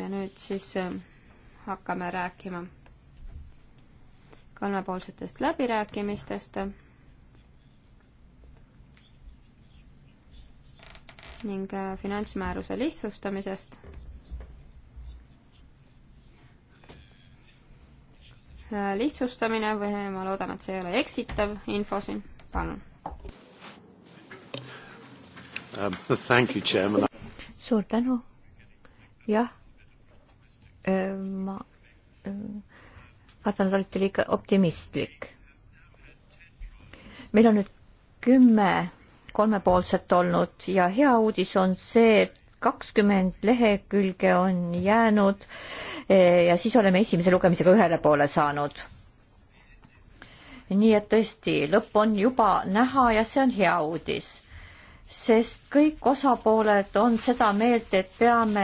ja nüüd siis äh, hakkame rääkima kolmepoolsetest läbirääkimistest ning äh, finantsmääruse lihtsustamisest. Äh, lihtsustamine või ma loodan, et see ei ole eksitav info siin, palun um,. suur tänu. jah, ma vaatan, te olete liiga optimistlik. meil on nüüd kümme kolmepoolset olnud ja hea uudis on see, et kakskümmend lehekülge on jäänud e, ja siis oleme esimese lugemisega ühele poole saanud. nii et tõesti, lõpp on juba näha ja see on hea uudis sest kõik osapooled on seda meelt, et peame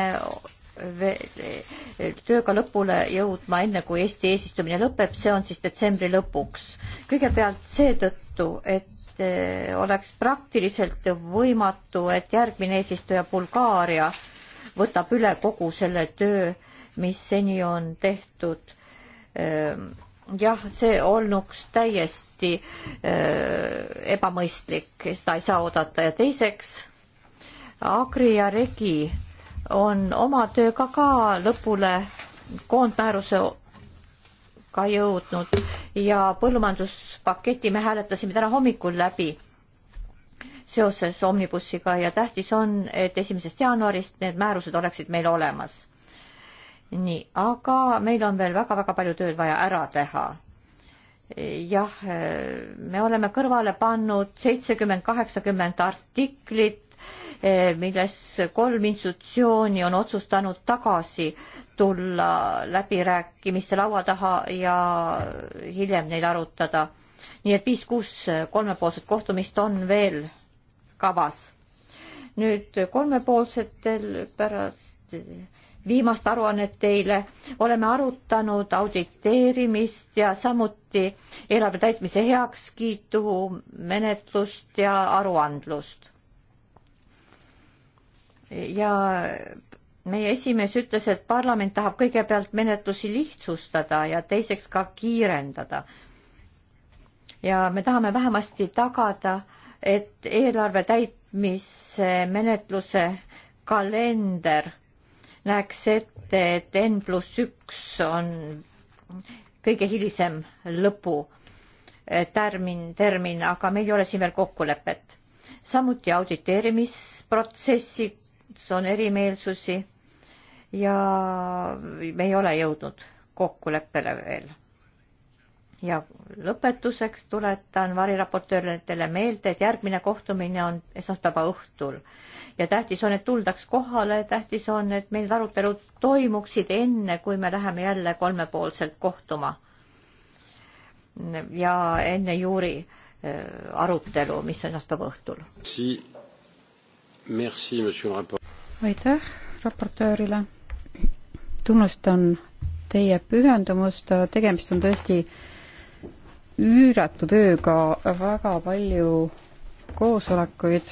tööga lõpule jõudma, enne kui Eesti eesistumine lõpeb, see on siis detsembri lõpuks. kõigepealt seetõttu, et eh, oleks praktiliselt võimatu, et järgmine eesistuja Bulgaaria võtab üle kogu selle töö, mis seni on tehtud ähm, jah, see olnuks täiesti äh, ebamõistlik, seda ei saa oodata ja teiseks Agri ja Regi on oma tööga ka lõpule koondmäärusega jõudnud ja põllumajanduspaketi me hääletasime täna hommikul läbi seoses omnibussiga ja tähtis on, et esimesest jaanuarist need määrused oleksid meil olemas nii, aga meil on veel väga-väga palju tööd vaja ära teha. jah, me oleme kõrvale pannud seitsekümmend, kaheksakümmend artiklit, milles kolm institutsiooni on otsustanud tagasi tulla läbirääkimiste laua taha ja hiljem neid arutada. nii et viis-kuus kolmepoolset kohtumist on veel kavas. nüüd kolmepoolsetel pärast viimast aruannet teile. oleme arutanud auditeerimist ja samuti eelarve täitmise heakskiitu, menetlust ja aruandlust. ja meie esimees ütles, et parlament tahab kõigepealt menetlusi lihtsustada ja teiseks ka kiirendada. ja me tahame vähemasti tagada, et eelarve täitmise menetluse kalender näeks ette, et N pluss üks on kõige hilisem lõpu eh, tärmin, termin, aga meil ei ole siin veel kokkulepet. samuti auditeerimisprotsessis on erimeelsusi ja me ei ole jõudnud kokkuleppele veel ja lõpetuseks tuletan variraportööridele meelde, et järgmine kohtumine on esmaspäeva õhtul ja tähtis on, et tuldaks kohale, tähtis on, et meil arutelud toimuksid enne, kui me läheme jälle kolmepoolselt kohtuma. ja enne juuri äh, arutelu, mis on esmaspäeva õhtul. aitäh raportöörile. tunnustan teie pühendumust, tegemist on tõesti üüratu tööga väga palju koosolekuid.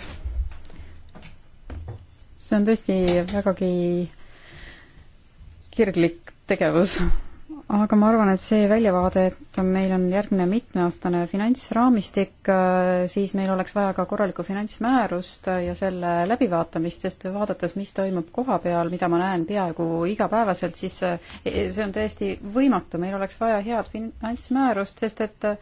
see on tõesti vägagi kirglik tegevus aga ma arvan, et see väljavaade, et meil on järgmine mitmeaastane finantsraamistik, äh, siis meil oleks vaja ka korralikku finantsmäärust ja selle läbivaatamist, sest vaadates, mis toimub koha peal, mida ma näen peaaegu igapäevaselt, siis äh, see on täiesti võimatu, meil oleks vaja head finantsmäärust, sest et äh,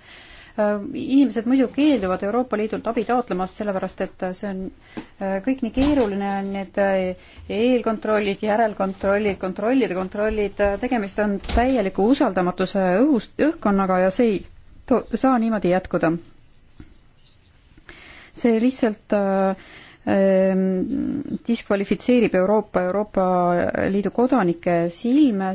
inimesed muidu keelduvad Euroopa Liidult abi taotlemast, sellepärast et see on äh, kõik nii keeruline, need äh, eelkontrollid, järelkontrollid, kontrollide kontrollid, äh, tegemist on täieliku usaldamatuse õhust, õhkkonnaga ja see ei to-, saa niimoodi jätkuda. see lihtsalt äh, ähm, diskvalifitseerib Euroopa, Euroopa Liidu kodanike silme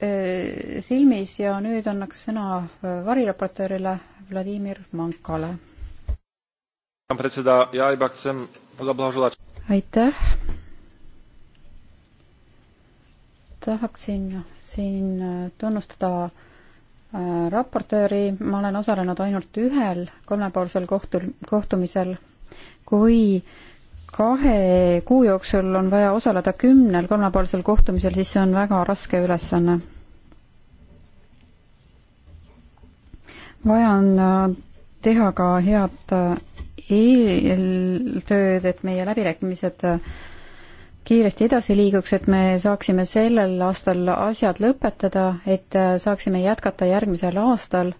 silmis ja nüüd annaks sõna variraportöörile Vladimir Mankale. aitäh. tahaksin siin tunnustada raportööri, ma olen osalenud ainult ühel kolmepoolsel kohtul, kohtumisel, kui äh, kahe kuu jooksul on vaja osaleda kümnel kolmepoolsel kohtumisel, siis see on väga raske ülesanne. vaja on äh, teha ka head äh, eeltööd, et meie läbirääkimised äh, kiiresti edasi liiguks, et me saaksime sellel aastal asjad lõpetada, et saaksime jätkata järgmisel aastal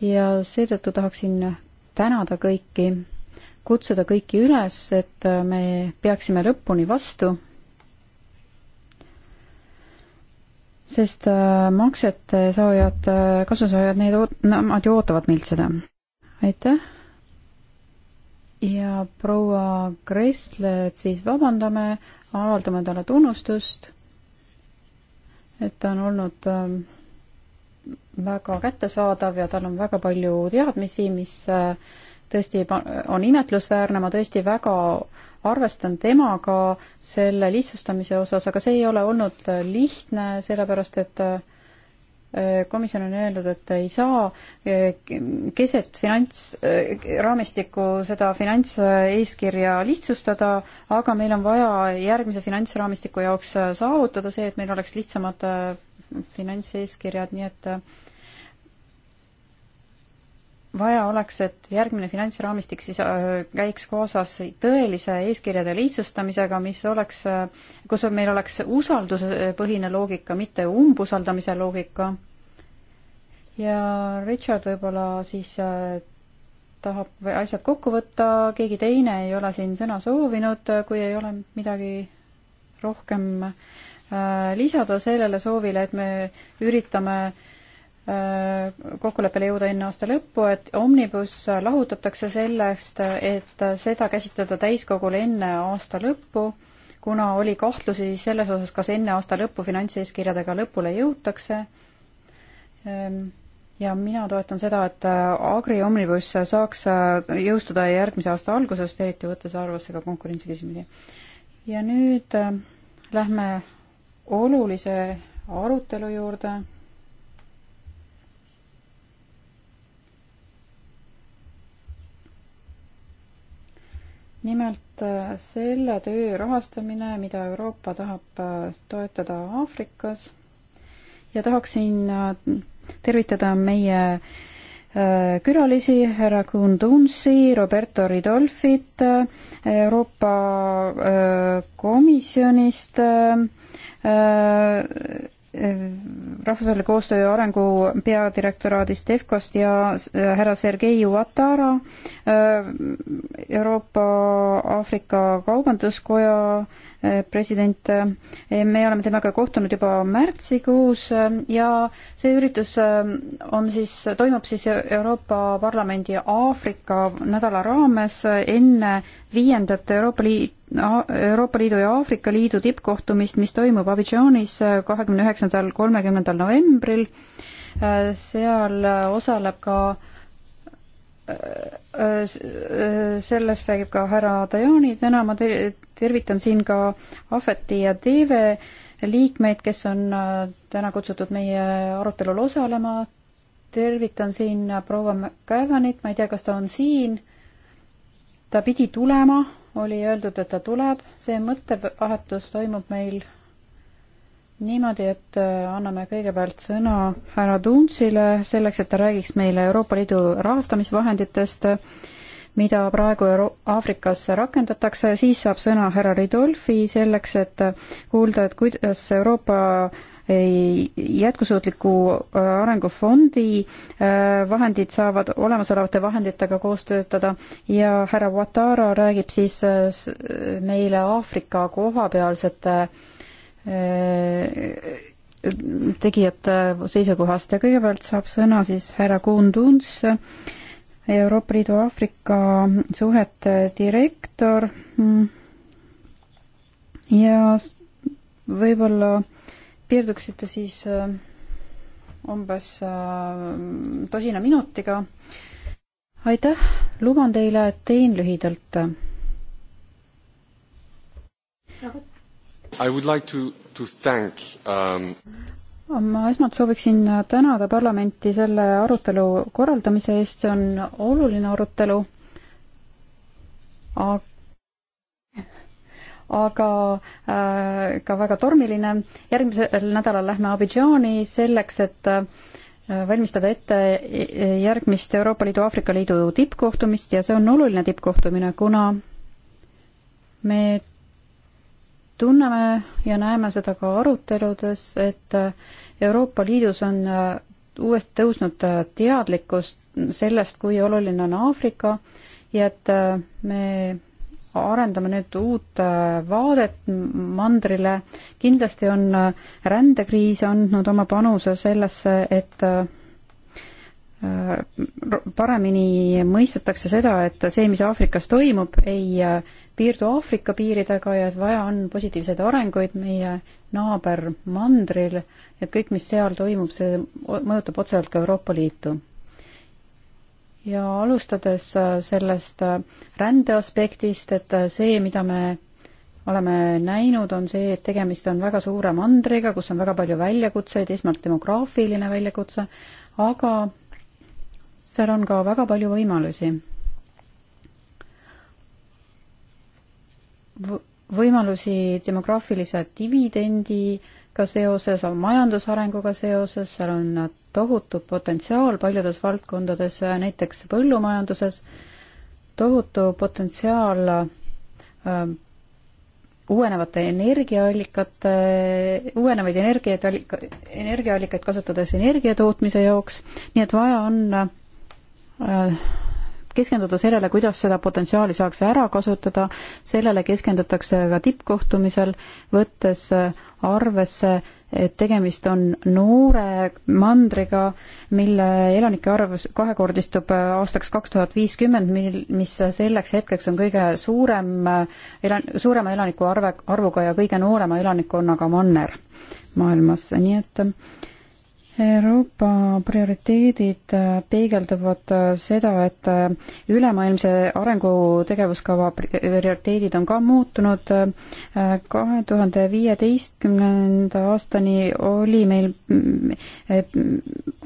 ja seetõttu tahaksin tänada kõiki kutsuda kõiki üles, et äh, me peaksime lõpuni vastu, sest äh, maksete saajad, äh, kasusaajad, need oot-, nad ju ootavad meilt seda. aitäh! ja proua Kresslet siis vabandame, avaldame talle tunnustust, et ta on olnud ähm, väga kättesaadav ja tal on väga palju teadmisi, mis tõesti on imetlusväärne, ma tõesti väga arvestan temaga selle lihtsustamise osas, aga see ei ole olnud lihtne, sellepärast et äh, komisjon on öelnud, et ei saa äh, keset finantsraamistikku äh, seda finantseeskirja lihtsustada, aga meil on vaja järgmise finantsraamistiku jaoks saavutada see, et meil oleks lihtsamad finantseeskirjad, nii et äh, vaja oleks, et järgmine finantsraamistik siis äh, käiks kaasas tõelise eeskirjade lihtsustamisega, mis oleks, äh, kus meil oleks usaldusepõhine loogika, mitte umbusaldamise loogika. ja Richard võib-olla siis äh, tahab asjad kokku võtta, keegi teine ei ole siin sõna soovinud, kui ei ole midagi rohkem lisada sellele soovile, et me üritame äh, kokkuleppele jõuda enne aasta lõppu, et Omnibus lahutatakse sellest, et seda käsitleda täiskogul enne aasta lõppu, kuna oli kahtlusi selles osas, kas enne aasta lõppu finantseeskirjadega lõpule jõutakse. Ehm, ja mina toetan seda, et Agri Omnibus saaks jõustuda järgmise aasta algusest, eriti võttes arvesse ka konkurentsiküsimusi. ja nüüd äh, lähme olulise arutelu juurde nimelt äh, selle töö rahastamine, mida Euroopa tahab äh, toetada Aafrikas ja tahaksin äh, tervitada meie külalisi, härra Kundunsi, Roberto Ridolfit Euroopa Komisjonist, rahvusvahelise koostöö ja arengu peadirektoraadist EFKOst ja äh, härra Sergei Uvatara äh, Euroopa Aafrika Kaubanduskoja Äh, president. Äh, me oleme temaga kohtunud juba märtsikuus äh, ja see üritus on siis, toimub siis Euroopa Parlamendi Aafrika nädala raames enne viiendat Euroopa Liit, Euroopa Liidu ja Aafrika Liidu tippkohtumist, mis toimub Abidžaanis kahekümne üheksandal, kolmekümnendal novembril. seal osaleb ka äh, Äh, äh, sellest räägib ka härra Dajani, täna ma tervitan siin ka Ahveti ja Teeve liikmeid, kes on äh, täna kutsutud meie arutelul osalema. tervitan siin proua McCavanit, ma ei tea, kas ta on siin. ta pidi tulema, oli öeldud, et ta tuleb, see mõttevahetus toimub meil niimoodi, et äh, anname kõigepealt sõna härra Tuntsile selleks, et ta räägiks meile Euroopa Liidu rahastamisvahenditest, mida praegu Euro-, Aafrikas rakendatakse, siis saab sõna härra Ridolfi selleks, et kuulda, et kuidas Euroopa äh, jätkusuutliku äh, arengufondi vahendid saavad olemasolevate vahenditega koos töötada ja härra Ouattara räägib siis meile Aafrika kohapealsete äh, tegijate seisukohast ja kõigepealt saab sõna siis härra Kunduns, Euroopa Liidu Aafrika suhete direktor ja võib-olla piirduksite siis äh, umbes äh, tosina minutiga. aitäh, luban teile, et teen lühidalt. Nagu Like to, to thank, um... ma esmalt sooviksin tänada parlamenti selle arutelu korraldamise eest, see on oluline arutelu. aga äh, ka väga tormiline. järgmisel nädalal lähme Abidžaani selleks, et äh, valmistada ette järgmist Euroopa Liidu, Aafrika Liidu tippkohtumist ja see on oluline tippkohtumine, kuna me tunneme ja näeme seda ka aruteludes, et Euroopa Liidus on äh, uuesti tõusnud äh, teadlikkus sellest, kui oluline on Aafrika ja et äh, me arendame nüüd uut vaadet mandrile. kindlasti on rändekriis andnud oma panuse sellesse, et paremini mõistetakse seda, et see, mis Aafrikas toimub, ei piirdu Aafrika piiridega ja et vaja on positiivseid arenguid meie naabermandril, et kõik, mis seal toimub, see mõjutab otseselt ka Euroopa Liitu. ja alustades äh, sellest äh, rände aspektist, et äh, see, mida me oleme näinud, on see, et tegemist on väga suure mandriga, kus on väga palju väljakutseid, esmalt demograafiline väljakutse, aga seal on ka väga palju võimalusi võimalusi demograafilise dividendiga seoses, majandusarenguga seoses, seal on tohutu potentsiaal paljudes valdkondades, näiteks põllumajanduses, tohutu potentsiaal äh, uuenevate energiaallikate, uuenevaid energiaid, energiaallikaid kasutades energia tootmise jaoks, nii et vaja on äh, keskenduda sellele, kuidas seda potentsiaali saaks ära kasutada, sellele keskendutakse ka tippkohtumisel, võttes arvesse, et tegemist on noore mandriga, mille elanike arv kahekordistub aastaks kaks tuhat viiskümmend, mil, mis selleks hetkeks on kõige suurem elan-, suurema elaniku arve, arvuga ja kõige noorema elanikkonnaga manner maailmas, nii et Euroopa prioriteedid peegeldavad seda, et ülemaailmse arengutegevuskava prioriteedid on ka muutunud. kahe tuhande viieteistkümnenda aastani oli meil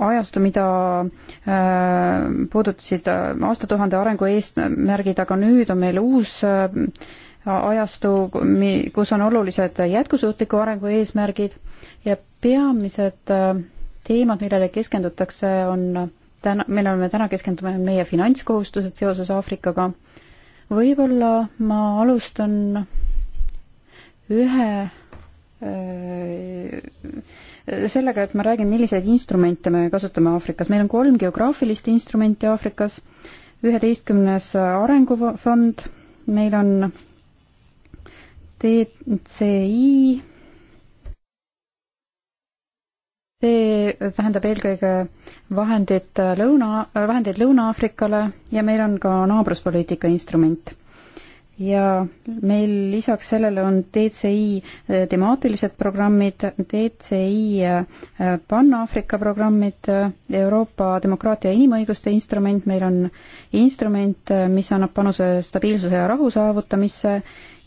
ajastu, mida äh, puudutasid aastatuhande arengu eesmärgid, aga nüüd on meil uus äh, ajastu, kus on olulised jätkusuutliku arengu eesmärgid ja peamised äh, teemad, millele keskendutakse, on täna, millele me täna keskendume, on meie finantskohustused seoses Aafrikaga. võib-olla ma alustan ühe äh, sellega, et ma räägin, milliseid instrumente me kasutame Aafrikas. meil on kolm geograafilist instrumenti Aafrikas, üheteistkümnes arengufond, meil on DCI, see tähendab eelkõige vahendit lõuna, vahendeid Lõuna-Aafrikale ja meil on ka naabruspoliitika instrument. ja meil lisaks sellele on DCI eh, temaatilised programmid, DCI eh, Pan-Aafrika programmid, eh, Euroopa demokraatia ja inimõiguste instrument, meil on instrument, mis annab panuse stabiilsuse ja rahu saavutamisse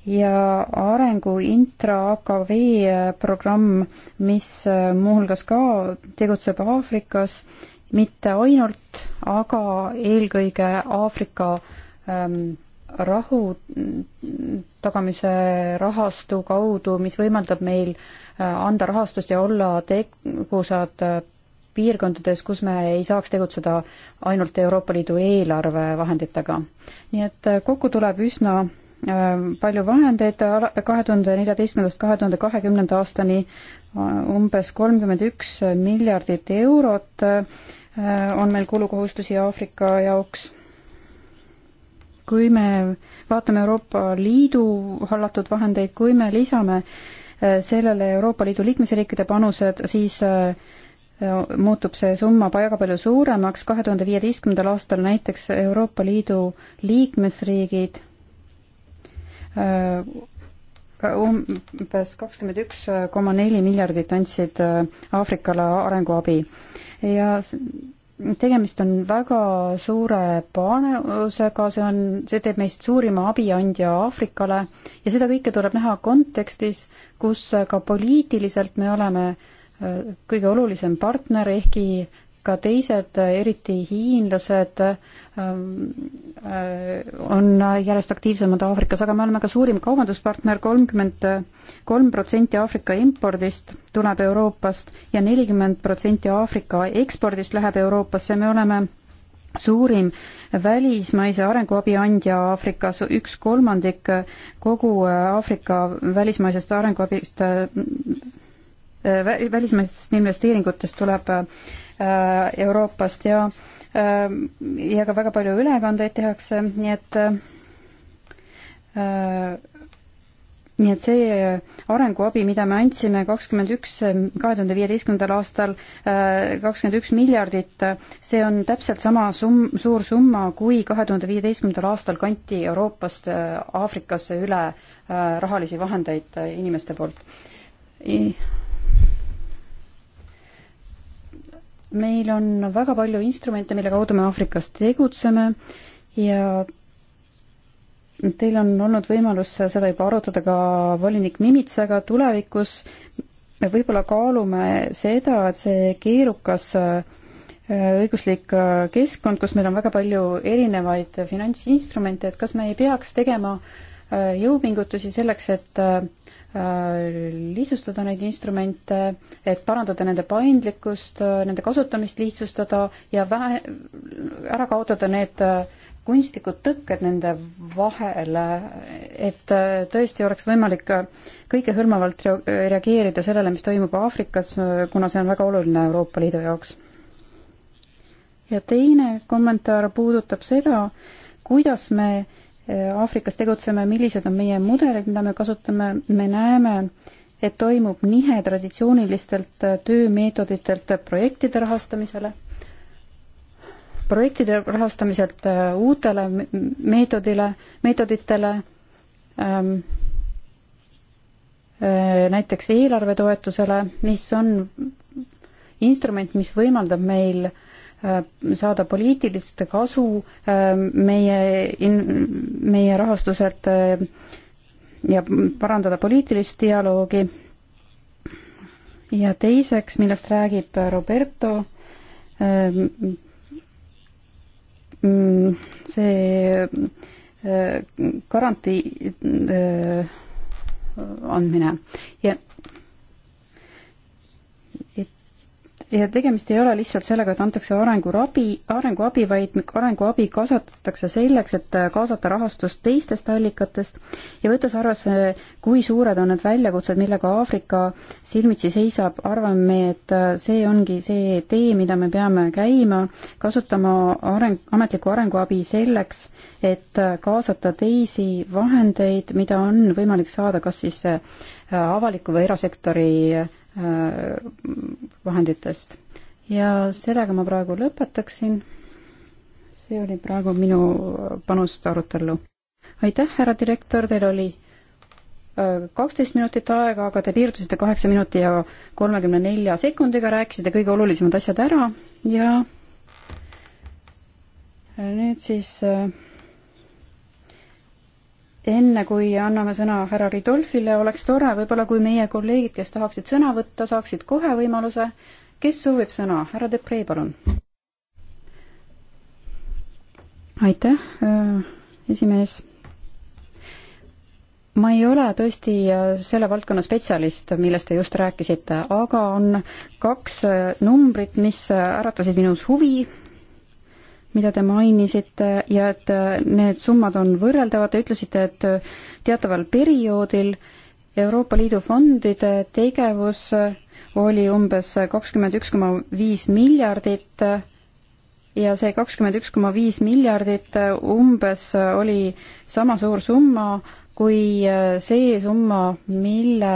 ja arengu intra AKV programm, mis äh, muuhulgas ka tegutseb Aafrikas, mitte ainult, aga eelkõige Aafrika ähm, rahu tagamise rahastu kaudu, mis võimaldab meil äh, anda rahastust ja olla tegusad äh, piirkondades, kus me ei saaks tegutseda ainult Euroopa Liidu eelarvevahenditega. nii et kokku tuleb üsna Äh, palju vahendeid kahe tuhande neljateistkümnendast kahe tuhande kahekümnenda aastani äh, umbes kolmkümmend üks miljardit eurot äh, on meil kulukohustusi Aafrika jaoks. kui me vaatame Euroopa Liidu hallatud vahendeid, kui me lisame sellele Euroopa Liidu liikmesriikide panused, siis muutub see summa väga palju suuremaks, kahe tuhande viieteistkümnendal aastal näiteks Euroopa Liidu liikmesriigid Äh, um-, umbes kakskümmend üks äh, koma neli miljardit andsid äh, Aafrikale arenguabi ja tegemist on väga suure panusega, see on, see teeb meist suurima abiandja Aafrikale ja seda kõike tuleb näha kontekstis, kus ka poliitiliselt me oleme kõige olulisem partner, ehkki ka teised, eriti hiinlased, ähm, äh, on järjest aktiivsemad Aafrikas, aga me oleme ka suurim kaubanduspartner, kolmkümmend kolm protsenti Aafrika impordist tuleb Euroopast ja nelikümmend protsenti Aafrika ekspordist läheb Euroopasse, me oleme suurim välismaise arenguabi andja Aafrikas, üks kolmandik kogu Aafrika välismaisest arenguabist, äh, välismaisest investeeringutest tuleb Äh, Euroopast ja äh, ja ka väga palju ülekandeid tehakse, nii et äh, nii et see arenguabi, mida me andsime kakskümmend üks, kahe tuhande viieteistkümnendal aastal kakskümmend üks miljardit, see on täpselt sama sum-, suur summa, kui kahe tuhande viieteistkümnendal aastal kanti Euroopast Aafrikasse üle rahalisi vahendeid inimeste poolt. meil on väga palju instrumente, mille kaudu me Aafrikas tegutseme ja teil on olnud võimalus seda juba arutada ka volinik Mimitsaga tulevikus. me võib-olla kaalume seda, et see keerukas äh, õiguslik äh, keskkond, kus meil on väga palju erinevaid finantsinstrumente, et kas me ei peaks tegema äh, jõupingutusi selleks, et Äh, lihtsustada neid instrumente, et parandada nende paindlikkust, äh, nende kasutamist lihtsustada ja vähe, ära kaotada need äh, kunstlikud tõkked nende vahele, et tõesti oleks võimalik kõigehõlmavalt reageerida sellele, mis toimub Aafrikas, kuna see on väga oluline Euroopa Liidu jaoks. ja teine kommentaar puudutab seda, kuidas me Aafrikas tegutseme, millised on meie mudelid, mida me kasutame, me näeme, et toimub nihe traditsioonilistelt töömeetoditelt projektide rahastamisele, projektide rahastamiselt äh, uutele meetodile, meetoditele ähm,, äh, näiteks eelarvetoetusele, mis on instrument, mis võimaldab meil äh, Äh, saada poliitilist kasu äh, meie, meie rahastuselt äh, ja parandada poliitilist dialoogi. ja teiseks, millest räägib Roberto, mm, see garantii andmine ja ja tegemist ei ole lihtsalt sellega, et antakse arengurabi, arenguabi, vaid arenguabi kasvatatakse selleks, et kaasata rahastust teistest allikatest ja võttes arvesse, kui suured on need väljakutsed, millega Aafrika silmitsi seisab, arvame, et see ongi see tee, mida me peame käima, kasutama areng, ametlikku arenguabi selleks, et kaasata teisi vahendeid, mida on võimalik saada kas siis avaliku või erasektori Äh, vahenditest. ja sellega ma praegu lõpetaksin. see oli praegu minu panust arutellu. aitäh, härra direktor, teil oli äh, kaksteist minutit aega, aga te piirdusite kaheksa minuti ja kolmekümne nelja sekundiga, rääkisite kõige olulisemad asjad ära ja nüüd siis äh, enne kui anname sõna härra Ridolfile, oleks tore võib-olla, kui meie kolleegid, kes tahaksid sõna võtta, saaksid kohe võimaluse. kes soovib sõna? härra Depree, palun. aitäh, äh, esimees. ma ei ole tõesti äh, selle valdkonna spetsialist, millest te just rääkisite, aga on kaks äh, numbrit, mis äratasid minus huvi mida te mainisite ja et äh, need summad on võrreldavad, te ütlesite, et äh, teataval perioodil Euroopa Liidu fondide tegevus äh, oli umbes kakskümmend üks koma viis miljardit ja see kakskümmend üks koma viis miljardit umbes oli sama suur summa kui see summa, mille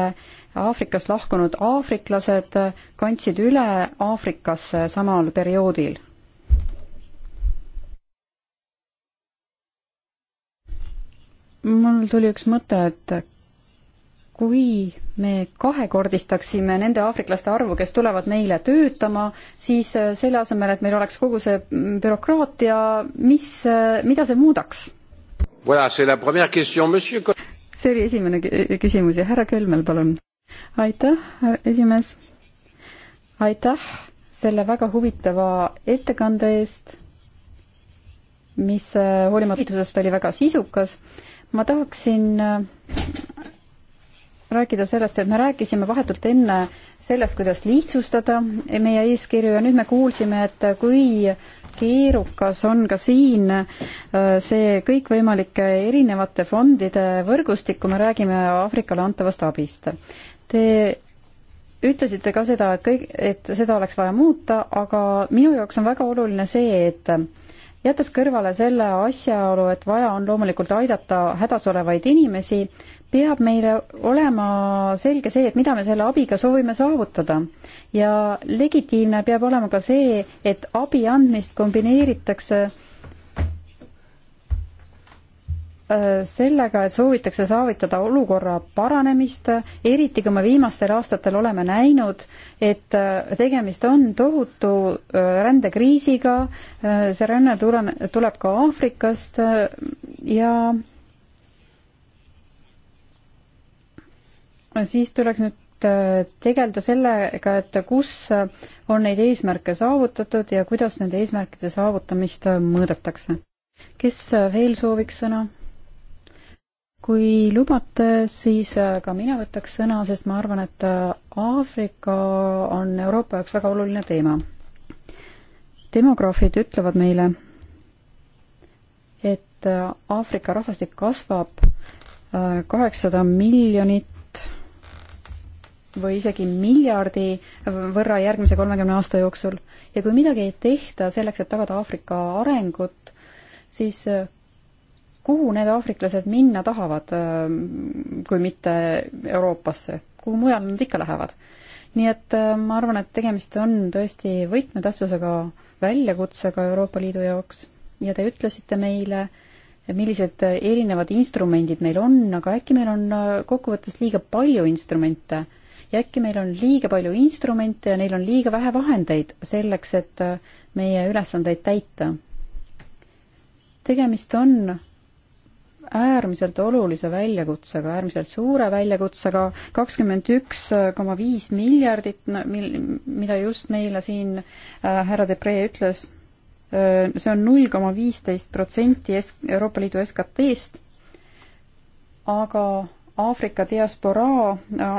Aafrikast lahkunud aafriklased kandsid üle Aafrikasse samal perioodil mul tuli üks mõte, et kui me kahekordistaksime nende aafriklaste arvu, kes tulevad meile töötama, siis äh, selle asemel, et meil oleks kogu see mm, bürokraatia, mis, äh, mida see muudaks voilà,? see oli esimene küsimus ja härra Kölmel, palun. aitäh, esimees. aitäh selle väga huvitava ettekande eest, mis äh, hoolimata oli väga sisukas ma tahaksin äh, rääkida sellest, et me rääkisime vahetult enne sellest, kuidas lihtsustada meie eeskirju ja nüüd me kuulsime, et kui keerukas on ka siin äh, see kõikvõimalike erinevate fondide võrgustik, kui me räägime Aafrikale antavast abist. Te ütlesite ka seda, et kõik, et seda oleks vaja muuta, aga minu jaoks on väga oluline see, et jättes kõrvale selle asjaolu, et vaja on loomulikult aidata hädas olevaid inimesi, peab meile olema selge see, et mida me selle abiga soovime saavutada. ja legitiimne peab olema ka see, et abi andmist kombineeritakse Äh, sellega, et soovitakse saavutada olukorra paranemist, eriti kui me viimastel aastatel oleme näinud, et äh, tegemist on tohutu äh, rändekriisiga, see ränne tulen-, tuleb ka Aafrikast ja siis tuleks nüüd tegeleda sellega, et kus on neid eesmärke saavutatud ja kuidas nende eesmärkide saavutamist mõõdetakse. kes veel sooviks sõna? kui lubate, siis äh, ka mina võtaks sõna, sest ma arvan, et äh, Aafrika on Euroopa jaoks väga oluline teema. demograafid ütlevad meile, et äh, Aafrika rahvastik kasvab kaheksasada miljonit või isegi miljardi võrra järgmise kolmekümne aasta jooksul ja kui midagi ei tehta selleks, et tagada Aafrika arengut, siis kuhu need aafriklased minna tahavad, ähm, kui mitte Euroopasse, kuhu mujale nad ikka lähevad? nii et äh, ma arvan, et tegemist on tõesti võtmetähtsusega väljakutsega Euroopa Liidu jaoks ja te ütlesite meile, millised erinevad instrumendid meil on, aga äkki meil on äh, kokkuvõttes liiga palju instrumente ja äkki meil on liiga palju instrumente ja neil on liiga vähe vahendeid selleks, et äh, meie ülesandeid täita. tegemist on äärmiselt olulise väljakutsega, äärmiselt suure väljakutsega, kakskümmend üks koma viis miljardit, mil, mida just meile siin äh, härra Depree ütles äh,, see on null koma viisteist protsenti Euroopa Liidu SKT-st, aga Aafrika diasporaa äh,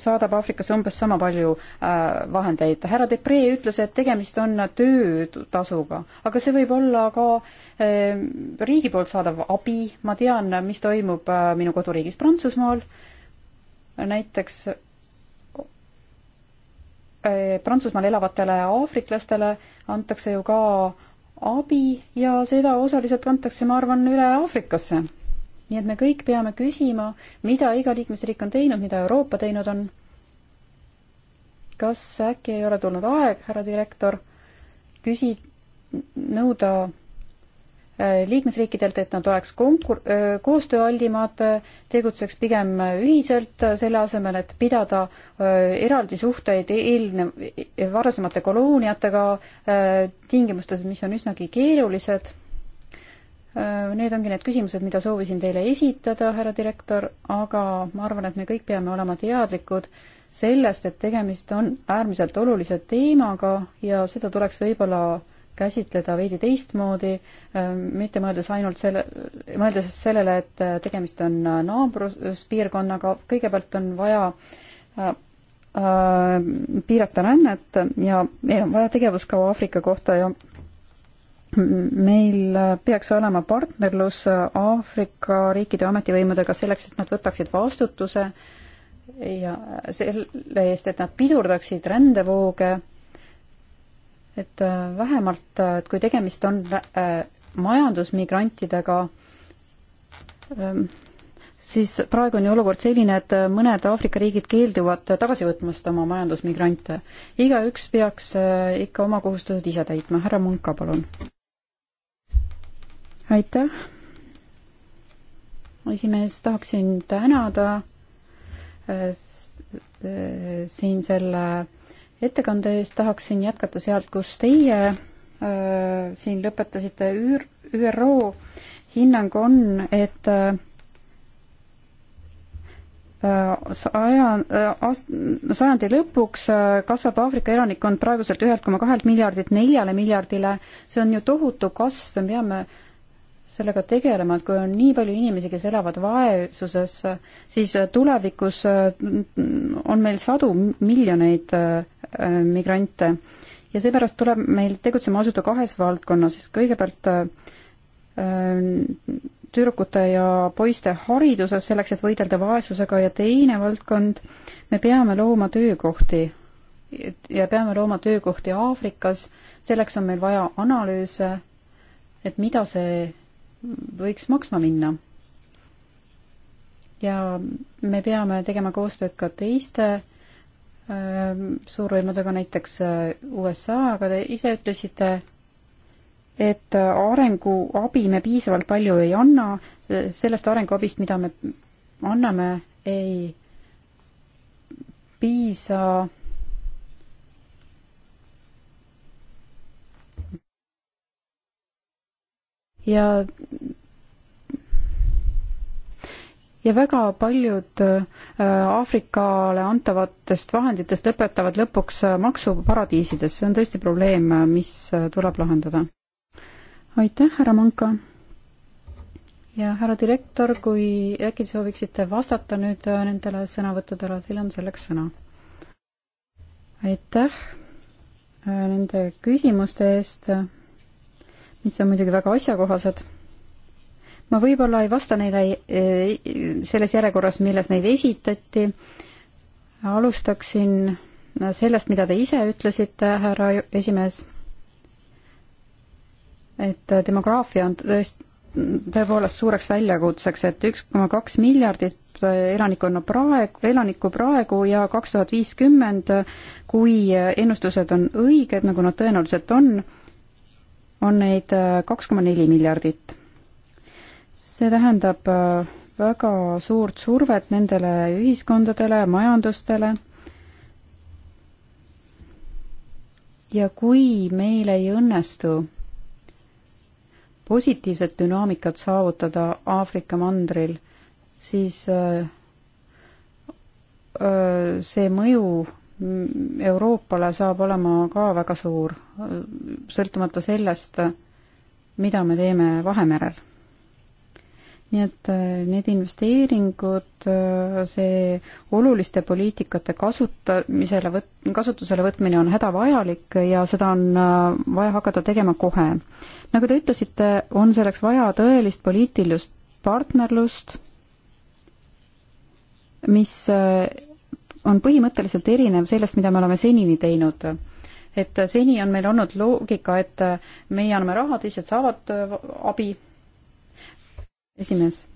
saadab Aafrikasse umbes sama palju äh, vahendeid. härra Depree ütles, et tegemist on töötasuga, aga see võib olla ka äh, riigi poolt saadav abi, ma tean, mis toimub äh, minu koduriigis Prantsusmaal, näiteks äh, Prantsusmaal elavatele aafriklastele antakse ju ka abi ja seda osaliselt kantakse, ma arvan, üle Aafrikasse nii et me kõik peame küsima, mida iga liikmesriik on teinud, mida Euroopa teinud on. kas äkki ei ole tulnud aeg, härra direktor, küsi-, nõuda äh, liikmesriikidelt, et nad oleks konkur-, äh, koostööaldimad, tegutseks pigem ühiselt, selle asemel, et pidada äh, eraldi suhteid eelnev, e-, e-, varasemate kolooniatega tingimustes, mis on üsnagi keerulised Äh, need ongi need küsimused, mida soovisin teile esitada, härra direktor, aga ma arvan, et me kõik peame olema teadlikud sellest, et tegemist on äärmiselt olulise teemaga ja seda tuleks võib-olla käsitleda veidi teistmoodi, äh, mitte mõeldes ainult selle, mõeldes sellele, et äh, tegemist on naabruspiirkonnaga, kõigepealt on vaja äh, piirata rännet ja meil on vaja tegevuskava Aafrika kohta ja meil peaks olema partnerlus Aafrika riikide ametivõimudega selleks, et nad võtaksid vastutuse ja selle eest, et nad pidurdaksid rändevooge, et äh, vähemalt, äh, et kui tegemist on äh, majandusmigrantidega, ähm, siis praegu on ju olukord selline, et mõned Aafrika riigid keelduvad tagasi võtmast oma majandusmigrante. igaüks peaks ikka oma kohustused ise täitma. härra Munka, palun aitäh. esimees, tahaksin tänada äh, äh, siin selle ettekande eest, tahaksin jätkata sealt, kus teie äh, siin lõpetasite, ÜRO hinnang on, et saja, sajandi lõpuks kasvab Aafrika elanikkond praeguselt ühelt koma kahelt miljardilt neljale miljardile, see on ju tohutu kasv, me peame äh, sellega tegelema, et kui on nii palju inimesi, kes elavad vaesuses, siis tulevikus äh, on meil sadu miljoneid äh, migrante ja seepärast tuleb meil tegutsema asuda kahes valdkonnas, kõigepealt äh, tüdrukute ja poiste hariduses, selleks et võidelda vaesusega ja teine valdkond, me peame looma töökohti ja peame looma töökohti Aafrikas, selleks on meil vaja analüüse, et mida see võiks maksma minna. ja me peame tegema koostööd ka teiste ähm, suurvõimudega, näiteks äh, USA-ga, te ise ütlesite, et arenguabi me piisavalt palju ei anna, sellest arenguabist, mida me anname, ei piisa ja ja väga paljud äh, Aafrikale antavatest vahenditest lõpetavad lõpuks äh, maksuparadiisides, see on tõesti probleem, äh, mis tuleb lahendada. aitäh, härra Manka! ja härra direktor, kui äkki sooviksite vastata nüüd nendele sõnavõttudele, teil on selleks sõna. aitäh nende küsimuste eest mis on muidugi väga asjakohased. ma võib-olla ei vasta neile eh, selles järjekorras, milles neid esitati. alustaksin sellest, mida te ise ütlesite, härra esimees, et demograafia on tõest-, tõepoolest suureks väljakutseks, et üks koma kaks miljardit eh, elanikkonna praegu, elanikku praegu ja kaks tuhat viiskümmend, kui ennustused on õiged, nagu nad tõenäoliselt on on neid äh, kaks koma neli miljardit. see tähendab äh, väga suurt survet nendele ühiskondadele, majandustele. ja kui meil ei õnnestu positiivset dünaamikat saavutada Aafrika mandril, siis äh, see mõju mm, Euroopale saab olema ka väga suur sõltumata sellest, mida me teeme Vahemerel. nii et äh, need investeeringud, äh, see oluliste poliitikate kasutamisele võt-, kasutusele võtmine on hädavajalik ja seda on äh, vaja hakata tegema kohe. nagu te ütlesite, on selleks vaja tõelist poliitilist partnerlust, mis on põhimõtteliselt erinev sellest, mida me oleme senini teinud et seni on meil olnud loogika, et meie anname raha, teised saavad äh, abi. esimees.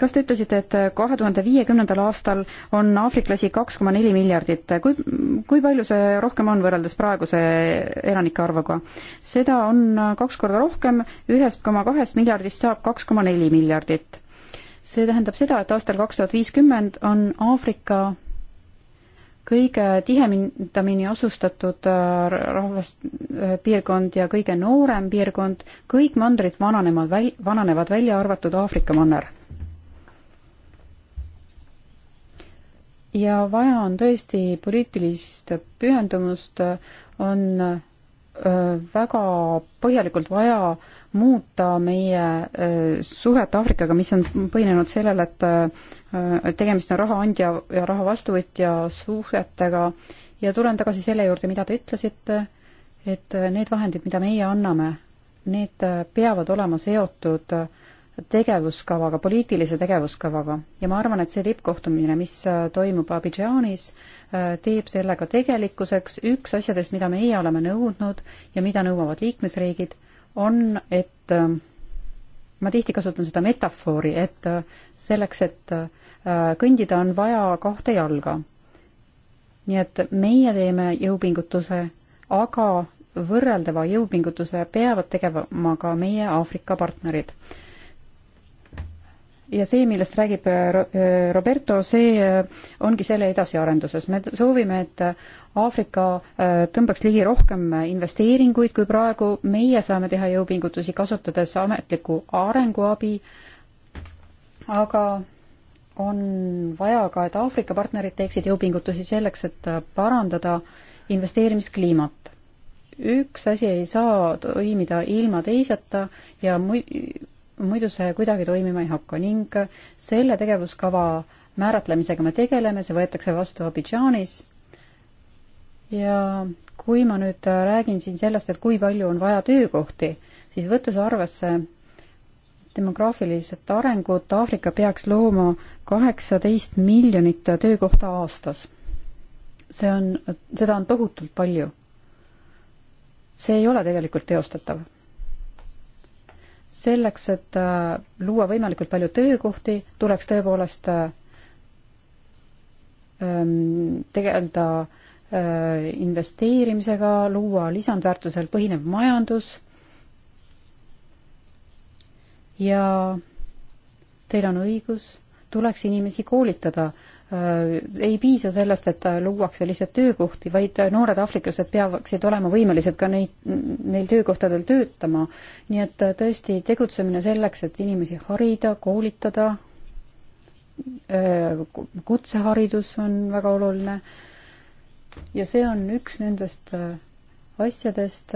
kas te ütlesite, et kahe tuhande viiekümnendal aastal on aafriklasi kaks koma neli miljardit, kui, kui palju see rohkem on võrreldes praeguse elanike arvuga? seda on äh, kaks korda rohkem, ühest koma kahest miljardist saab kaks koma neli miljardit. see tähendab seda, et aastal kaks tuhat viiskümmend on Aafrika kõige tihemini asustatud äh, rahvast, äh, piirkond ja kõige noorem piirkond, kõik mandrid vananema, vananevad, välja arvatud Aafrika manner. ja vaja on tõesti poliitilist pühendumust, on äh, väga põhjalikult vaja muuta meie suhet Aafrikaga, mis on põhinenud sellel, et Äh, tegemist on raha andja ja raha vastuvõtja suhetega ja tulen tagasi selle juurde, mida te ütlesite, et äh, need vahendid, mida meie anname, need äh, peavad olema seotud tegevuskavaga, poliitilise tegevuskavaga ja ma arvan, et see tippkohtumine, mis toimub Abidžaanis, teeb selle ka tegelikkuseks. üks asjadest, mida meie oleme nõudnud ja mida nõuavad liikmesriigid, on, et ma tihti kasutan seda metafoori, et selleks, et Äh, kõndida on vaja kahte jalga. nii et meie teeme jõupingutuse, aga võrreldava jõupingutuse peavad tegema ka meie Aafrika partnerid. ja see, millest räägib äh, äh, Roberto, see ongi selle edasiarenduses. me soovime, et Aafrika tõmbaks ligi rohkem investeeringuid kui praegu, meie saame teha jõupingutusi, kasutades ametlikku arenguabi, aga on vaja ka, et Aafrika partnerid teeksid jõupingutusi selleks, et parandada investeerimiskliimat. üks asi ei saa toimida ilma teiseta ja muidu see kuidagi toimima ei hakka ning selle tegevuskava määratlemisega me tegeleme, see võetakse vastu Abidžaanis ja kui ma nüüd räägin siin sellest, et kui palju on vaja töökohti, siis võttes arvesse demograafilised arengud, Aafrika peaks looma kaheksateist miljonit töökohta aastas. see on, seda on tohutult palju. see ei ole tegelikult teostatav. selleks, et äh, luua võimalikult palju töökohti, tuleks tõepoolest äh, ähm, tegeleda äh, investeerimisega, luua lisandväärtusel põhinev majandus ja teil on õigus tuleks inimesi koolitada. Äh, ei piisa sellest, et äh, luuakse lihtsalt töökohti, vaid äh, noored aafriklased peaksid olema võimelised ka neid, neil töökohtadel töötama. nii et tõesti tegutsemine selleks, et inimesi harida, koolitada, kutseharidus on väga oluline ja see on üks nendest asjadest,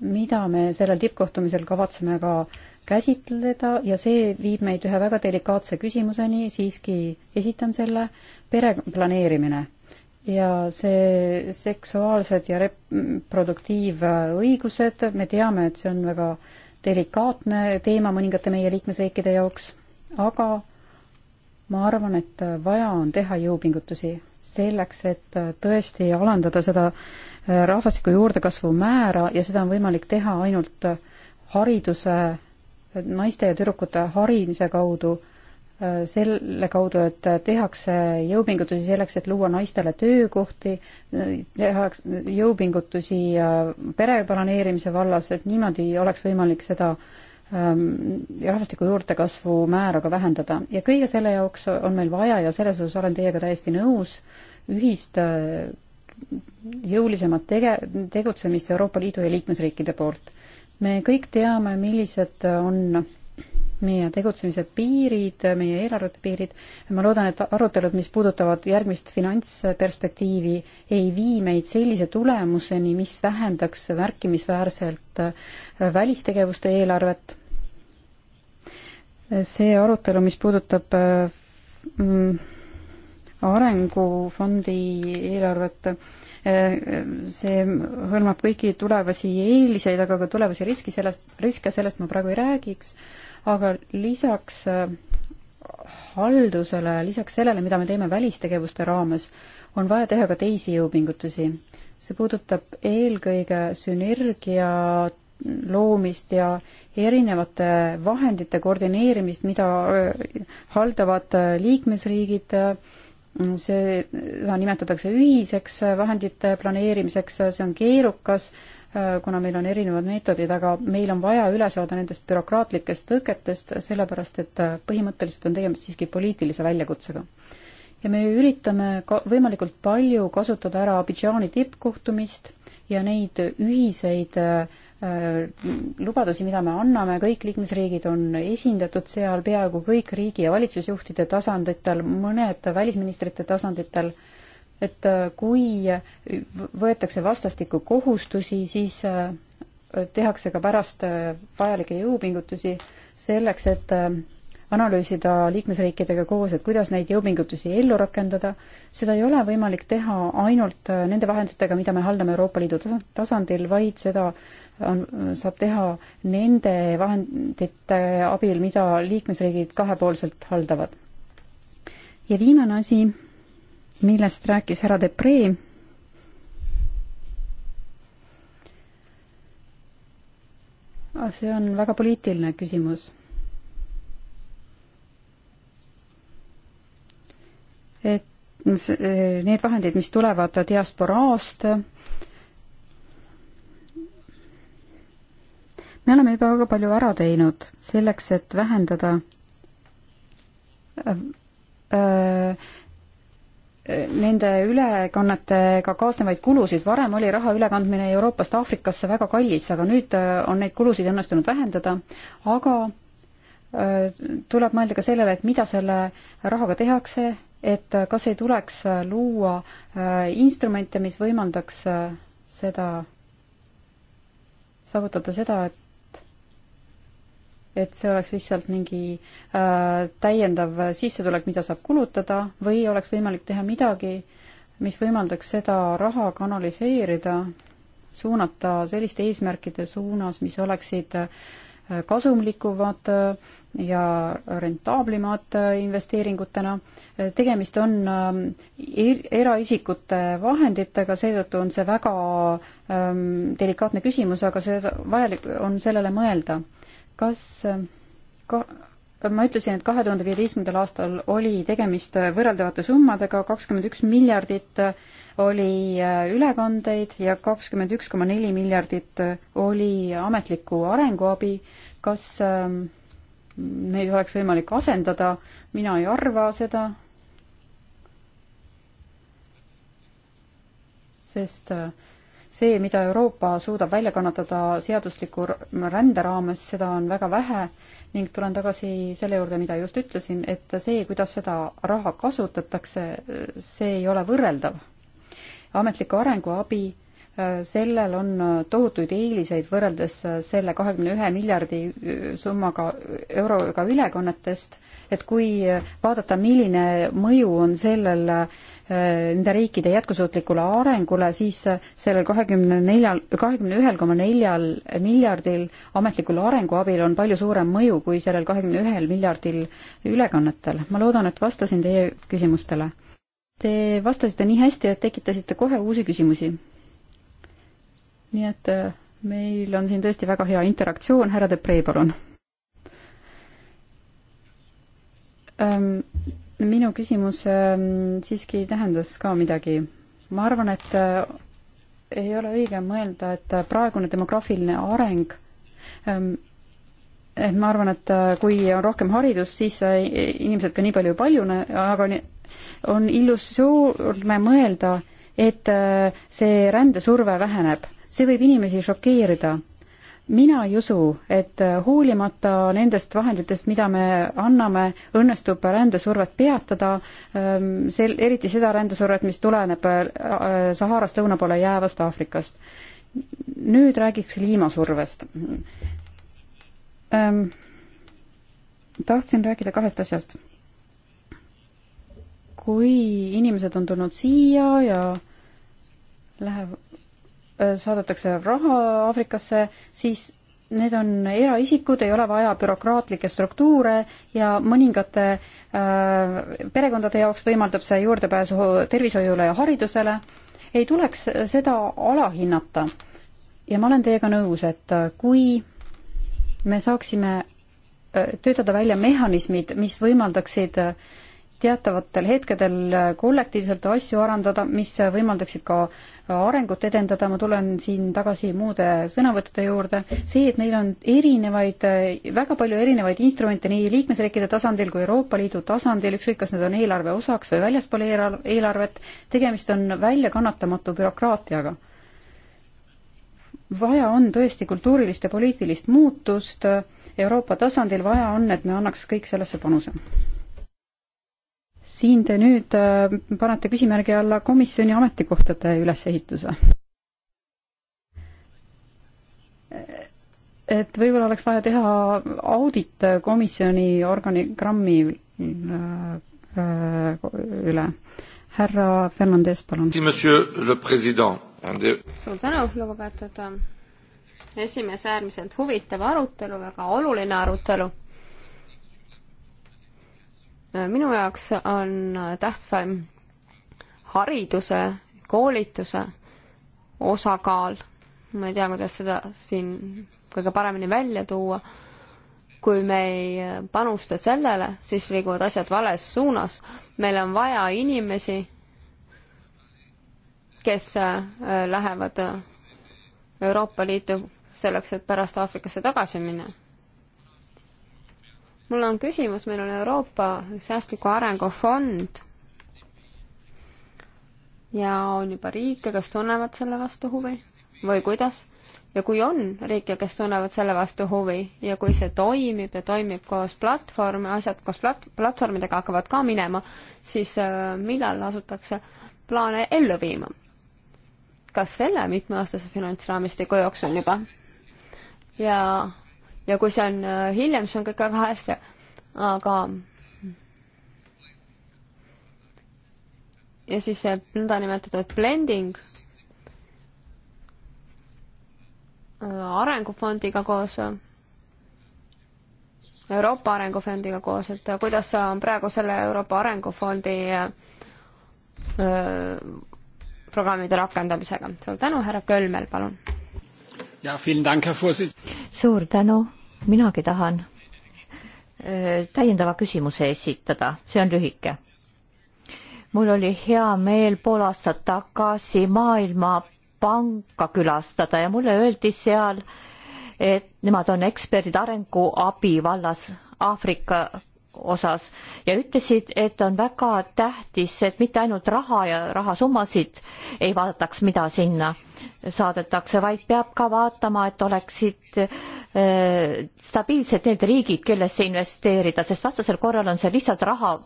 mida me sellel tippkohtumisel kavatseme ka äh, käsitleda ja see viib meid ühe väga delikaatse küsimuseni, siiski esitan selle, pere planeerimine ja see seksuaalsed ja reproduktiivõigused, me teame, et see on väga delikaatne teema mõningate meie liikmesriikide jaoks, aga ma arvan, et vaja on teha jõupingutusi selleks, et tõesti alandada seda eh, rahvastiku juurdekasvu määra ja seda on võimalik teha ainult hariduse naiste ja tüdrukute harimise kaudu, äh, selle kaudu, et tehakse jõupingutusi selleks, et luua naistele töökohti, äh, tehakse jõupingutusi äh, pere planeerimise vallas, et niimoodi oleks võimalik seda ähm, rahvastiku juurdekasvu määra ka vähendada ja kõige selle jaoks on meil vaja ja selles osas olen teiega täiesti nõus, ühist jõulisemat tege-, tegutsemist Euroopa Liidu ja liikmesriikide poolt me kõik teame, millised on meie tegutsemise piirid, meie eelarvete piirid. ma loodan, et arutelud, mis puudutavad järgmist finantsperspektiivi, ei vii meid sellise tulemuseni, mis vähendaks märkimisväärselt välistegevuste eelarvet. see arutelu, mis puudutab mm, arengufondi eelarvet, see hõlmab kõiki tulevasi eeliseid, aga ka tulevasi riski, sellest, riske, sellest ma praegu ei räägiks, aga lisaks äh, haldusele, lisaks sellele, mida me teeme välistegevuste raames, on vaja teha ka teisi jõupingutusi. see puudutab eelkõige sünergia loomist ja erinevate vahendite koordineerimist, mida äh, haldavad äh, liikmesriigid äh, see, seda nimetatakse ühiseks vahendite planeerimiseks, see on keerukas, kuna meil on erinevad meetodid, aga meil on vaja üle saada nendest bürokraatlikest tõketest, sellepärast et põhimõtteliselt on tegemist siiski poliitilise väljakutsega. ja me üritame ka võimalikult palju kasutada ära Abidžaani tippkohtumist ja neid ühiseid äh, Äh, lubadusi, mida me anname, kõik liikmesriigid on esindatud seal, peaaegu kõik riigi- ja valitsusjuhtide tasanditel, mõned välisministrite tasanditel, et äh, kui võetakse vastastikku kohustusi, siis äh, tehakse ka pärast vajalikke jõupingutusi selleks, et analüüsida liikmesriikidega koos, et kuidas neid jõupingutusi ellu rakendada. seda ei ole võimalik teha ainult nende vahenditega, mida me haldame Euroopa Liidu tasandil, vaid seda on, saab teha nende vahendite abil, mida liikmesriigid kahepoolselt haldavad. ja viimane asi, millest rääkis härra Depree, see on väga poliitiline küsimus. et need vahendid, mis tulevad diasporaast, me oleme juba väga palju ära teinud selleks, et vähendada öö, äh, äh, nende ülekannetega kaasnevaid kulusid, varem oli raha ülekandmine Euroopast Aafrikasse väga kallis, aga nüüd äh, on neid kulusid õnnestunud vähendada, aga tuleb mõelda ka sellele, et mida selle rahaga tehakse, et kas ei tuleks luua instrumente, mis võimaldaks seda, saavutada seda, et et see oleks lihtsalt mingi äh, täiendav sissetulek, mida saab kulutada, või oleks võimalik teha midagi, mis võimaldaks seda raha kanaliseerida, suunata selliste eesmärkide suunas, mis oleksid äh, kasumlikumad äh, ja rentaablimad äh, investeeringutena. tegemist on eraisikute vahenditega, seetõttu on see väga ähm, delikaatne küsimus, aga see vajalik on sellele mõelda kas ka, ma ütlesin, et kahe tuhande viieteistkümnendal aastal oli tegemist võrreldavate summadega, kakskümmend üks miljardit oli ülekandeid ja kakskümmend üks koma neli miljardit oli ametlikku arenguabi. kas ähm, neid oleks võimalik asendada, mina ei arva seda, sest äh, see, mida Euroopa suudab välja kannatada seadusliku rände raames, seda on väga vähe ning tulen tagasi selle juurde, mida just ütlesin, et see, kuidas seda raha kasutatakse, see ei ole võrreldav. ametliku arenguabi sellel on tohutuid eeliseid võrreldes selle kahekümne ühe miljardi summaga, euroga ülekannetest, et kui vaadata, milline mõju on sellel äh, Äh, nende riikide jätkusuutlikule arengule, siis sellel kahekümne neljal, kahekümne ühel koma neljal miljardil ametlikul arenguabil on palju suurem mõju kui sellel kahekümne ühel miljardil ülekannetel. ma loodan, et vastasin teie küsimustele. Te vastasite nii hästi, et tekitasite kohe uusi küsimusi. nii et äh, meil on siin tõesti väga hea interaktsioon, härra Depree, palun ähm, minu küsimus ähm, siiski tähendas ka midagi. ma arvan, et äh, ei ole õige mõelda, et äh, praegune demograafiline areng ähm, et ma arvan, et äh, kui on rohkem haridust, siis inimesed ka nii palju ei paljune, aga on illusioone mõelda, et see rändesurve väheneb. see võib inimesi šokeerida mina ei usu, et äh, hoolimata nendest vahenditest, mida me anname, õnnestub rändesurvet peatada, ähm, sel-, eriti seda rändesurvet, mis tuleneb äh, äh, Saharast lõuna poole jäävast Aafrikast. nüüd räägiks kliimasurvest. Ähm, tahtsin rääkida kahest asjast. kui inimesed on tulnud siia ja läheb, Äh, saadetakse raha Aafrikasse, siis need on eraisikud, ei ole vaja bürokraatlikke struktuure ja mõningate äh, perekondade jaoks võimaldab see juurdepääsu tervishoiule ja haridusele. ei tuleks seda alahinnata. ja ma olen teiega nõus, et äh, kui me saaksime äh, töötada välja mehhanismid, mis võimaldaksid teatavatel hetkedel kollektiivselt asju arendada, mis võimaldaksid ka äh, arengut edendada, ma tulen siin tagasi muude sõnavõttude juurde, see, et meil on erinevaid, äh, väga palju erinevaid instrumente nii liikmesriikide tasandil kui Euroopa Liidu tasandil, ükskõik, kas need on eelarve osaks või väljaspool eelarvet, tegemist on väljakannatamatu bürokraatiaga vaja on tõesti kultuurilist ja poliitilist muutust Euroopa tasandil, vaja on, et me annaks kõik sellesse panuse siin te nüüd äh, panete küsimärgi alla komisjoni ametikohtade ülesehituse. et võib-olla oleks vaja teha audit komisjoni organigrammi äh, äh, üle. härra Fernandes, palun. suur tänu, lugupeetud ähm, esimees, äärmiselt huvitav arutelu, väga oluline arutelu minu jaoks on tähtsaim hariduse, koolituse osakaal, ma ei tea, kuidas seda siin kõige paremini välja tuua, kui me ei panusta sellele, siis liiguvad asjad vales suunas. meil on vaja inimesi, kes äh, lähevad Euroopa Liitu selleks, et pärast Aafrikasse tagasi minna mul on küsimus, meil on Euroopa Säästliku Arengu Fond ja on juba riike, kes tunnevad selle vastu huvi või kuidas? ja kui on riike, kes tunnevad selle vastu huvi ja kui see toimib ja toimib koos platvormi, asjad koos plat-, platvormidega hakkavad ka minema, siis äh, millal asutakse plaane ellu viima? kas selle mitmeaastase finantsraamistiku jooksul juba? ja ja kui see on äh, hiljem, siis on kõik väga hästi, aga ja siis see nõndanimetatud blending äh, arengufondiga koos, Euroopa Arengufondiga koos, et äh, kuidas on praegu selle Euroopa Arengufondi programmide rakendamisega. suur tänu, härra Kölmel, palun! suur tänu, minagi tahan äh, täiendava küsimuse esitada, see on lühike. mul oli hea meel pool aastat tagasi Maailmapanka külastada ja mulle öeldi seal, et nemad on eksperdid arenguabi vallas Aafrika osas ja ütlesid, et on väga tähtis, et mitte ainult raha ja rahasummasid ei vaadataks, mida sinna saadetakse, vaid peab ka vaatama, et oleksid äh, stabiilsed need riigid, kellesse investeerida, sest vastasel korral on see lihtsalt raha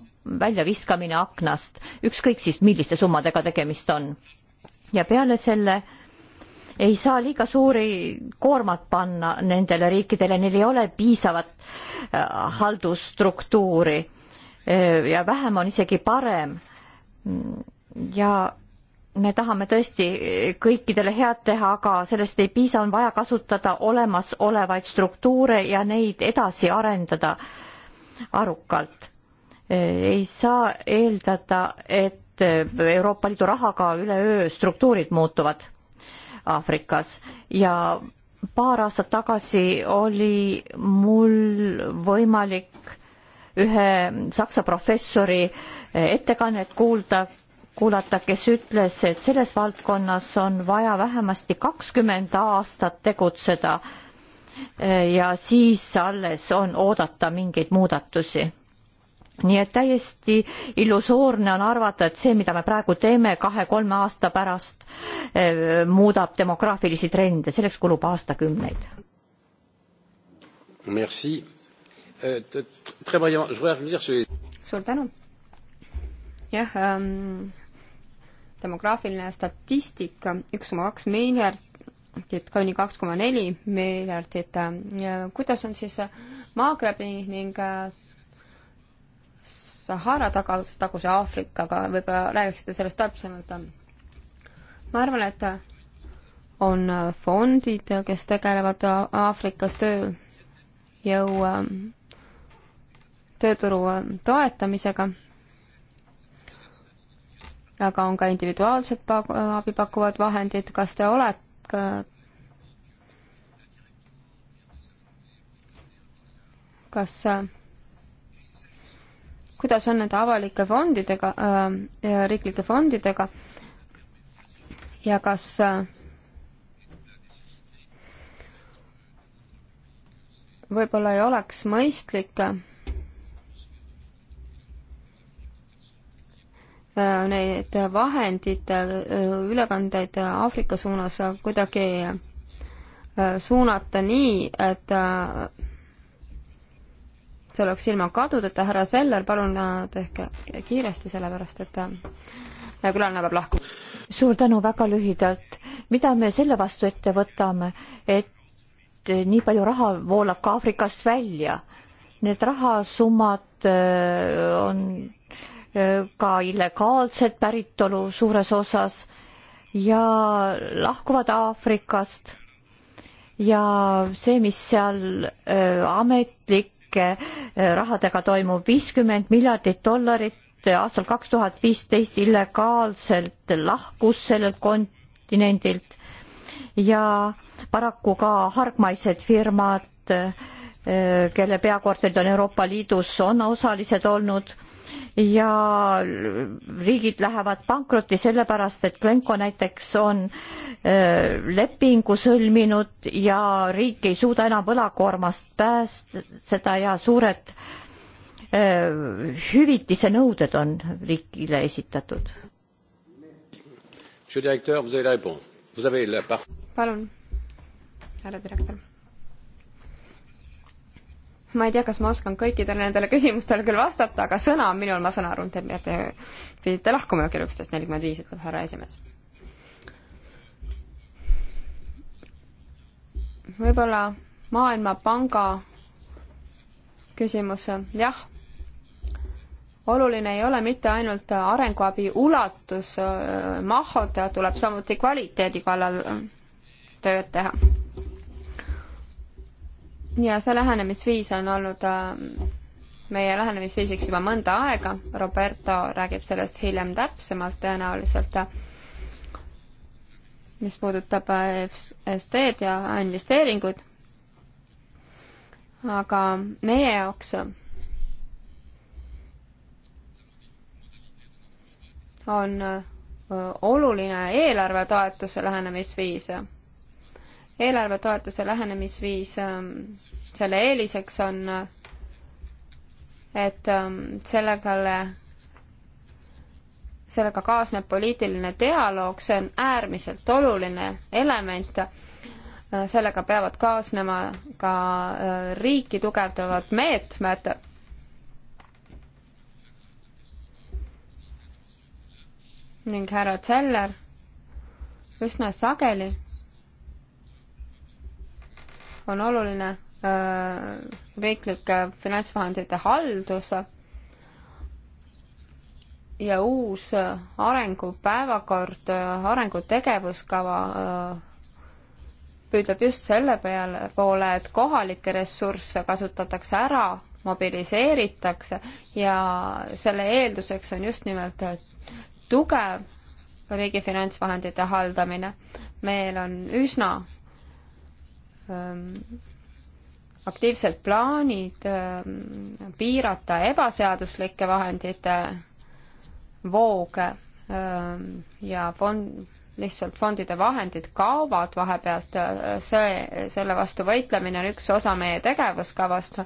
väljaviskamine aknast, ükskõik siis milliste summadega tegemist on. ja peale selle äh, ei saa liiga suuri koormat panna nendele riikidele, neil ei ole piisavat äh, haldusstruktuuri äh, ja vähem on isegi parem. ja me tahame tõesti kõikidele head teha, aga sellest ei piisa, on vaja kasutada olemasolevaid struktuure ja neid edasi arendada arukalt. Äh, ei saa eeldada, et Euroopa Liidu rahaga üleöö struktuurid muutuvad Aafrikas ja paar aastat tagasi oli mul võimalik ühe saksa professori ettekannet kuulda, kuulata, kes ütles, et selles valdkonnas on vaja vähemasti kakskümmend aastat tegutseda ja siis alles on oodata mingeid muudatusi nii et täiesti illusoorne on arvata, et see, mida me praegu teeme kahe-kolme aasta pärast, eh, muudab demograafilisi trende, selleks kulub aastakümneid. Eh, suur tänu. jah ähm,, demograafiline statistika, üks koma kaks miljardit kuni kaks koma neli miljardit. kuidas on siis Maagrebi ning äh, Sahara tagas, taguse Aafrikaga, võib-olla räägiksite sellest täpsemalt? ma arvan, et on fondid, kes tegelevad Aafrikas tööjõu, tööturu toetamisega, aga on ka individuaalsed abi pakkuvad vahendid, kas te olete kas kuidas on nende avalike fondidega äh,, riiklike fondidega ja kas äh, võib-olla ei oleks mõistlik äh, need vahendid, äh, ülekandeid Aafrika suunas kuidagi äh, suunata nii, et see oleks ilma kadudeta, härra Seller, palun äh, tehke kiiresti, sellepärast et äh, äh, külaline hakkab lahkuma. suur tänu, väga lühidalt. mida me selle vastu ette võtame, et nii palju raha voolab ka Aafrikast välja? Need rahasummad on ka illegaalset päritolu suures osas ja lahkuvad Aafrikast ja see, mis seal ametlik väike eh, rahadega toimub, viiskümmend miljardit dollarit eh, aastal kaks tuhat viisteist illegaalselt lahkus sellelt kontinendilt ja paraku ka hargmaised firmad, eh, kelle peakorterid on Euroopa Liidus, on osalised olnud ja riigid lähevad pankrotti sellepärast, et Glenco näiteks on lepingu sõlminud ja riik ei suuda enam võlakoormast päästa ja suured hüvitise nõuded on riigile esitatud. palun, härra direktor ma ei tea, kas ma oskan kõikidele nendele küsimustele küll vastata, aga sõna on minul, ma saan aru, te peate, pidite lahkuma kell üksteist nelikümmend viis, ütleb härra esimees. võib-olla Maailmapanga küsimus, jah, oluline ei ole mitte ainult arenguabi ulatus, mahud, tuleb samuti kvaliteedi kallal tööd teha ja see lähenemisviis on olnud äh, meie lähenemisviisiks juba mõnda aega, Roberto räägib sellest hiljem täpsemalt tõenäoliselt, mis puudutab äh, ST-d ja investeeringuid. aga meie jaoks äh, on oluline eelarvetoetuse lähenemisviis eelarvetoetuse lähenemisviis, ähm, selle eeliseks on, et ähm, sellega, sellega kaasneb poliitiline dialoog, see on äärmiselt oluline element, äh, sellega peavad kaasnema ka äh, riiki tugevdavad meetmed ning härra Zeller üsna sageli on oluline äh, riiklike äh, finantsvahendite haldus ja uus äh, arengupäevakord, arengutegevuskava püüdleb just selle peale, poole, et kohalikke ressursse kasutatakse ära, mobiliseeritakse ja selle eelduseks on just nimelt tugev riigi finantsvahendite haldamine. meil on üsna Ähm, aktiivsed plaanid ähm, piirata ebaseaduslike vahendite vooge ähm, ja fond, lihtsalt fondide vahendid kaovad vahepealt, äh, see, selle vastu võitlemine on üks osa meie tegevuskavast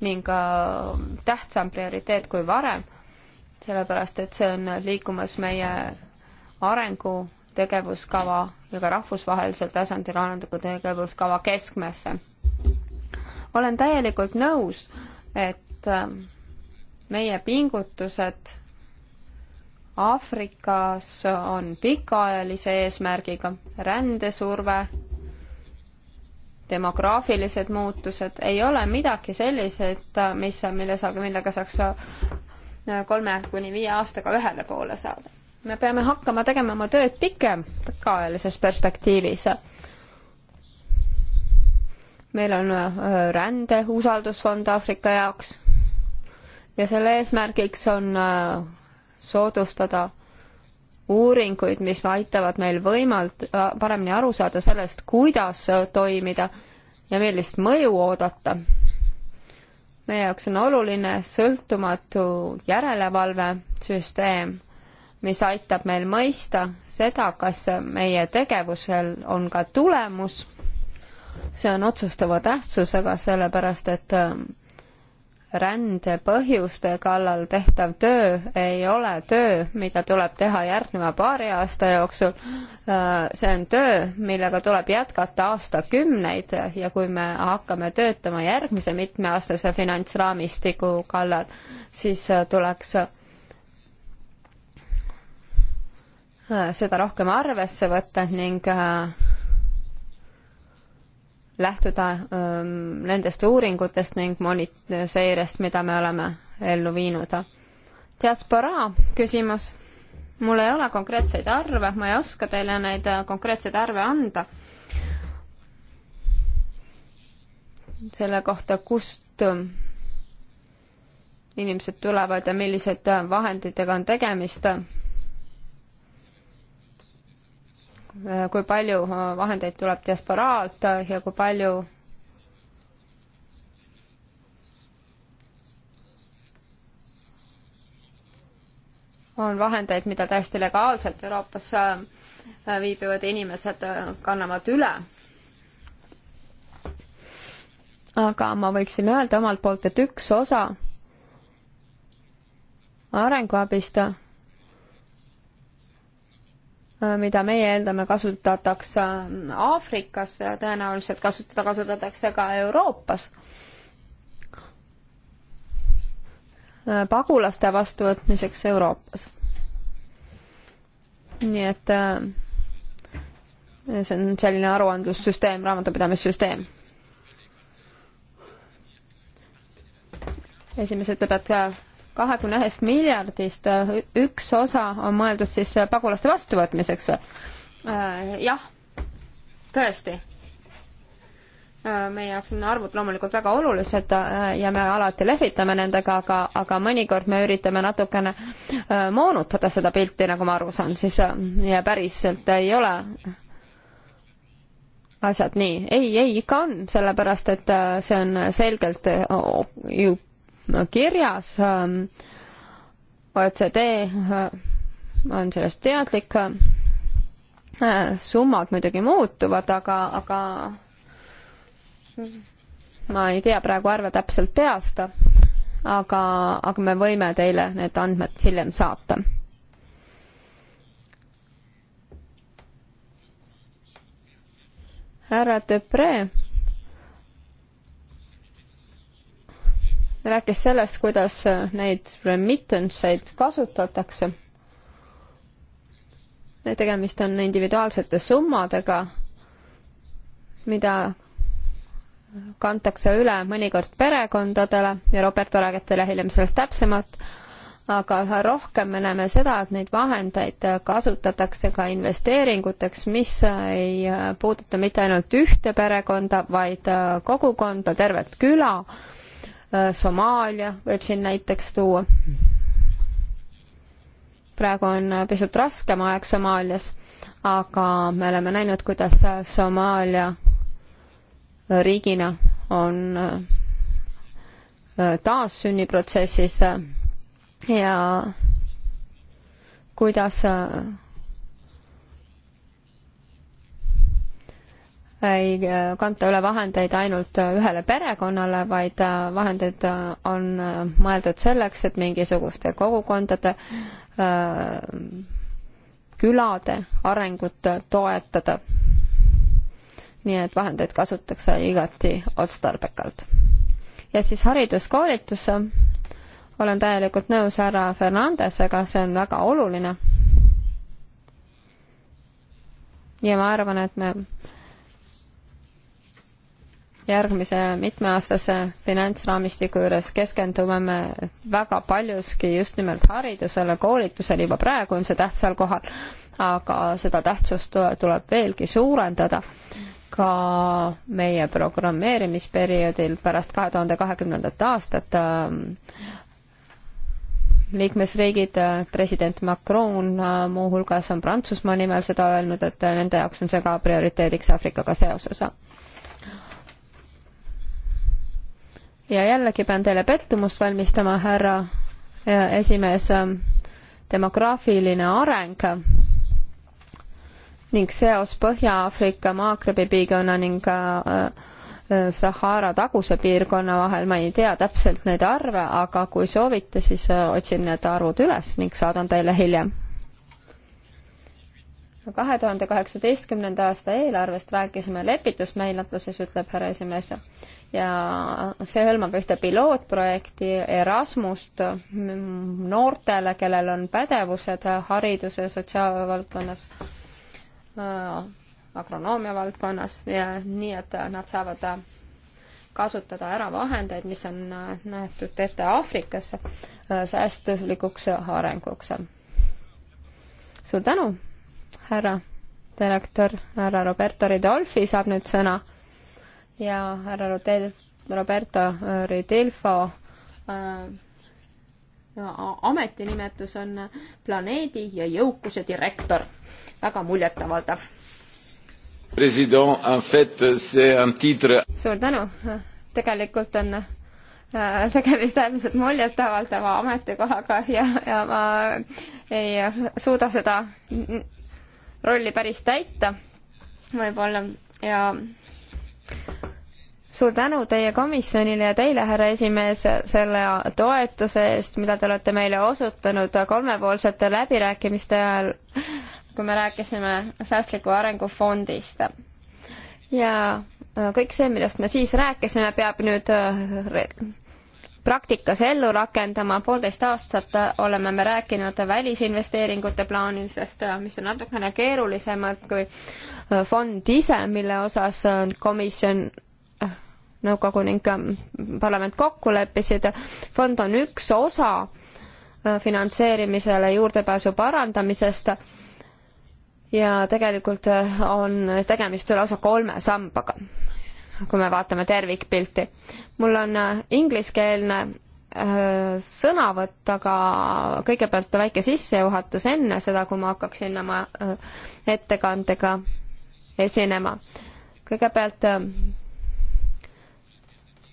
ning äh, tähtsam prioriteet kui varem, sellepärast et see on liikumas meie arengu tegevuskava ja ka rahvusvahelisel tasandil arendagu tegevuskava keskmesse. olen täielikult nõus, et ähm, meie pingutused Aafrikas on pikaajalise eesmärgiga rändesurve, demograafilised muutused ei ole midagi sellised, mis, milles, millega saaks kolme kuni viie aastaga ühele poole saada me peame hakkama tegema oma tööd pikem, pikaajalises perspektiivis. meil on äh, rände usaldusfond Aafrika jaoks ja selle eesmärgiks on äh, soodustada uuringuid, mis aitavad meil võimalt-, äh, paremini aru saada sellest, kuidas toimida ja millist mõju oodata. meie jaoks on oluline sõltumatu järelevalvesüsteem mis aitab meil mõista seda, kas meie tegevusel on ka tulemus. see on otsustava tähtsusega, sellepärast et ähm, rände põhjuste kallal tehtav töö ei ole töö, mida tuleb teha järgneva paari aasta jooksul. Äh, see on töö, millega tuleb jätkata aastakümneid ja kui me hakkame töötama järgmise mitmeaastase finantsraamistiku kallal, siis äh, tuleks äh, Äh, seda rohkem arvesse võtta ning äh, lähtuda ähm, nendest uuringutest ning monit-, seirest, mida me oleme ellu viinud. diasporaa küsimus. mul ei ole konkreetseid arve, ma ei oska teile neid äh, konkreetseid arve anda. selle kohta, kust inimesed tulevad ja millised vahenditega on tegemist Äh, kui palju äh, vahendeid tuleb diasporaalt äh, ja kui palju on vahendeid, mida täiesti legaalselt Euroopas viibivad inimesed kannavad üle. aga ma võiksin öelda omalt poolt, et üks osa arenguabist Äh, mida meie eeldame, kasutatakse ähm, Aafrikas ja tõenäoliselt kasutada kasutatakse ka Euroopas. Äh, pagulaste vastuvõtmiseks Euroopas. nii et äh, see on selline aruandlussüsteem, raamatupidamissüsteem. esimees ütleb, et kahekümne ühest miljardist üks osa on mõeldud siis pagulaste vastuvõtmiseks või? Äh, jah, tõesti. Äh, meie jaoks on arvud loomulikult väga olulised äh, ja me alati lehvitame nendega, aga, aga mõnikord me üritame natukene moonutada seda pilti, nagu ma aru saan, siis ja päriselt ei ole asjad nii. ei, ei, ikka on, sellepärast et see on selgelt ju kirjas. Ähm, OECD äh, on sellest teadlik. Äh, summad muidugi muutuvad, aga, aga ma ei tea praegu arve täpselt peast, aga, aga me võime teile need andmed hiljem saata härra Depree rääkis sellest, kuidas äh, neid remittance eid kasutatakse. tegemist on individuaalsete summadega, mida kantakse üle mõnikord perekondadele ja Robert räägib teile hiljem sellest täpsemalt, aga üha rohkem me näeme seda, et neid vahendeid kasutatakse ka investeeringuteks, mis äh, ei äh, puuduta mitte ainult ühte perekonda, vaid kogukonda, tervet küla Äh, Somaalia võib siin näiteks tuua. praegu on äh, pisut raskem aeg Somaalias, aga me oleme näinud, kuidas äh, Somaalia riigina on taassünniprotsessis ja kuidas ei äh, kanta üle vahendeid ainult äh, ühele perekonnale, vaid äh, vahendid on mõeldud selleks, et mingisuguste kogukondade, külade arengut toetada. nii et vahendeid kasutatakse igati otstarbekalt. ja siis hariduskoolitus, olen täielikult nõus härra Fernandesega, see on väga oluline. ja ma arvan, et me järgmise mitmeaastase finantsraamistiku juures keskendume me väga paljuski just nimelt haridusele, koolitusele, juba praegu on see tähtsal kohal, aga seda tähtsust tuleb veelgi suurendada ka meie programmeerimisperioodil pärast kahe tuhande kahekümnendat aastat liikmesriigid, president Macron muuhulgas on Prantsusmaa nimel seda öelnud, et nende jaoks on see ka prioriteediks Aafrikaga seoses ja jällegi pean teile pettumust valmistama, härra esimees, ähm, demograafiline areng ning seos Põhja-Aafrika, Maagrebi piirkonna ning äh, äh, Sahara taguse piirkonna vahel, ma ei tea täpselt neid arve, aga kui soovite, siis äh, otsin need arvud üles ning saadan teile hiljem kahe tuhande kaheksateistkümnenda aasta eelarvest rääkisime lepitusmeilatuses, ütleb härra esimees, ja see hõlmab ühte pilootprojekti Erasmust noortele, kellel on pädevused hariduse ja sotsiaalvaldkonnas, äh, agronoomia valdkonnas ja nii, et nad saavad kasutada ära vahendeid, mis on äh, nähtud ette Aafrikasse äh, säästlikuks arenguks. suur tänu! härra direktor, härra Roberto Ridolfi saab nüüd sõna ja härra Rodel-, Roberto Ridelfo äh, ametinimetus on planeedi ja jõukuse direktor. väga muljetavaldav. president, en fait see on titre. suur tänu, tegelikult on äh, tegemist äärmiselt muljetavaldava ametikohaga ja, ja ma ei suuda seda rolli päris täita võib-olla ja suur tänu teie komisjonile ja teile, härra esimees, selle toetuse eest, mida te olete meile osutanud kolmepoolsete läbirääkimiste ajal, kui me rääkisime säästliku arengu fondist. ja kõik see, millest me siis rääkisime, peab nüüd praktikas ellu rakendama. poolteist aastat oleme me rääkinud välisinvesteeringute plaanidest, mis on natukene keerulisemad kui fond ise, mille osas on komisjon äh, nõukogu ning äh, parlament kokku leppisid. fond on üks osa äh, finantseerimisele juurdepääsu parandamisest ja tegelikult on tegemist lausa kolme sambaga kui me vaatame tervikpilti. mul on äh, ingliskeelne äh, sõnavõtt, aga kõigepealt väike sissejuhatus enne seda, kui ma hakkaksin oma äh, ettekandega esinema. kõigepealt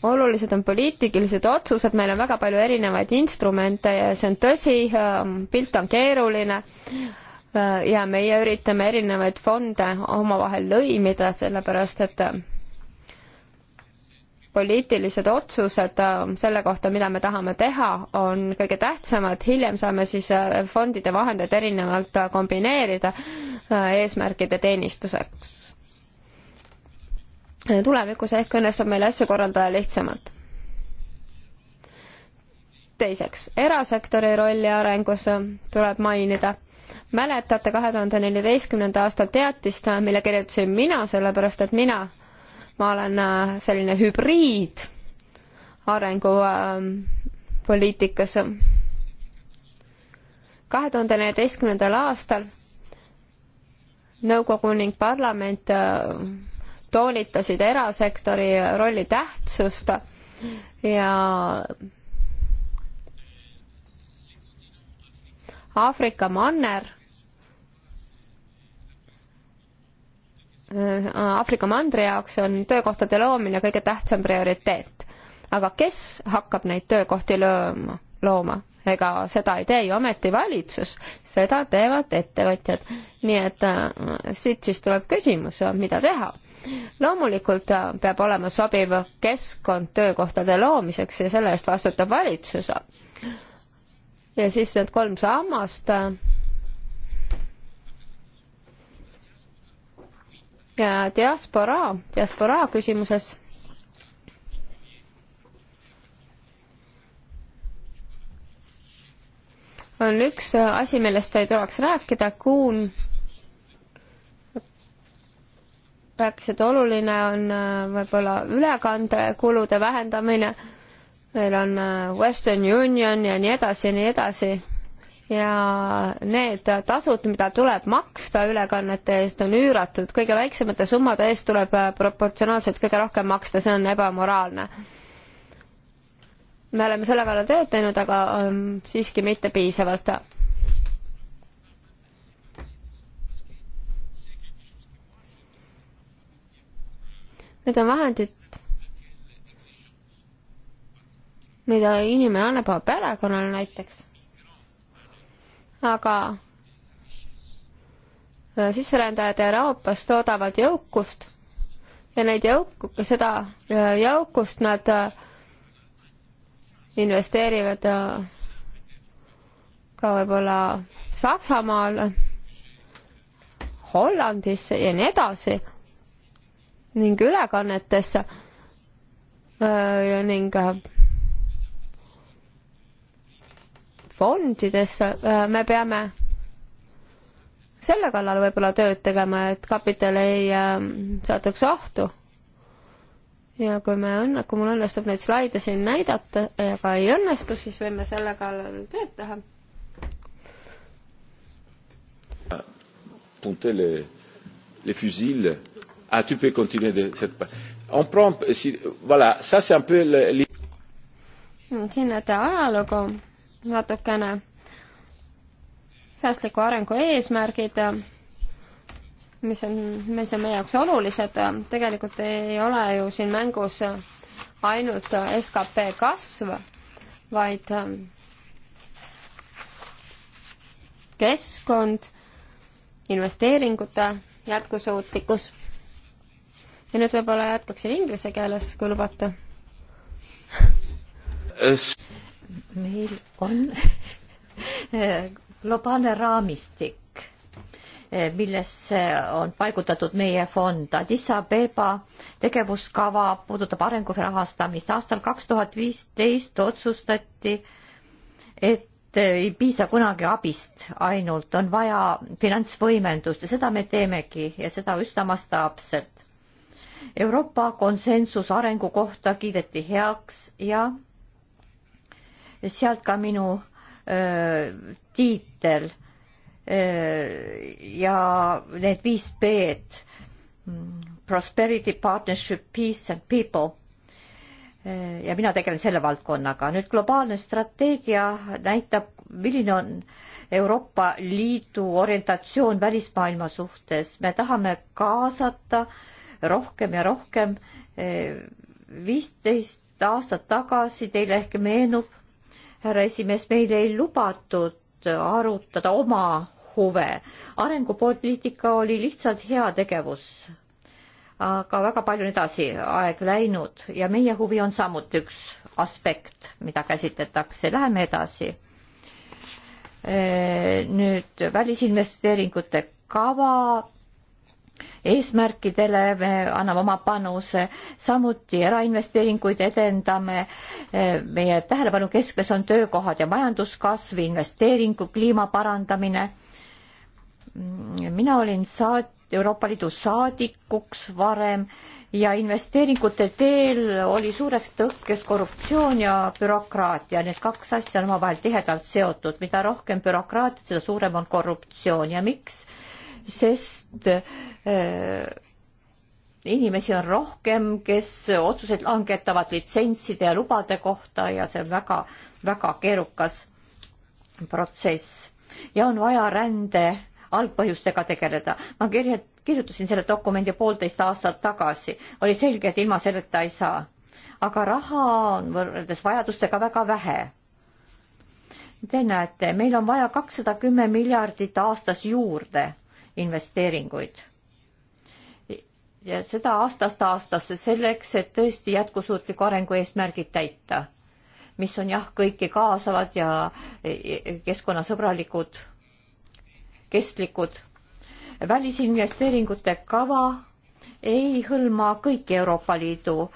olulised on poliitilised otsused, meil on väga palju erinevaid instrumente ja see on tõsi, pilt on keeruline ja meie üritame erinevaid fonde omavahel lõimida, sellepärast et poliitilised otsused äh, selle kohta, mida me tahame teha, on kõige tähtsamad, hiljem saame siis äh, fondide vahendeid erinevalt äh, kombineerida eesmärkide teenistuseks. tulevikus ehk õnnestub meil asju korraldada lihtsamalt. teiseks, erasektori rolli arengus tuleb mainida mäletate kahe tuhande neljateistkümnenda aasta teatist, mille kirjutasin mina, sellepärast et mina ma olen äh, selline hübriid arengupoliitikas. Ähm, kahe tuhande neljateistkümnendal aastal nõukogu ning parlament äh, toonitasid erasektori rolli tähtsust ja Aafrika manner Äh, Aafrika mandri jaoks on töökohtade loomine kõige tähtsam prioriteet. aga kes hakkab neid töökohti lööma, looma? ega seda ei tee ju ametivalitsus, seda teevad ettevõtjad. nii et äh, siit siis tuleb küsimus, äh, mida teha. loomulikult äh, peab olema sobiv keskkond töökohtade loomiseks ja selle eest vastutab valitsus. ja siis need kolm sammast äh, diasporaa, diasporaa küsimuses on üks asi, millest ei tuleks rääkida, Kuhn rääkis, et oluline on äh, võib-olla ülekandekulude vähendamine, meil on äh, Western Union ja nii edasi ja nii edasi ja need tasud, mida tuleb maksta ülekannete eest, on üüratud. kõige väiksemate summade eest tuleb äh, proportsionaalselt kõige rohkem maksta, see on ebamoraalne. me oleme selle kallal tööd teinud, aga um, siiski mitte piisavalt. Need on vahendid, mida inimene annab oma perekonnale näiteks aga äh, sisserändajad Euroopas toodavad jõukust ja neid jõuk-, seda äh, jõukust nad äh, investeerivad ka võib-olla Saksamaale, Hollandisse ja nii edasi ning ülekannetesse ning fondidesse, äh, me peame selle kallal võib-olla tööd tegema, et kapital ei ähm, satuks ohtu. ja kui me õnne, kui mul õnnestub neid slaide siin näidata, aga ei õnnestu, siis võime selle kallal tööd teha. Punter les, les fusils. Ah, tu peux continuer de cette part. On prend, si, voilà, ça c'est un peu le... siin näete ajalugu natukene säästliku arengu eesmärgid, mis on, mis on meie jaoks olulised, tegelikult ei ole ju siin mängus ainult skp kasv, vaid keskkond, investeeringute jätkusuutlikkus. ja nüüd võib-olla jätkaksin inglise keeles, kui lubate meil on eh, globaalne raamistik, eh, millesse on paigutatud meie fond Addis Abeba tegevuskava puudutab arengu rahastamist. aastal kaks tuhat viisteist otsustati, et ei piisa kunagi abist ainult, on vaja finantsvõimendust ja seda me teemegi ja seda üsna mastaapselt. Euroopa konsensus arengu kohta kiideti heaks ja sealt ka minu öö, tiitel öö, ja need viis B-d. Prosperity, partnership, peace and people. ja mina tegelen selle valdkonnaga. nüüd globaalne strateegia näitab, milline on Euroopa Liidu orientatsioon välismaailma suhtes. me tahame kaasata rohkem ja rohkem. viisteist aastat tagasi teile ehk meenub, härra esimees, meil ei lubatud arutada oma huve. arengupoliitika oli lihtsalt heategevus. aga väga palju on edasi aeg läinud ja meie huvi on samuti üks aspekt, mida käsitletakse. Läheme edasi. Eh, nüüd välisinvesteeringute kava eesmärkidele, me anname oma panuse, samuti erainvesteeringuid edendame. Eh, meie tähelepanu keskmes on töökohad ja majanduskasv, investeeringu kliima parandamine. mina olin saat-, Euroopa Liidu saadikuks varem ja investeeringute teel oli suureks tõkkes korruptsioon ja bürokraatia. Need kaks asja on omavahel tihedalt seotud, mida rohkem bürokraatiat, seda suurem on korruptsioon ja miks sest äh, inimesi on rohkem, kes otsuseid langetavad litsentside ja lubade kohta ja see on väga-väga keerukas protsess ja on vaja rände algpõhjustega tegeleda. ma kirja-, kirjutasin selle dokumendi poolteist aastat tagasi, oli selge, et ilma selleta ei saa. aga raha on võrreldes vajadustega väga vähe. Te näete, meil on vaja kakssada kümme miljardit aastas juurde investeeringuid. ja seda aastast aastasse selleks, et tõesti jätkusuutliku arengu eesmärgid täita, mis on jah, kõiki kaasavad ja keskkonnasõbralikud, kestlikud. välisinvesteeringute kava ei hõlma kõiki Euroopa Liidu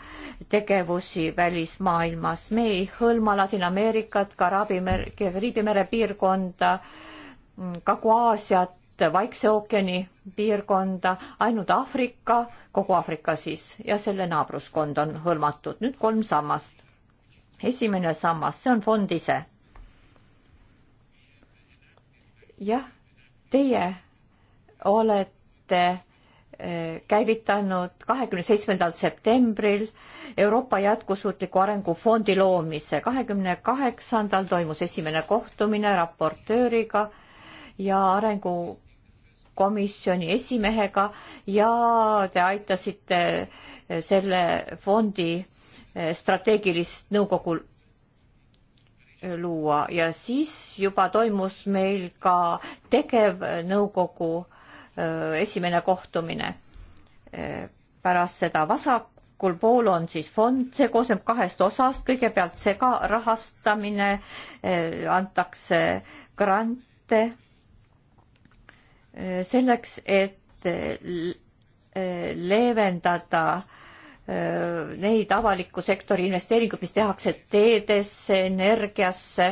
tegevusi välismaailmas, me ei hõlma Ladina-Ameerikat, Karaabia, Kariibi mere piirkonda, Kagu-Aasiat, Vaikse ookeani piirkonda, ainult Aafrika, kogu Aafrika siis ja selle naabruskond on hõlmatud. nüüd kolm sammast. esimene sammas, see on fond ise. jah, teie olete eh, käivitanud kahekümne seitsmendal septembril Euroopa Jätkusuutliku Arengu Fondi loomise. kahekümne kaheksandal toimus esimene kohtumine raportööriga ja arengu komisjoni esimehega ja te aitasite selle fondi eh, strateegilist nõukogu eh, luua ja siis juba toimus meil ka tegevnõukogu eh, esimene kohtumine. pärast seda vasakul pool on siis fond, see koosneb kahest osast, kõigepealt segarahastamine, antakse grante Eh, selleks, et eh, leevendada eh, neid avaliku sektori investeeringuid, mis tehakse teedesse, energiasse,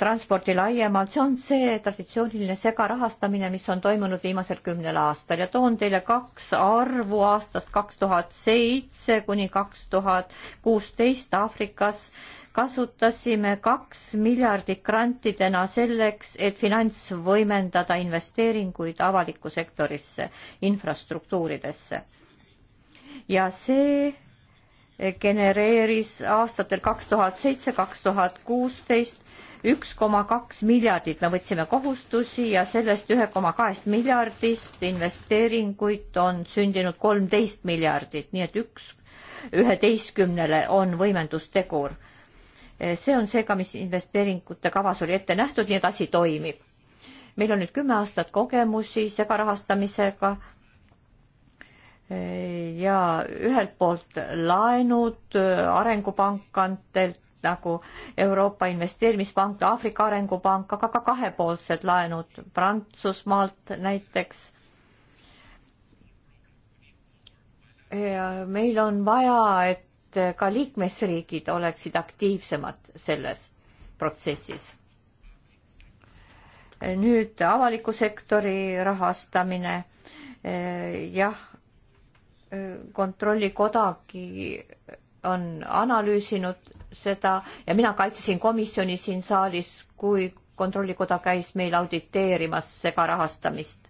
transpordi laiemalt, see on see traditsiooniline segarahastamine, mis on toimunud viimasel kümnel aastal ja toon teile kaks arvu aastast kaks tuhat seitse kuni kaks tuhat kuusteist Aafrikas kasutasime kaks miljardit grantidena selleks, et finantsvõimendada investeeringuid avalikku sektorisse, infrastruktuuridesse. ja see genereeris aastatel kaks tuhat seitse, kaks tuhat kuusteist üks koma kaks miljardit me võtsime kohustusi ja sellest ühe koma kahest miljardist investeeringuid on sündinud kolmteist miljardit, nii et üks üheteistkümnele on võimendustegur Eh, see on seega, mis investeeringute kavas oli ette nähtud, nii et asi toimib. meil on nüüd kümme aastat kogemusi segarahastamisega eh, ja ühelt poolt laenud eh, arengupankadelt nagu Euroopa Investeerimispank, Aafrika Arengupank, aga ka kahepoolsed laenud Prantsusmaalt näiteks ja meil on vaja, et et ka liikmesriigid oleksid aktiivsemad selles protsessis. nüüd avaliku sektori rahastamine. jah, kontrollikodagi on analüüsinud seda ja mina kaitsesin komisjoni siin saalis, kui kontrollikoda käis meil auditeerimas segarahastamist.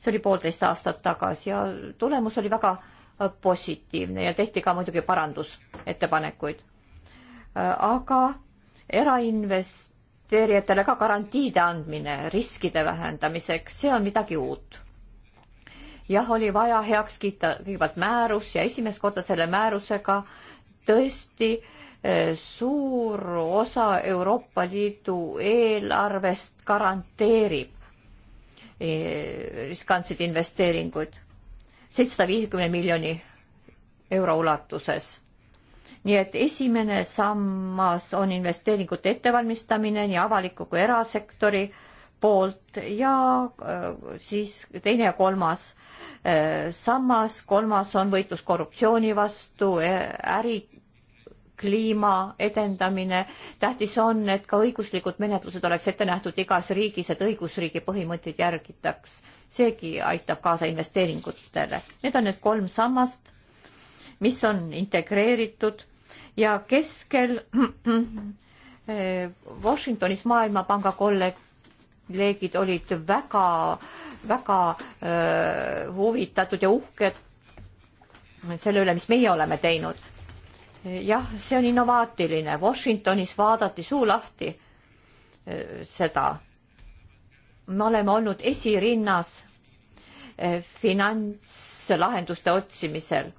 see oli poolteist aastat tagasi ja tulemus oli väga positiivne ja tehti ka muidugi parandusettepanekuid. aga erainvesteerijatele ka garantiide andmine riskide vähendamiseks, see on midagi uut. jah, oli vaja heaks kiita kõigepealt määrus ja esimest korda selle määrusega tõesti eh, suur osa Euroopa Liidu eelarvest garanteerib eh, riskantseid investeeringuid seitsesada viiekümne miljoni euro ulatuses. nii et esimene sammas on investeeringute ettevalmistamine nii avaliku kui erasektori poolt ja äh, siis teine ja kolmas äh, sammas, kolmas on võitlus korruptsiooni vastu, e, äri kliima edendamine. tähtis on, et ka õiguslikud menetlused oleks ette nähtud igas riigis, et õigusriigi põhimõtteid järgitaks seegi aitab kaasa investeeringutele. Need on need kolm sammast, mis on integreeritud ja keskel eh, Washingtonis Maailmapanga kolleegid olid väga, väga öö, eh, huvitatud ja uhked selle üle, mis meie oleme teinud. jah, see on innovaatiline, Washingtonis vaadati suu lahti öö, eh, seda me oleme olnud esirinnas eh, finantslahenduste otsimisel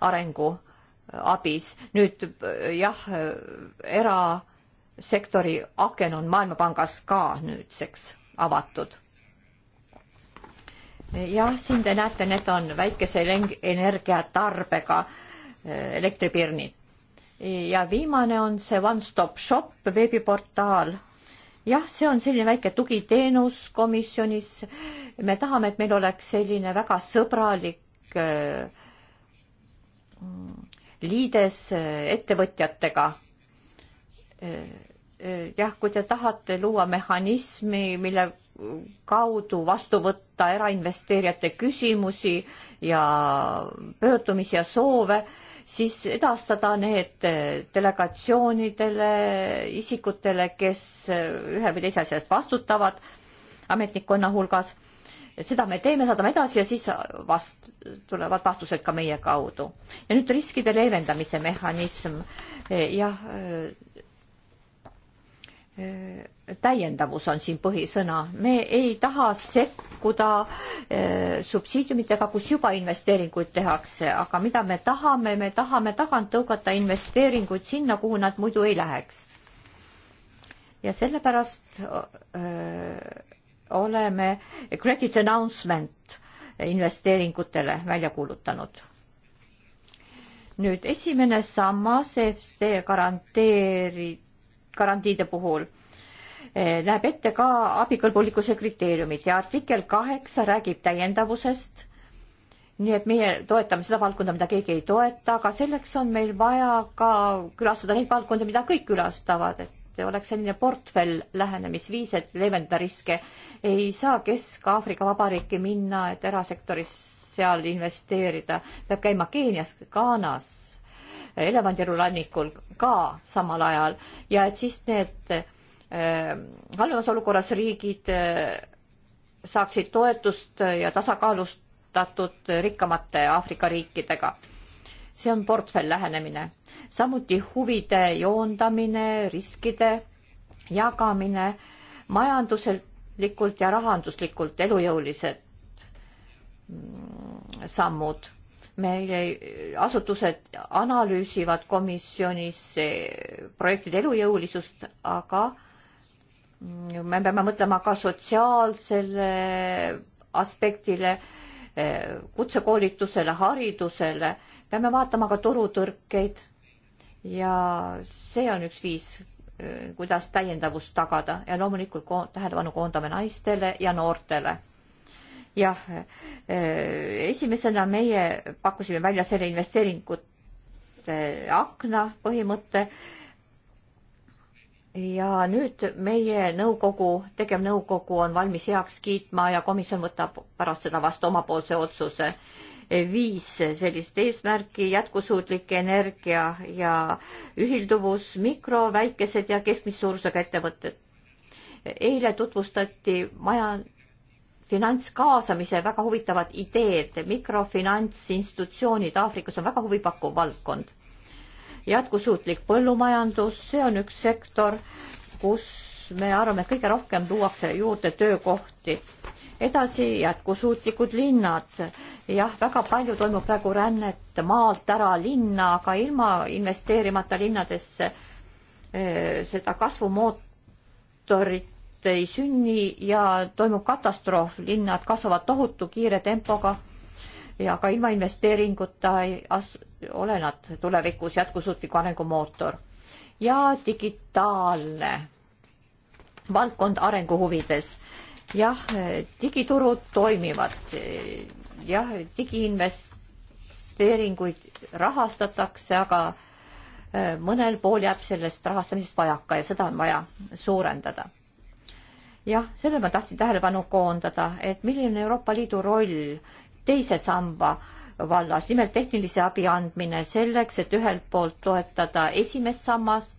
arenguabis. nüüd eh, jah, eh, erasektori aken on Maailmapangas ka nüüdseks avatud. jah, siin te näete, need on väikese energiatarbega elektripirnid. ja viimane on see One Stop Shop veebiportaal jah, see on selline väike tugiteenus komisjonis. me tahame, et meil oleks selline väga sõbralik äh, liides äh, ettevõtjatega. Äh, jah, kui te tahate luua mehhanismi, mille kaudu vastu võtta erainvesteerijate küsimusi ja pöördumisi ja soove siis edastada need eh, delegatsioonidele, isikutele, kes eh, ühe või teise asja eest vastutavad ametnikkonna hulgas. seda me teeme, saadame edasi ja siis vast-, tulevad vastused ka meie kaudu. ja nüüd riskide leevendamise mehhanism, eh, jah, täiendavus on siin põhisõna, me ei taha sekkuda lahkuda eh, subsiidiumitega, kus juba investeeringuid tehakse, aga mida me tahame, me tahame tagant tõugata investeeringuid sinna, kuhu nad muidu ei läheks. ja sellepärast öö, eh, oleme credit announcement investeeringutele välja kuulutanud nüüd esimene sammas FSD garanteeri-, garantiide puhul Eh, näeb ette ka abikõlbulikkuse kriteeriumid ja artikkel kaheksa räägib täiendavusest. nii et meie toetame seda valdkonda, mida keegi ei toeta, aga selleks on meil vaja ka külastada neid valdkondi, mida kõik külastavad, et oleks selline portfell lähenemisviis, et leevendada riske. ei saa Kesk-Aafrika Vabariiki minna, et erasektoris seal investeerida, peab käima Keenias, Ghanas, elevandirulannikul ka samal ajal ja et siis need Äh, halvemas olukorras riigid äh, saaksid toetust ja tasakaalustatud rikkamate Aafrika riikidega. see on portfell lähenemine, samuti huvide joondamine, riskide jagamine, majanduslikult ja rahanduslikult elujõulised mm, sammud meile asutused analüüsivad komisjonis eh, projektide elujõulisust, aga me peame mõtlema ka sotsiaalsele aspektile, kutsekoolitusele, haridusele, peame vaatama ka turutõrkeid ja see on üks viis, kuidas täiendavust tagada ja loomulikult ko tähelepanu koondame naistele ja noortele. jah, esimesena meie pakkusime välja selle investeeringute akna põhimõtte ja nüüd meie nõukogu, tegevnõukogu on valmis heaks kiitma ja komisjon võtab pärast seda vastu omapoolse otsuse. viis sellist eesmärki, jätkusuutlik energia ja ühilduvus, mikro, väikesed ja keskmise suurusega ettevõtted. eile tutvustati maja finantskaasamise väga huvitavad ideed, mikrofinantsinstitutsioonid Aafrikas on väga huvipakkuv valdkond jätkusuutlik põllumajandus, see on üks sektor, kus me arvame, et kõige rohkem luuakse juurde töökohti. edasi jätkusuutlikud linnad. jah, väga palju toimub praegu rännet maalt ära linna, aga ilma investeerimata linnadesse eh, seda kasvumootorit ei sünni ja toimub katastroof, linnad kasvavad tohutu kiire tempoga ja ka ilma investeeringuta ei as-, ole nad tulevikus jätkusuutliku arengu mootor. ja digitaalne valdkond arengu huvides. jah, digiturud toimivad, jah, digiinvesteeringuid rahastatakse, aga e, mõnel pool jääb sellest rahastamisest vajaka ja seda on vaja suurendada jah, selle ma tahtsin tähelepanu koondada, et milline on Euroopa Liidu roll teise samba äh, vallas, nimelt tehnilise abi andmine selleks, et ühelt poolt toetada esimest sammast,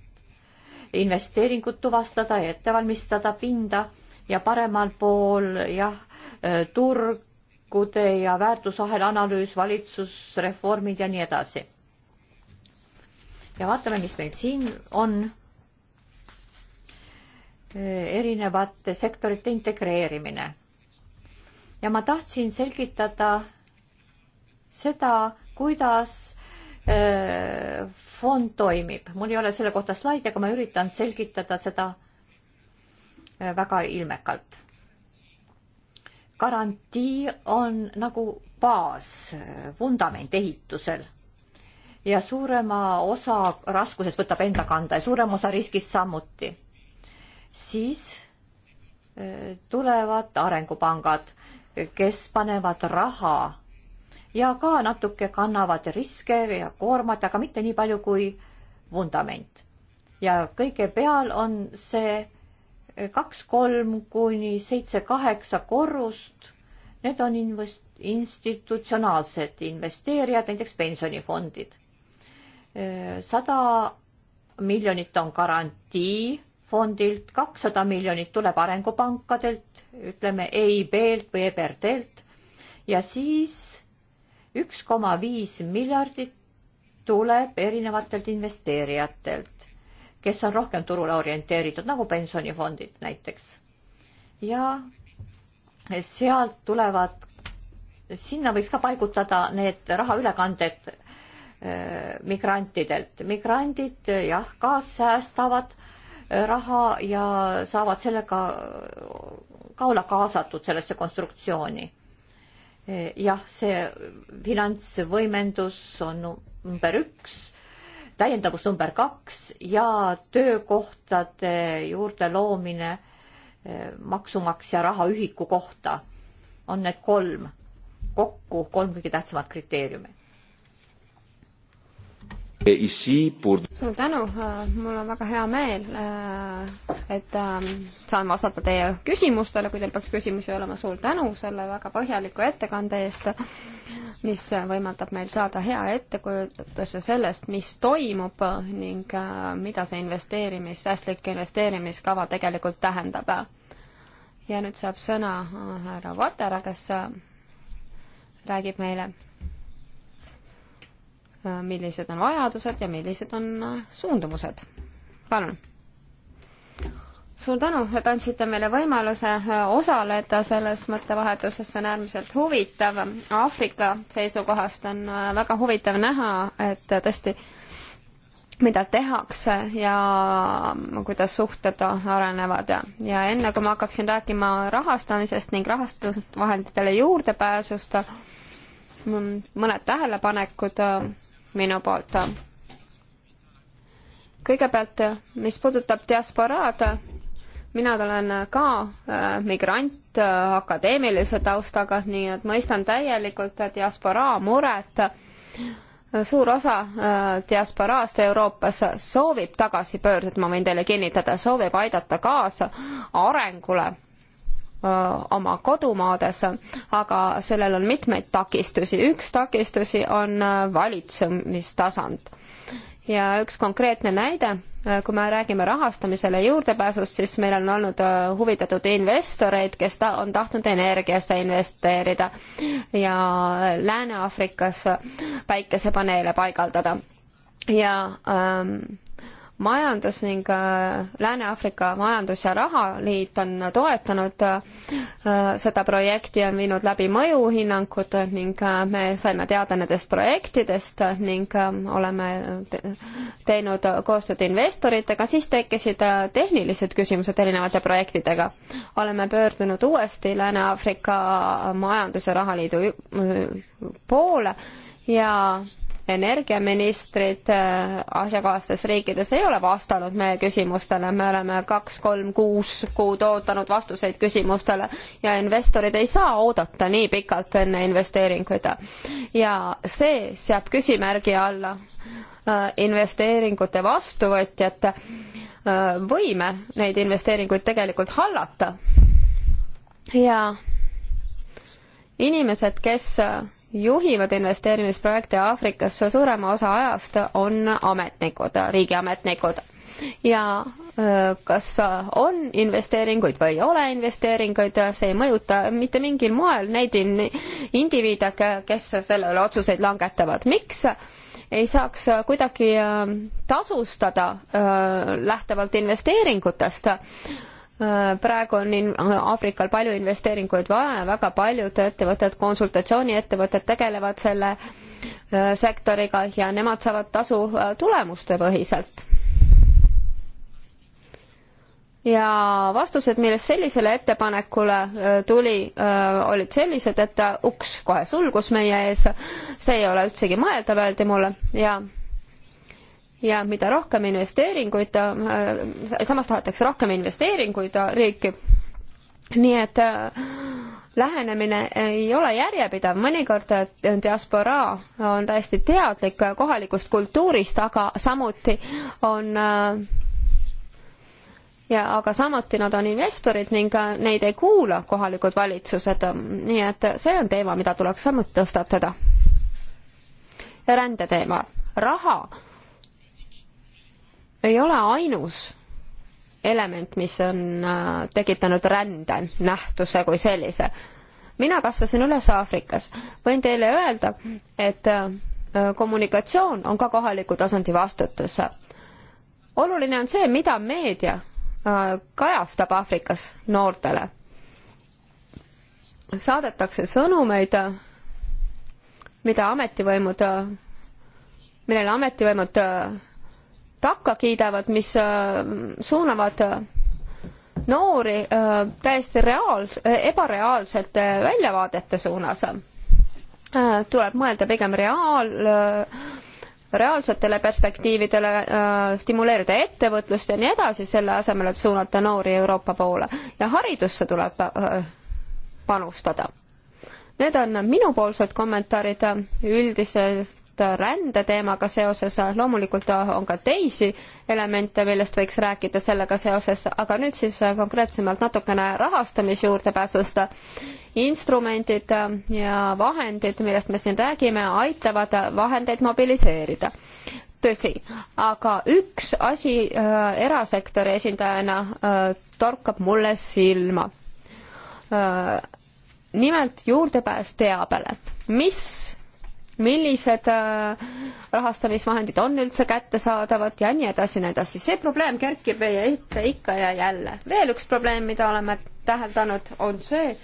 investeeringut tuvastada ja ette valmistada pinda ja paremal pool jah, turgude ja väärtusahela analüüs, valitsusreformid ja nii edasi. ja vaatame, mis meil siin on. erinevate sektorite integreerimine. ja ma tahtsin selgitada seda, kuidas äh, fond toimib. mul ei ole selle kohta slaidi, aga ma üritan selgitada seda äh, väga ilmekalt. garantii on nagu baas, äh, vundament ehitusel ja suurema osa raskusest võtab enda kanda ja suurem osa riskist samuti. siis tulevad arengupangad, kes panevad raha ja ka natuke kannavad riske ja koormat, aga mitte nii palju kui vundament. ja kõige peal on see kaks-kolm kuni seitse-kaheksa korrust. Need on invest-, institutsionaalsed investeerijad, näiteks pensionifondid. sada miljonit on garantii fondilt, kakssada miljonit tuleb arengupankadelt, ütleme EIB-lt või EBRD-lt ja siis üks koma viis miljardit tuleb erinevatelt investeerijatelt, kes on rohkem turule orienteeritud, nagu pensionifondid näiteks. ja sealt tulevad, sinna võiks ka paigutada need rahaülekanded äh, migrantidelt. migrandid jah, ka säästavad äh, raha ja saavad sellega ka olla kaasatud sellesse konstruktsiooni Eh, jah, see finantsvõimendus on number üks, täiendavus number kaks ja töökohtade juurde loomine eh, maksumaksja raha ühiku kohta on need kolm kokku kolm kõige tähtsamat kriteeriumi. E suur tänu, äh, mul on väga hea meel, äh, et ähm, saan vastata teie küsimustele, kui teil peaks küsimusi olema, suur tänu selle väga põhjaliku ettekande eest, mis võimaldab meil saada hea ettekujutuse sellest, mis toimub ning äh, mida see investeerimis, säästlik investeerimiskava tegelikult tähendab. ja nüüd saab sõna härra Vatera, kes räägib meile Äh, millised on vajadused ja millised on äh, suundumused. palun! suur tänu, et andsite meile võimaluse äh, osaleda selles mõttevahetuses, see on äärmiselt huvitav. Aafrika seisukohast on väga huvitav näha, et tõesti, mida tehakse ja kuidas suhted arenevad ja, ja enne kui ma hakkaksin rääkima rahastamisest ning rahastusvahenditele juurdepääsust, mõned tähelepanekud äh, minu poolt. kõigepealt, mis puudutab diasporaad, mina olen ka äh, migrant äh, akadeemilise taustaga, nii et mõistan täielikult diasporaa muret. suur osa diasporaast Euroopas soovib tagasipöördet, ma võin teile kinnitada, soovib aidata kaasa arengule oma kodumaades, aga sellel on mitmeid takistusi. üks takistusi on valitsemistasand. ja üks konkreetne näide, kui me räägime rahastamisele juurdepääsust, siis meil on olnud huvitatud investoreid, kes ta-, on tahtnud energiasse investeerida ja Lääne-Aafrikas päikesepaneele paigaldada. ja ähm, majandus ning äh, Lääne-Aafrika Majandus- ja Rahaliit on toetanud äh, seda projekti, on viinud läbi mõjuhinnangud ning äh, me saime teada nendest projektidest ning oleme teinud koostööd investoritega, siis tekkisid tehnilised küsimused erinevate projektidega. oleme pöördunud uuesti Lääne-Aafrika Majandus- ja Rahaliidu poole ja energiaministrid äh, asjakohastes riikides ei ole vastanud meie küsimustele, me oleme kaks, kolm, kuus kuud ootanud vastuseid küsimustele ja investorid ei saa oodata nii pikalt enne investeeringuid. ja see seab küsimärgi alla äh, investeeringute vastuvõtjate äh, võime neid investeeringuid tegelikult hallata. ja inimesed, kes juhivad investeerimisprojekte Aafrikas suurema osa ajast, on ametnikud, riigiametnikud. ja kas on investeeringuid või ei ole investeeringuid, see ei mõjuta mitte mingil moel neid in-, indiviide, kes selle üle otsuseid langetavad. miks? ei saaks kuidagi tasustada lähtuvalt investeeringutest äh, praegu on Aafrikal palju investeeringuid vaja ja väga paljud ettevõtted, konsultatsiooniettevõtted tegelevad selle äh, sektoriga ja nemad saavad tasu äh, tulemuste põhiselt. ja vastused, millest sellisele ettepanekule äh, tuli, olid sellised, et uks kohe sulgus meie ees, see ei ole üldsegi mõeldav, öeldi mulle ja ja mida rohkem investeeringuid, äh, samas tahetakse rohkem investeeringuid riiki. nii et äh, lähenemine ei ole järjepidev, mõnikord äh, diasporaa on täiesti teadlik kohalikust kultuurist, aga samuti on ja aga samuti nad on investorid ning neid ei kuula kohalikud valitsused, nii et see on teema, mida tuleks samuti tõstatada. rändeteema, raha ei ole ainus element, mis on äh, tekitanud rände nähtuse kui sellise. mina kasvasin üles Aafrikas. võin teile öelda, et äh, kommunikatsioon on ka kohaliku tasandi vastutus. oluline on see, mida meedia äh, kajastab Aafrikas noortele. saadetakse sõnumeid, mida ametivõimud, millele ametivõimud takka kiidavad, mis äh, suunavad äh, noori äh, täiesti reaals-, ebareaalsete väljavaadete suunas. tuleb mõelda pigem reaal-, reaalsetele perspektiividele äh,, stimuleerida ettevõtlust ja nii edasi, selle asemel, et suunata noori Euroopa poole. ja haridusse tuleb äh, panustada. Need on minupoolsed kommentaarid üldisest ainult äh, rändeteemaga seoses, äh, loomulikult äh, on ka teisi elemente, millest võiks rääkida sellega seoses, aga nüüd siis konkreetsemalt natukene rahastamisjuurdepääsust. instrumendid ja vahendid, millest me siin räägime, aitavad vahendeid mobiliseerida tõsi, aga üks asi äh, erasektori esindajana äh, torkab mulle silma äh,. nimelt juurdepääs teabele, mis millised äh, rahastamisvahendid on üldse kättesaadavad ja nii edasi ja nii edasi. see probleem kerkib meie ette ikka ja jälle. veel üks probleem, mida oleme täheldanud, on see,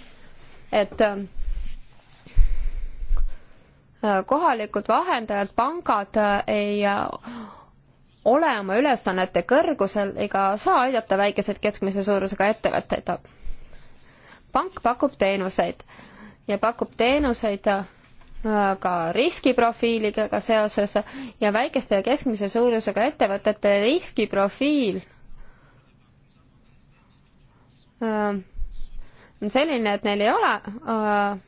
et äh, kohalikud vahendajad, pangad äh, ei ole oma ülesannete kõrgusel ega saa aidata väikeseid keskmise suurusega ettevõtteid. pank pakub teenuseid ja pakub teenuseid ka riskiprofiilidega seoses ja väikeste ja keskmise suurusega ettevõtete riskiprofiil äh, on selline, et neil ei ole äh,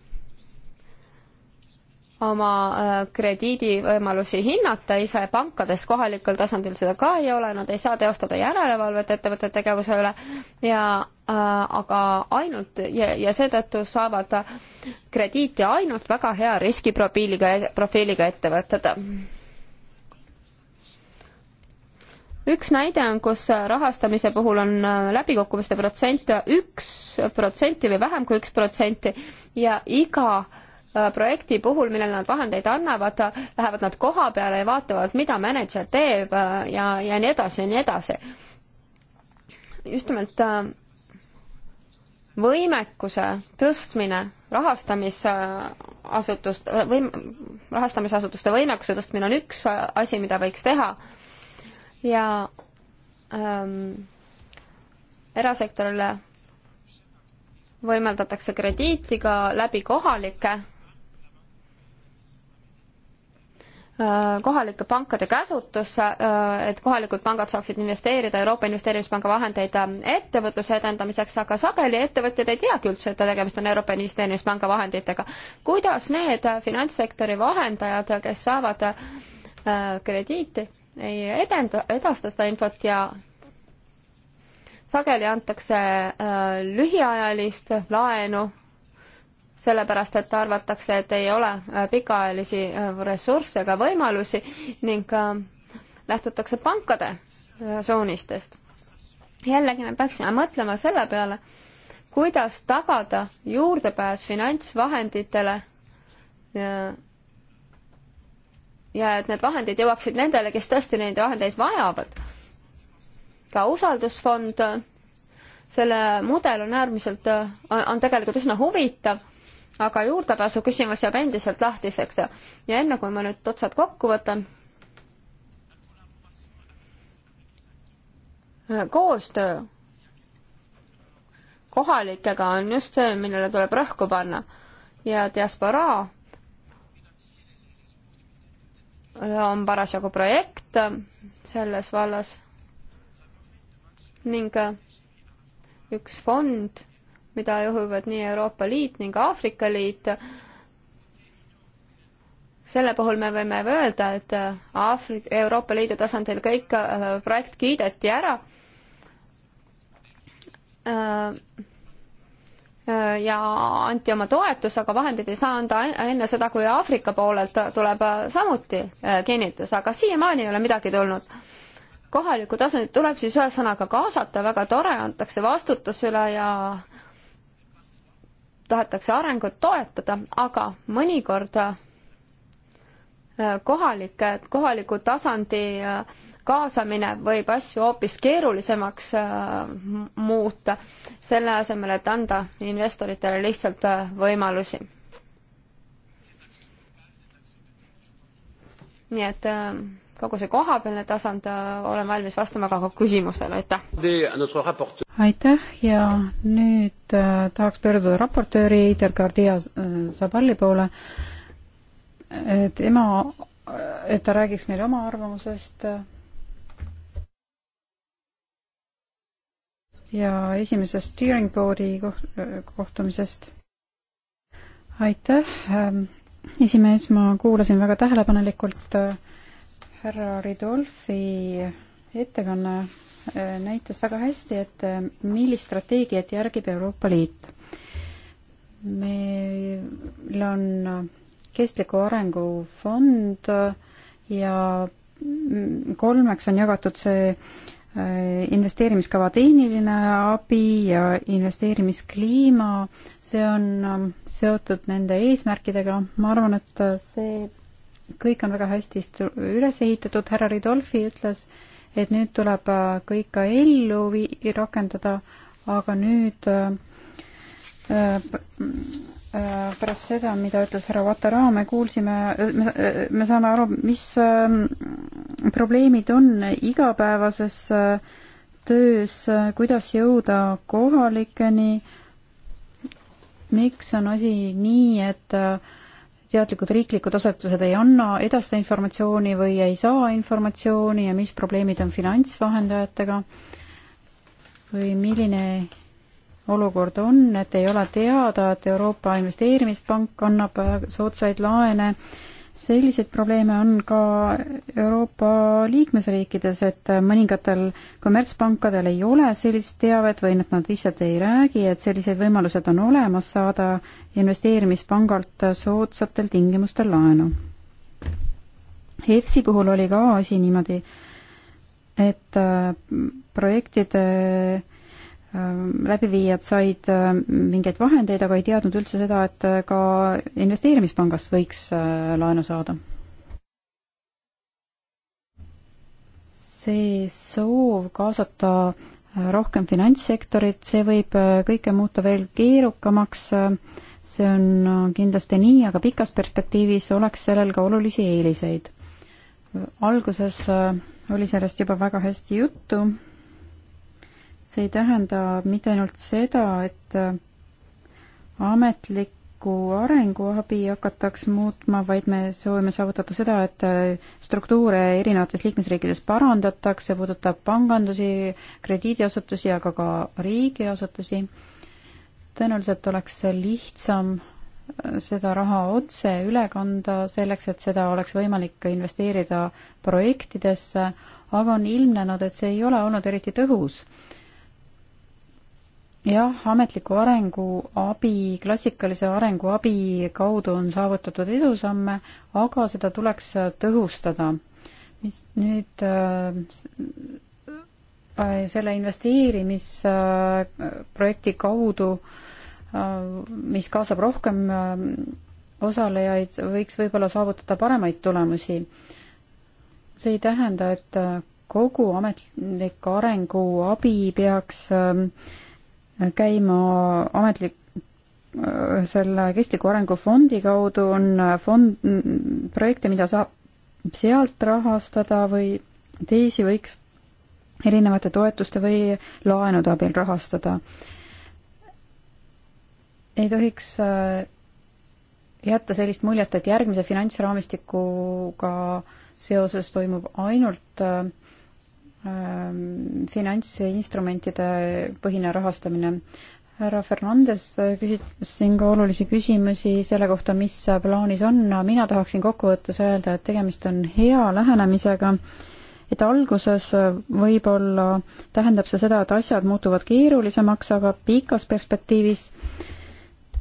oma äh, krediidivõimalusi hinnata ise pankades, kohalikul tasandil seda ka ei ole, nad ei saa teostada järelevalvet ettevõtte tegevuse üle ja Äh, aga ainult ja, ja seetõttu saavad krediiti ainult väga hea riskiprofiiliga, e-, profiiliga ettevõtted. üks näide on, kus rahastamise puhul on äh, läbikukkumiste protsent üks protsenti või vähem kui üks protsenti ja iga äh, projekti puhul, millele nad vahendeid annavad, lähevad nad koha peale ja vaatavad, mida mänedžer teeb ja, ja nii edasi ja nii edasi. just nimelt võimekuse tõstmine, rahastamisasutust, äh, võim-, rahastamisasutuste võimekuse tõstmine on üks asi, mida võiks teha ja ähm, erasektorile võimaldatakse krediiti ka läbi kohalike Äh, kohalike pankade käsutusse, äh, et kohalikud pangad saaksid investeerida Euroopa Investeerimispanga vahendeid ähm, ettevõtluse edendamiseks, aga sageli ettevõtjad ei teagi üldse, et tegemist on Euroopa Investeerimispanga vahenditega. kuidas need äh, finantssektori vahendajad, kes saavad krediiti, ei edenda, edasta seda infot ja sageli antakse lühiajalist laenu sellepärast et arvatakse, et ei ole äh, pikaajalisi äh, ressursse ega võimalusi ning äh, lähtutakse pankade suunistest. jällegi me peaksime mõtlema selle peale, kuidas tagada juurdepääs finantsvahenditele ja, ja et need vahendid jõuaksid nendele, kes tõesti neid vahendeid vajavad. ka usaldusfond, selle mudel on äärmiselt, on tegelikult üsna huvitav aga juurdepääsu küsimus jääb endiselt lahtiseks. ja enne, kui ma nüüd otsad kokku võtan, koostöö kohalikega on just see, millele tuleb rõhku panna ja diasporaa on parasjagu projekt selles vallas ning üks fond mida juhivad nii Euroopa Liit ning Aafrika Liit, selle puhul me võime öelda, et äh, Aafrika, Euroopa Liidu tasandil kõik äh, projekt kiideti ära. Äh, ja anti oma toetus, aga vahendeid ei saa anda enne seda, kui Aafrika poolelt tuleb samuti kinnitus, aga siiamaani ei ole midagi tulnud. kohalikku tasandit tuleb siis ühesõnaga kaasata, väga tore, antakse vastutus üle ja tahetakse arengut toetada, aga mõnikord äh, kohalike, kohaliku tasandi äh, kaasamine võib asju hoopis keerulisemaks äh, muuta, selle asemel, et anda investoritele lihtsalt võimalusi. nii et kogu see kohapealne tasand, äh, olen valmis vastama ka küsimustele, aitäh! aitäh ja nüüd äh, tahaks pöörduda raportööri Eider Gardia äh, Zaballi poole, äh, tema, et ta räägiks meile oma arvamusest ja esimesest steering board'i koht-, kohtumisest. aitäh, ähm, esimees, ma kuulasin väga tähelepanelikult äh, härra Ridolfi ettekanne äh, näitas väga hästi, et äh, millist strateegiat järgib Euroopa Liit. meil on kestliku arengu fond ja mm, kolmeks on jagatud see äh, investeerimiskava tehniline abi ja investeerimiskliima, see on seotud nende eesmärkidega, ma arvan, et see kõik on väga hästi üles ehitatud, härra Ridolfi ütles, et nüüd tuleb äh, kõik ka ellu vii-, rakendada, aga nüüd äh, äh, äh, pärast seda, mida ütles härra Vatara, me kuulsime, me saame aru, mis probleemid on igapäevases töös, kuidas jõuda kohalikeni, miks on asi nii, et teadlikud riiklikud asutused ei anna, edasta informatsiooni või ei saa informatsiooni ja mis probleemid on finantsvahendajatega või milline olukord on, et ei ole teada, et Euroopa Investeerimispank annab soodsaid laene äh, selliseid probleeme on ka Euroopa liikmesriikides, et mõningatel kommertspankadel ei ole sellist teavet või et nad lihtsalt ei räägi, et sellised võimalused on olemas saada investeerimispangalt soodsatel tingimustel laenu. EFSi puhul oli ka asi niimoodi, et projektide Ähm, läbiviijad said ähm, mingeid vahendeid, aga ei teadnud üldse seda, et äh, ka investeerimispangast võiks äh, laenu saada. see soov kaasata äh, rohkem finantssektorit, see võib kõike muuta veel keerukamaks, see on kindlasti nii, aga pikas perspektiivis oleks sellel ka olulisi eeliseid. alguses oli sellest juba väga hästi juttu see ei tähenda mitte ainult seda, et ametlikku arenguabi hakataks muutma, vaid me soovime saavutada seda, et struktuure erinevates liikmesriikides parandatakse, puudutab pangandusi, krediidiasutusi, aga ka riigiasutusi. tõenäoliselt oleks lihtsam seda raha otse üle kanda selleks, et seda oleks võimalik investeerida projektidesse, aga on ilmnenud, et see ei ole olnud eriti tõhus jah, ametliku arenguabi, klassikalise arenguabi kaudu on saavutatud edusamme, aga seda tuleks tõhustada. mis nüüd äh, äh selle investeerimisprojekti äh, kaudu äh,, mis kaasab rohkem äh, osalejaid, võiks võib-olla saavutada paremaid tulemusi. see ei tähenda, et äh, kogu ametlik arenguabi peaks äh, käima ametlik selle Kestliku Arengu Fondi kaudu on fond, projekte, mida saab sealt rahastada või teisi võiks erinevate toetuste või laenude abil rahastada. ei tohiks äh, jätta sellist muljet, et järgmise finantsraamistikuga seoses toimub ainult äh, Ähm, finantsinstrumentide põhine rahastamine. härra Fernandes äh, küsis siin ka olulisi küsimusi selle kohta, mis äh, plaanis on, mina tahaksin kokkuvõttes öelda, et tegemist on hea lähenemisega, et alguses äh, võib-olla tähendab see seda, et asjad muutuvad keerulisemaks, aga pikas perspektiivis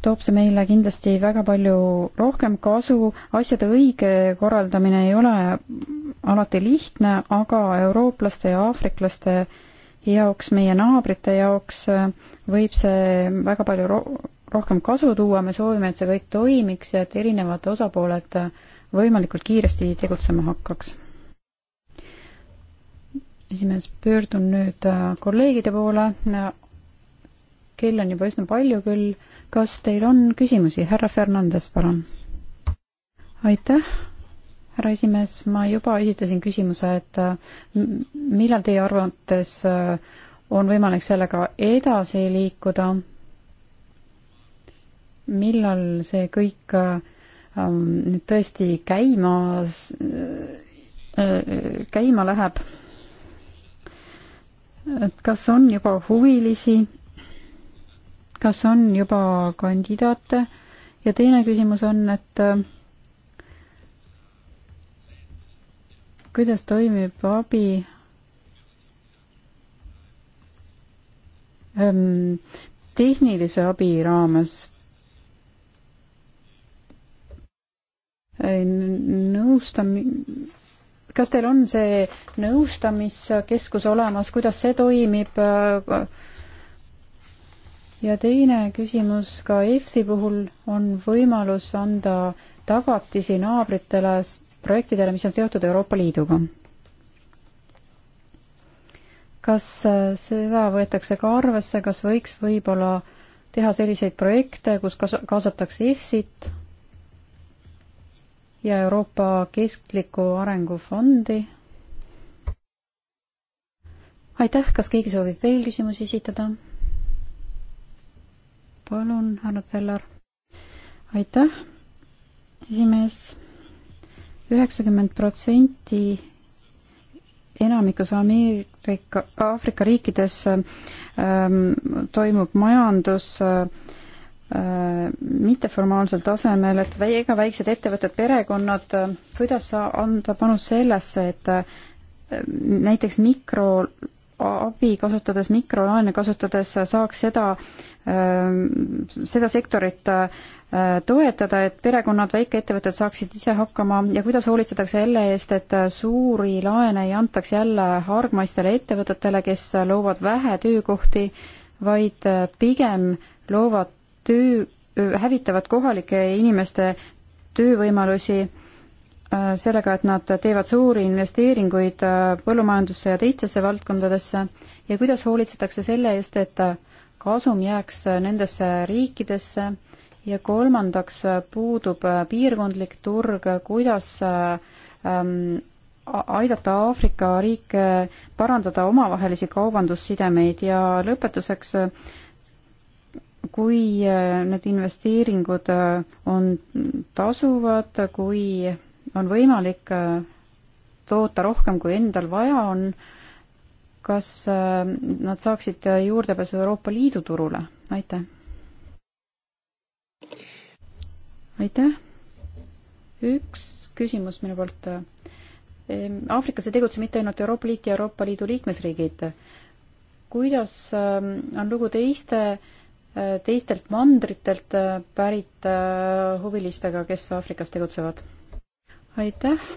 toob see meile kindlasti väga palju rohkem kasu, asjade õige korraldamine ei ole alati lihtne, aga eurooplaste ja aafriklaste jaoks, meie naabrite jaoks äh, võib see väga palju ro rohkem kasu tuua, me soovime, et see kõik toimiks ja et erinevad osapooled äh, võimalikult kiiresti tegutsema hakkaks. esimees, pöördun nüüd äh, kolleegide poole. kell on juba üsna palju küll. kas teil on küsimusi? härra Fernandes, palun. aitäh härra esimees, ma juba esitasin küsimuse, et millal teie arvates äh, on võimalik sellega edasi liikuda, millal see kõik äh, ähm, nüüd tõesti käima, äh, käima läheb? et kas on juba huvilisi, kas on juba kandidaate ja teine küsimus on, et kuidas toimib abi ähm, tehnilise abi raames nõustam-, kas teil on see nõustamiskeskus olemas, kuidas see toimib? ja teine küsimus, ka EFSi puhul on võimalus anda tagatisi naabritele projektidele, mis on seotud Euroopa Liiduga. kas äh, seda võetakse ka arvesse, kas võiks võib-olla teha selliseid projekte, kus kas-, kaasatakse EFSit ja Euroopa Kestliku Arengu Fondi? aitäh, kas keegi soovib veel küsimusi esitada? palun, härra Tellar. aitäh, esimees üheksakümmend protsenti enamikus Ameerika, Aafrika riikides ähm, toimub majandus äh, mitteformaalsel tasemel, et väga väiksed ettevõtted, perekonnad, kuidas sa anda panus sellesse, et äh, näiteks mikroabi kasutades, mikrolaene kasutades saaks seda, ähm, seda sektorit äh, Äh, toetada, et perekonnad, väikeettevõtted saaksid ise hakkama ja kuidas hoolitsetakse selle eest, et äh, suuri laene ei antaks jälle hargmaistele ettevõtetele, kes loovad vähe töökohti, vaid äh, pigem loovad töö, hävitavad kohalike inimeste töövõimalusi sellega, et nad teevad suuri investeeringuid põllumajandusse ja teistesse valdkondadesse ja kuidas hoolitsetakse selle eest, et kasum jääks nendesse riikidesse, ja kolmandaks äh, puudub äh, piirkondlik turg, kuidas äh, ähm, aidata Aafrika riike parandada omavahelisi kaubandussidemeid ja lõpetuseks, kui need investeeringud on tasuvad, kui on võimalik toota rohkem, kui endal vaja on, kas nad saaksid juurdepääsu Euroopa Liidu turule? aitäh aitäh. üks küsimus minu poolt. Ehm, Aafrikas ei tegutse mitte ainult Euroopa Liit ja Euroopa Liidu liikmesriigid. kuidas ehm, on lugu teiste, eh, teistelt mandritelt eh, pärit eh, huvilistega, kes Aafrikas tegutsevad? aitäh.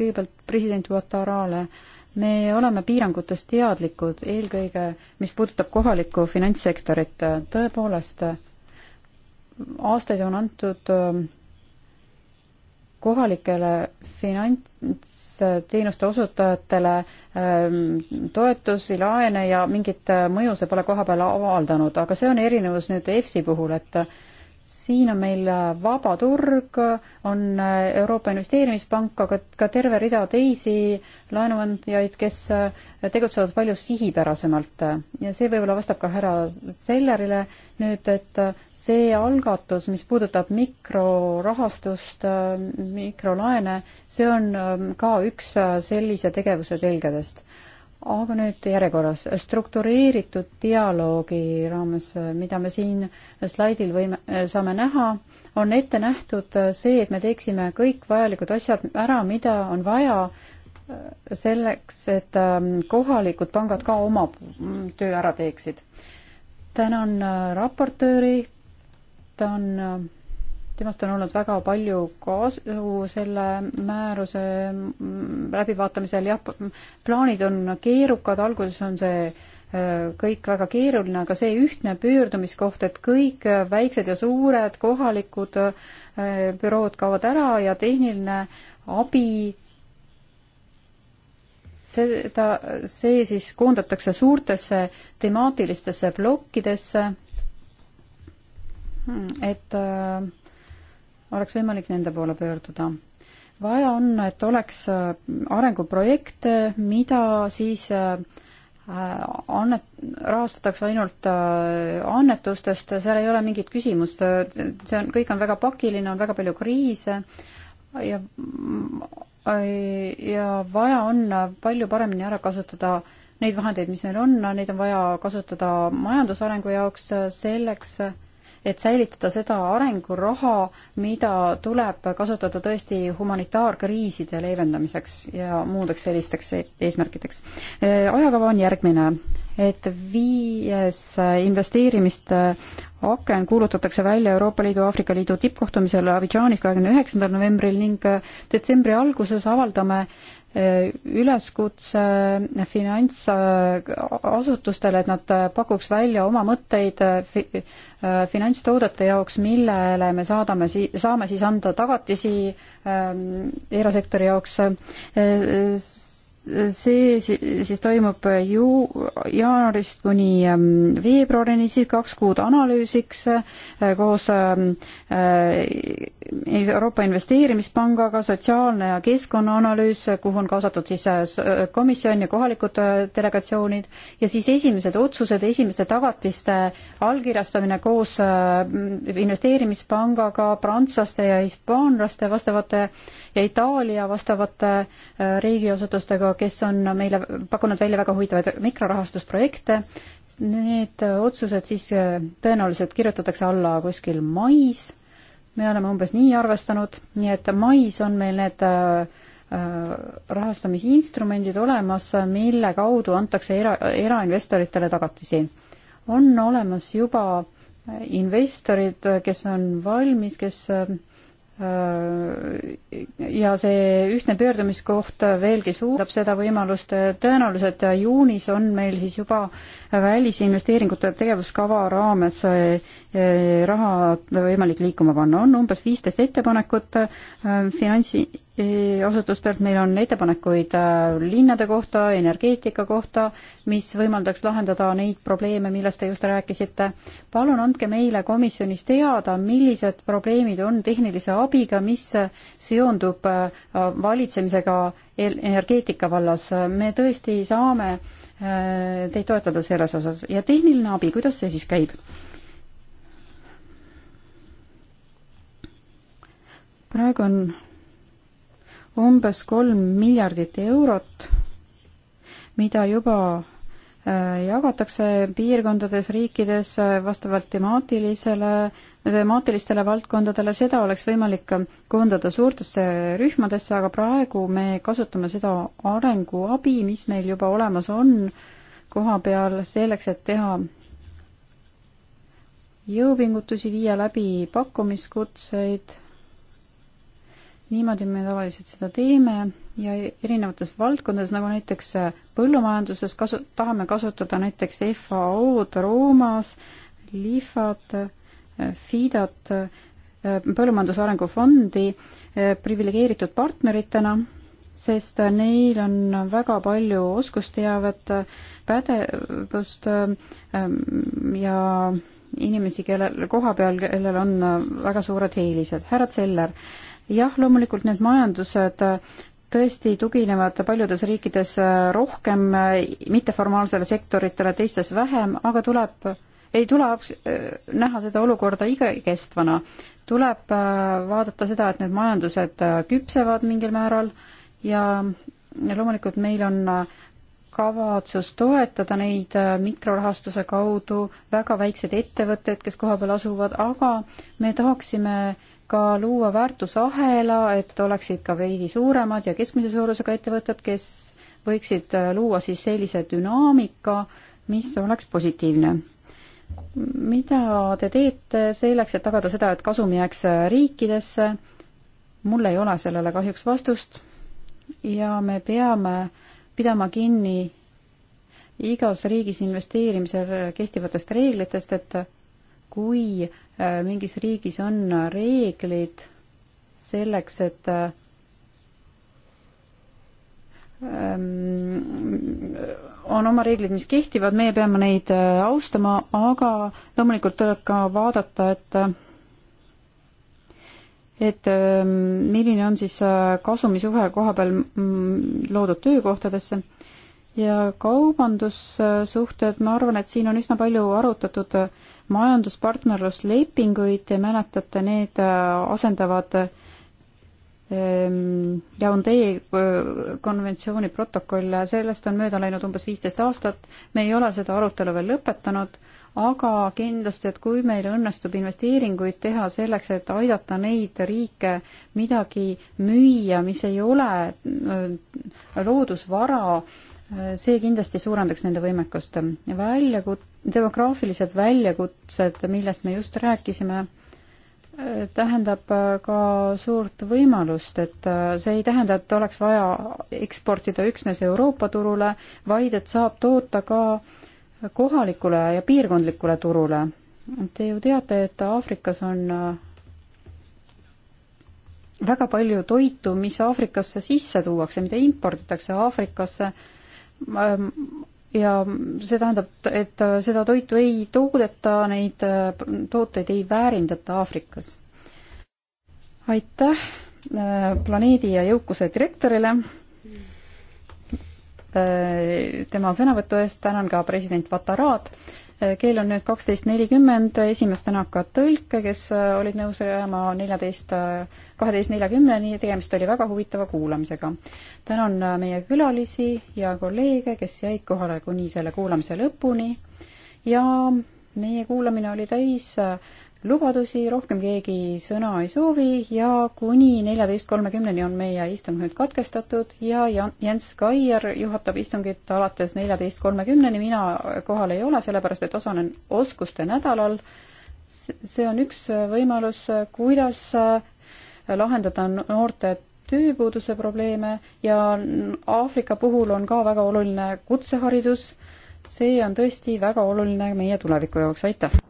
kõigepealt president Ouattarale me oleme piirangutest teadlikud, eelkõige mis puudutab kohalikku finantssektorit, tõepoolest aastaid on antud ähm, kohalikele finantsteenuste osutajatele ähm, toetusi, laene ja mingit äh, mõju see pole koha peal avaldanud, aga see on erinevus nüüd EFSI puhul, et siin on meil äh, vaba turg, on äh, Euroopa Investeerimispank, aga ka terve rida teisi laenuandjaid, kes äh, tegutsevad palju sihipärasemalt ja see võib-olla vastab ka härra Sellerile nüüd, et see algatus, mis puudutab mikrorahastust, mikrolaene, see on ka üks sellise tegevuse telgedest aga nüüd järjekorras struktureeritud dialoogi raames, mida me siin slaidil võime, saame näha, on ette nähtud see, et me teeksime kõik vajalikud asjad ära, mida on vaja äh, selleks, et ähm, kohalikud pangad ka oma töö ära teeksid. tänan äh, raportööri, ta on äh, temast on olnud väga palju kasu selle määruse läbivaatamisel, jah, plaanid on keerukad, alguses on see äh, kõik väga keeruline, aga see ühtne pöördumiskoht, et kõik väiksed ja suured kohalikud äh, bürood kaovad ära ja tehniline abi, seda, see siis koondatakse suurtesse temaatilistesse plokkidesse, et äh, oleks võimalik nende poole pöörduda. vaja on, et oleks äh, arenguprojekte, mida siis äh, annet-, rahastatakse ainult äh, annetustest, seal ei ole mingit küsimust, see on, kõik on väga pakiline, on väga palju kriise ja ja vaja on palju paremini ära kasutada neid vahendeid, mis meil on, neid on vaja kasutada majandusarengu jaoks, selleks, et säilitada seda arenguraha, mida tuleb kasutada tõesti humanitaarkriiside leevendamiseks ja muudeks sellisteks e-, eesmärkideks. E, ajakava on järgmine, et viies investeerimiste aken kuulutatakse välja Euroopa Liidu Aafrika Liidu tippkohtumisel Abidžaanis kahekümne üheksandal novembril ning e, detsembri alguses avaldame äh, üleskutse finantsasutustele, et nad pakuks välja oma mõtteid fi, finantstoodete jaoks, millele me saadame, saame siis anda tagatisi ähm, erasektori jaoks. see siis toimub ju jaanuarist kuni ähm, veebruarini, siis kaks kuud analüüsiks äh, koos ähm, äh, Euroopa Investeerimispangaga, sotsiaalne ja keskkonnaanalüüs, kuhu on kaasatud siis äh, äh, komisjon ja kohalikud äh, delegatsioonid ja siis esimesed otsused, esimeste tagatiste allkirjastamine koos investeerimispangaga, prantslaste ja hispaanlaste vastavate ja Itaalia vastavate riigiasutustega, kes on meile pakkunud välja väga huvitavaid mikrorahastusprojekte Need otsused siis tõenäoliselt kirjutatakse alla kuskil mais me oleme umbes nii arvestanud, nii et mais on meil need äh, äh, rahastamisinstrumendid olemas, mille kaudu antakse era, erainvestoritele tagatisi. on olemas juba investorid, kes on valmis, kes Äh, ja see ühtne pöördumiskoht veelgi suurendab seda võimalust, tõenäoliselt juunis on meil siis juba välisinvesteeringute tegevuskava raames äh, raha võimalik liikuma panna, on umbes viisteist ettepanekut äh, finantsi asutustelt, meil on ettepanekuid äh, linnade kohta, energeetika kohta, mis võimaldaks lahendada neid probleeme, millest te just rääkisite. palun andke meile komisjonis teada, millised probleemid on tehnilise abiga, mis seondub äh, valitsemisega energeetika vallas. me tõesti saame äh, teid toetada selles osas ja tehniline abi, kuidas see siis käib? praegu on umbes kolm miljardit eurot, mida juba äh, jagatakse piirkondades, riikides äh, vastavalt temaatilisele, temaatilistele valdkondadele, seda oleks võimalik koondada suurtesse rühmadesse, aga praegu me kasutame seda arenguabi, mis meil juba olemas on koha peal selleks, et teha jõupingutusi, viia läbi pakkumiskutseid niimoodi me tavaliselt seda teeme ja erinevates valdkondades, nagu näiteks äh, põllumajanduses kasu-, tahame kasutada näiteks FAO-d Roomas, LIFAD, äh, FIDAT, äh, Põllumajanduse Arengu Fondi priviligeeritud partneritena, sest neil on väga palju oskusteavet, pädevust ähm, ja inimesi, kellel, koha peal, kellel on väga suured eelised. härra Zeller äh,, jah, loomulikult need majandused äh, tõesti tuginevad paljudes riikides äh, rohkem äh, mitteformaalsele sektoritele, teistes vähem, aga tuleb, ei tule näha seda olukorda igakestvana. tuleb vaadata seda, et need majandused küpsevad mingil määral ja, ja loomulikult meil on kavatsus toetada neid mikrorahastuse kaudu väga väikseid ettevõtteid, kes kohapeal asuvad, aga me tahaksime äh, ka luua väärtusahela, et oleksid ka veidi suuremad ja keskmise suurusega ettevõtted, kes võiksid äh, luua siis sellise dünaamika, mis oleks positiivne. mida te teete selleks, et tagada seda, et kasum jääks äh, riikidesse? mul ei ole sellele kahjuks vastust ja me peame pidama kinni igas riigis investeerimisel äh, kehtivatest reeglitest, et kui äh, mingis riigis on reeglid selleks, et ähm, on oma reeglid, mis kehtivad, meie peame neid äh, austama, aga loomulikult tuleb ka vaadata, et et ähm, milline on siis äh, kasumisuhe koha peal mm, loodud töökohtadesse ja kaubandussuhted, ma arvan, et siin on üsna palju arutatud äh, majanduspartnerluslepinguid, te mäletate, need äh, asendavad ähm, ja on teie äh, konventsiooni protokoll, sellest on mööda läinud umbes viisteist aastat, me ei ole seda arutelu veel lõpetanud, aga kindlasti, et kui meil õnnestub investeeringuid teha selleks, et aidata neid riike midagi müüa, mis ei ole äh, loodusvara, see kindlasti suurendaks nende võimekust. väljakut-, demograafilised väljakutsed, millest me just rääkisime, tähendab äh, ka suurt võimalust, et äh, see ei tähenda, et oleks vaja eksportida üksnes Euroopa turule, vaid et saab toota ka kohalikule ja piirkondlikule turule. Te ju teate, et Aafrikas on äh, väga palju toitu, mis Aafrikasse sisse tuuakse, mida imporditakse Aafrikasse äh, Ähm, ja see tähendab, et äh, seda toitu ei toodeta, neid äh, tooteid ei väärindata Aafrikas. aitäh äh, planeedi ja jõukuse direktorile tema sõnavõtu eest, tänan ka president Vatarad Äh, kell on nüüd kaksteist nelikümmend, esimest tänab ka tõlke, kes äh, olid nõus jääma neljateist, äh, kaheteist neljakümneni, tegemist oli väga huvitava kuulamisega. tänan meie külalisi ja kolleege, kes jäid kohale kuni selle kuulamise lõpuni ja meie kuulamine oli täis äh, lubadusi, rohkem keegi sõna ei soovi ja kuni neljateist kolmekümneni on meie istung nüüd katkestatud ja Jens Kaier juhatab istungit alates neljateist kolmekümneni, mina kohal ei ole, sellepärast et osalen oskuste nädalal. see on üks võimalus, kuidas äh, lahendada noorte tööpuuduse probleeme ja Aafrika puhul on ka väga oluline kutseharidus. see on tõesti väga oluline meie tuleviku jaoks, aitäh!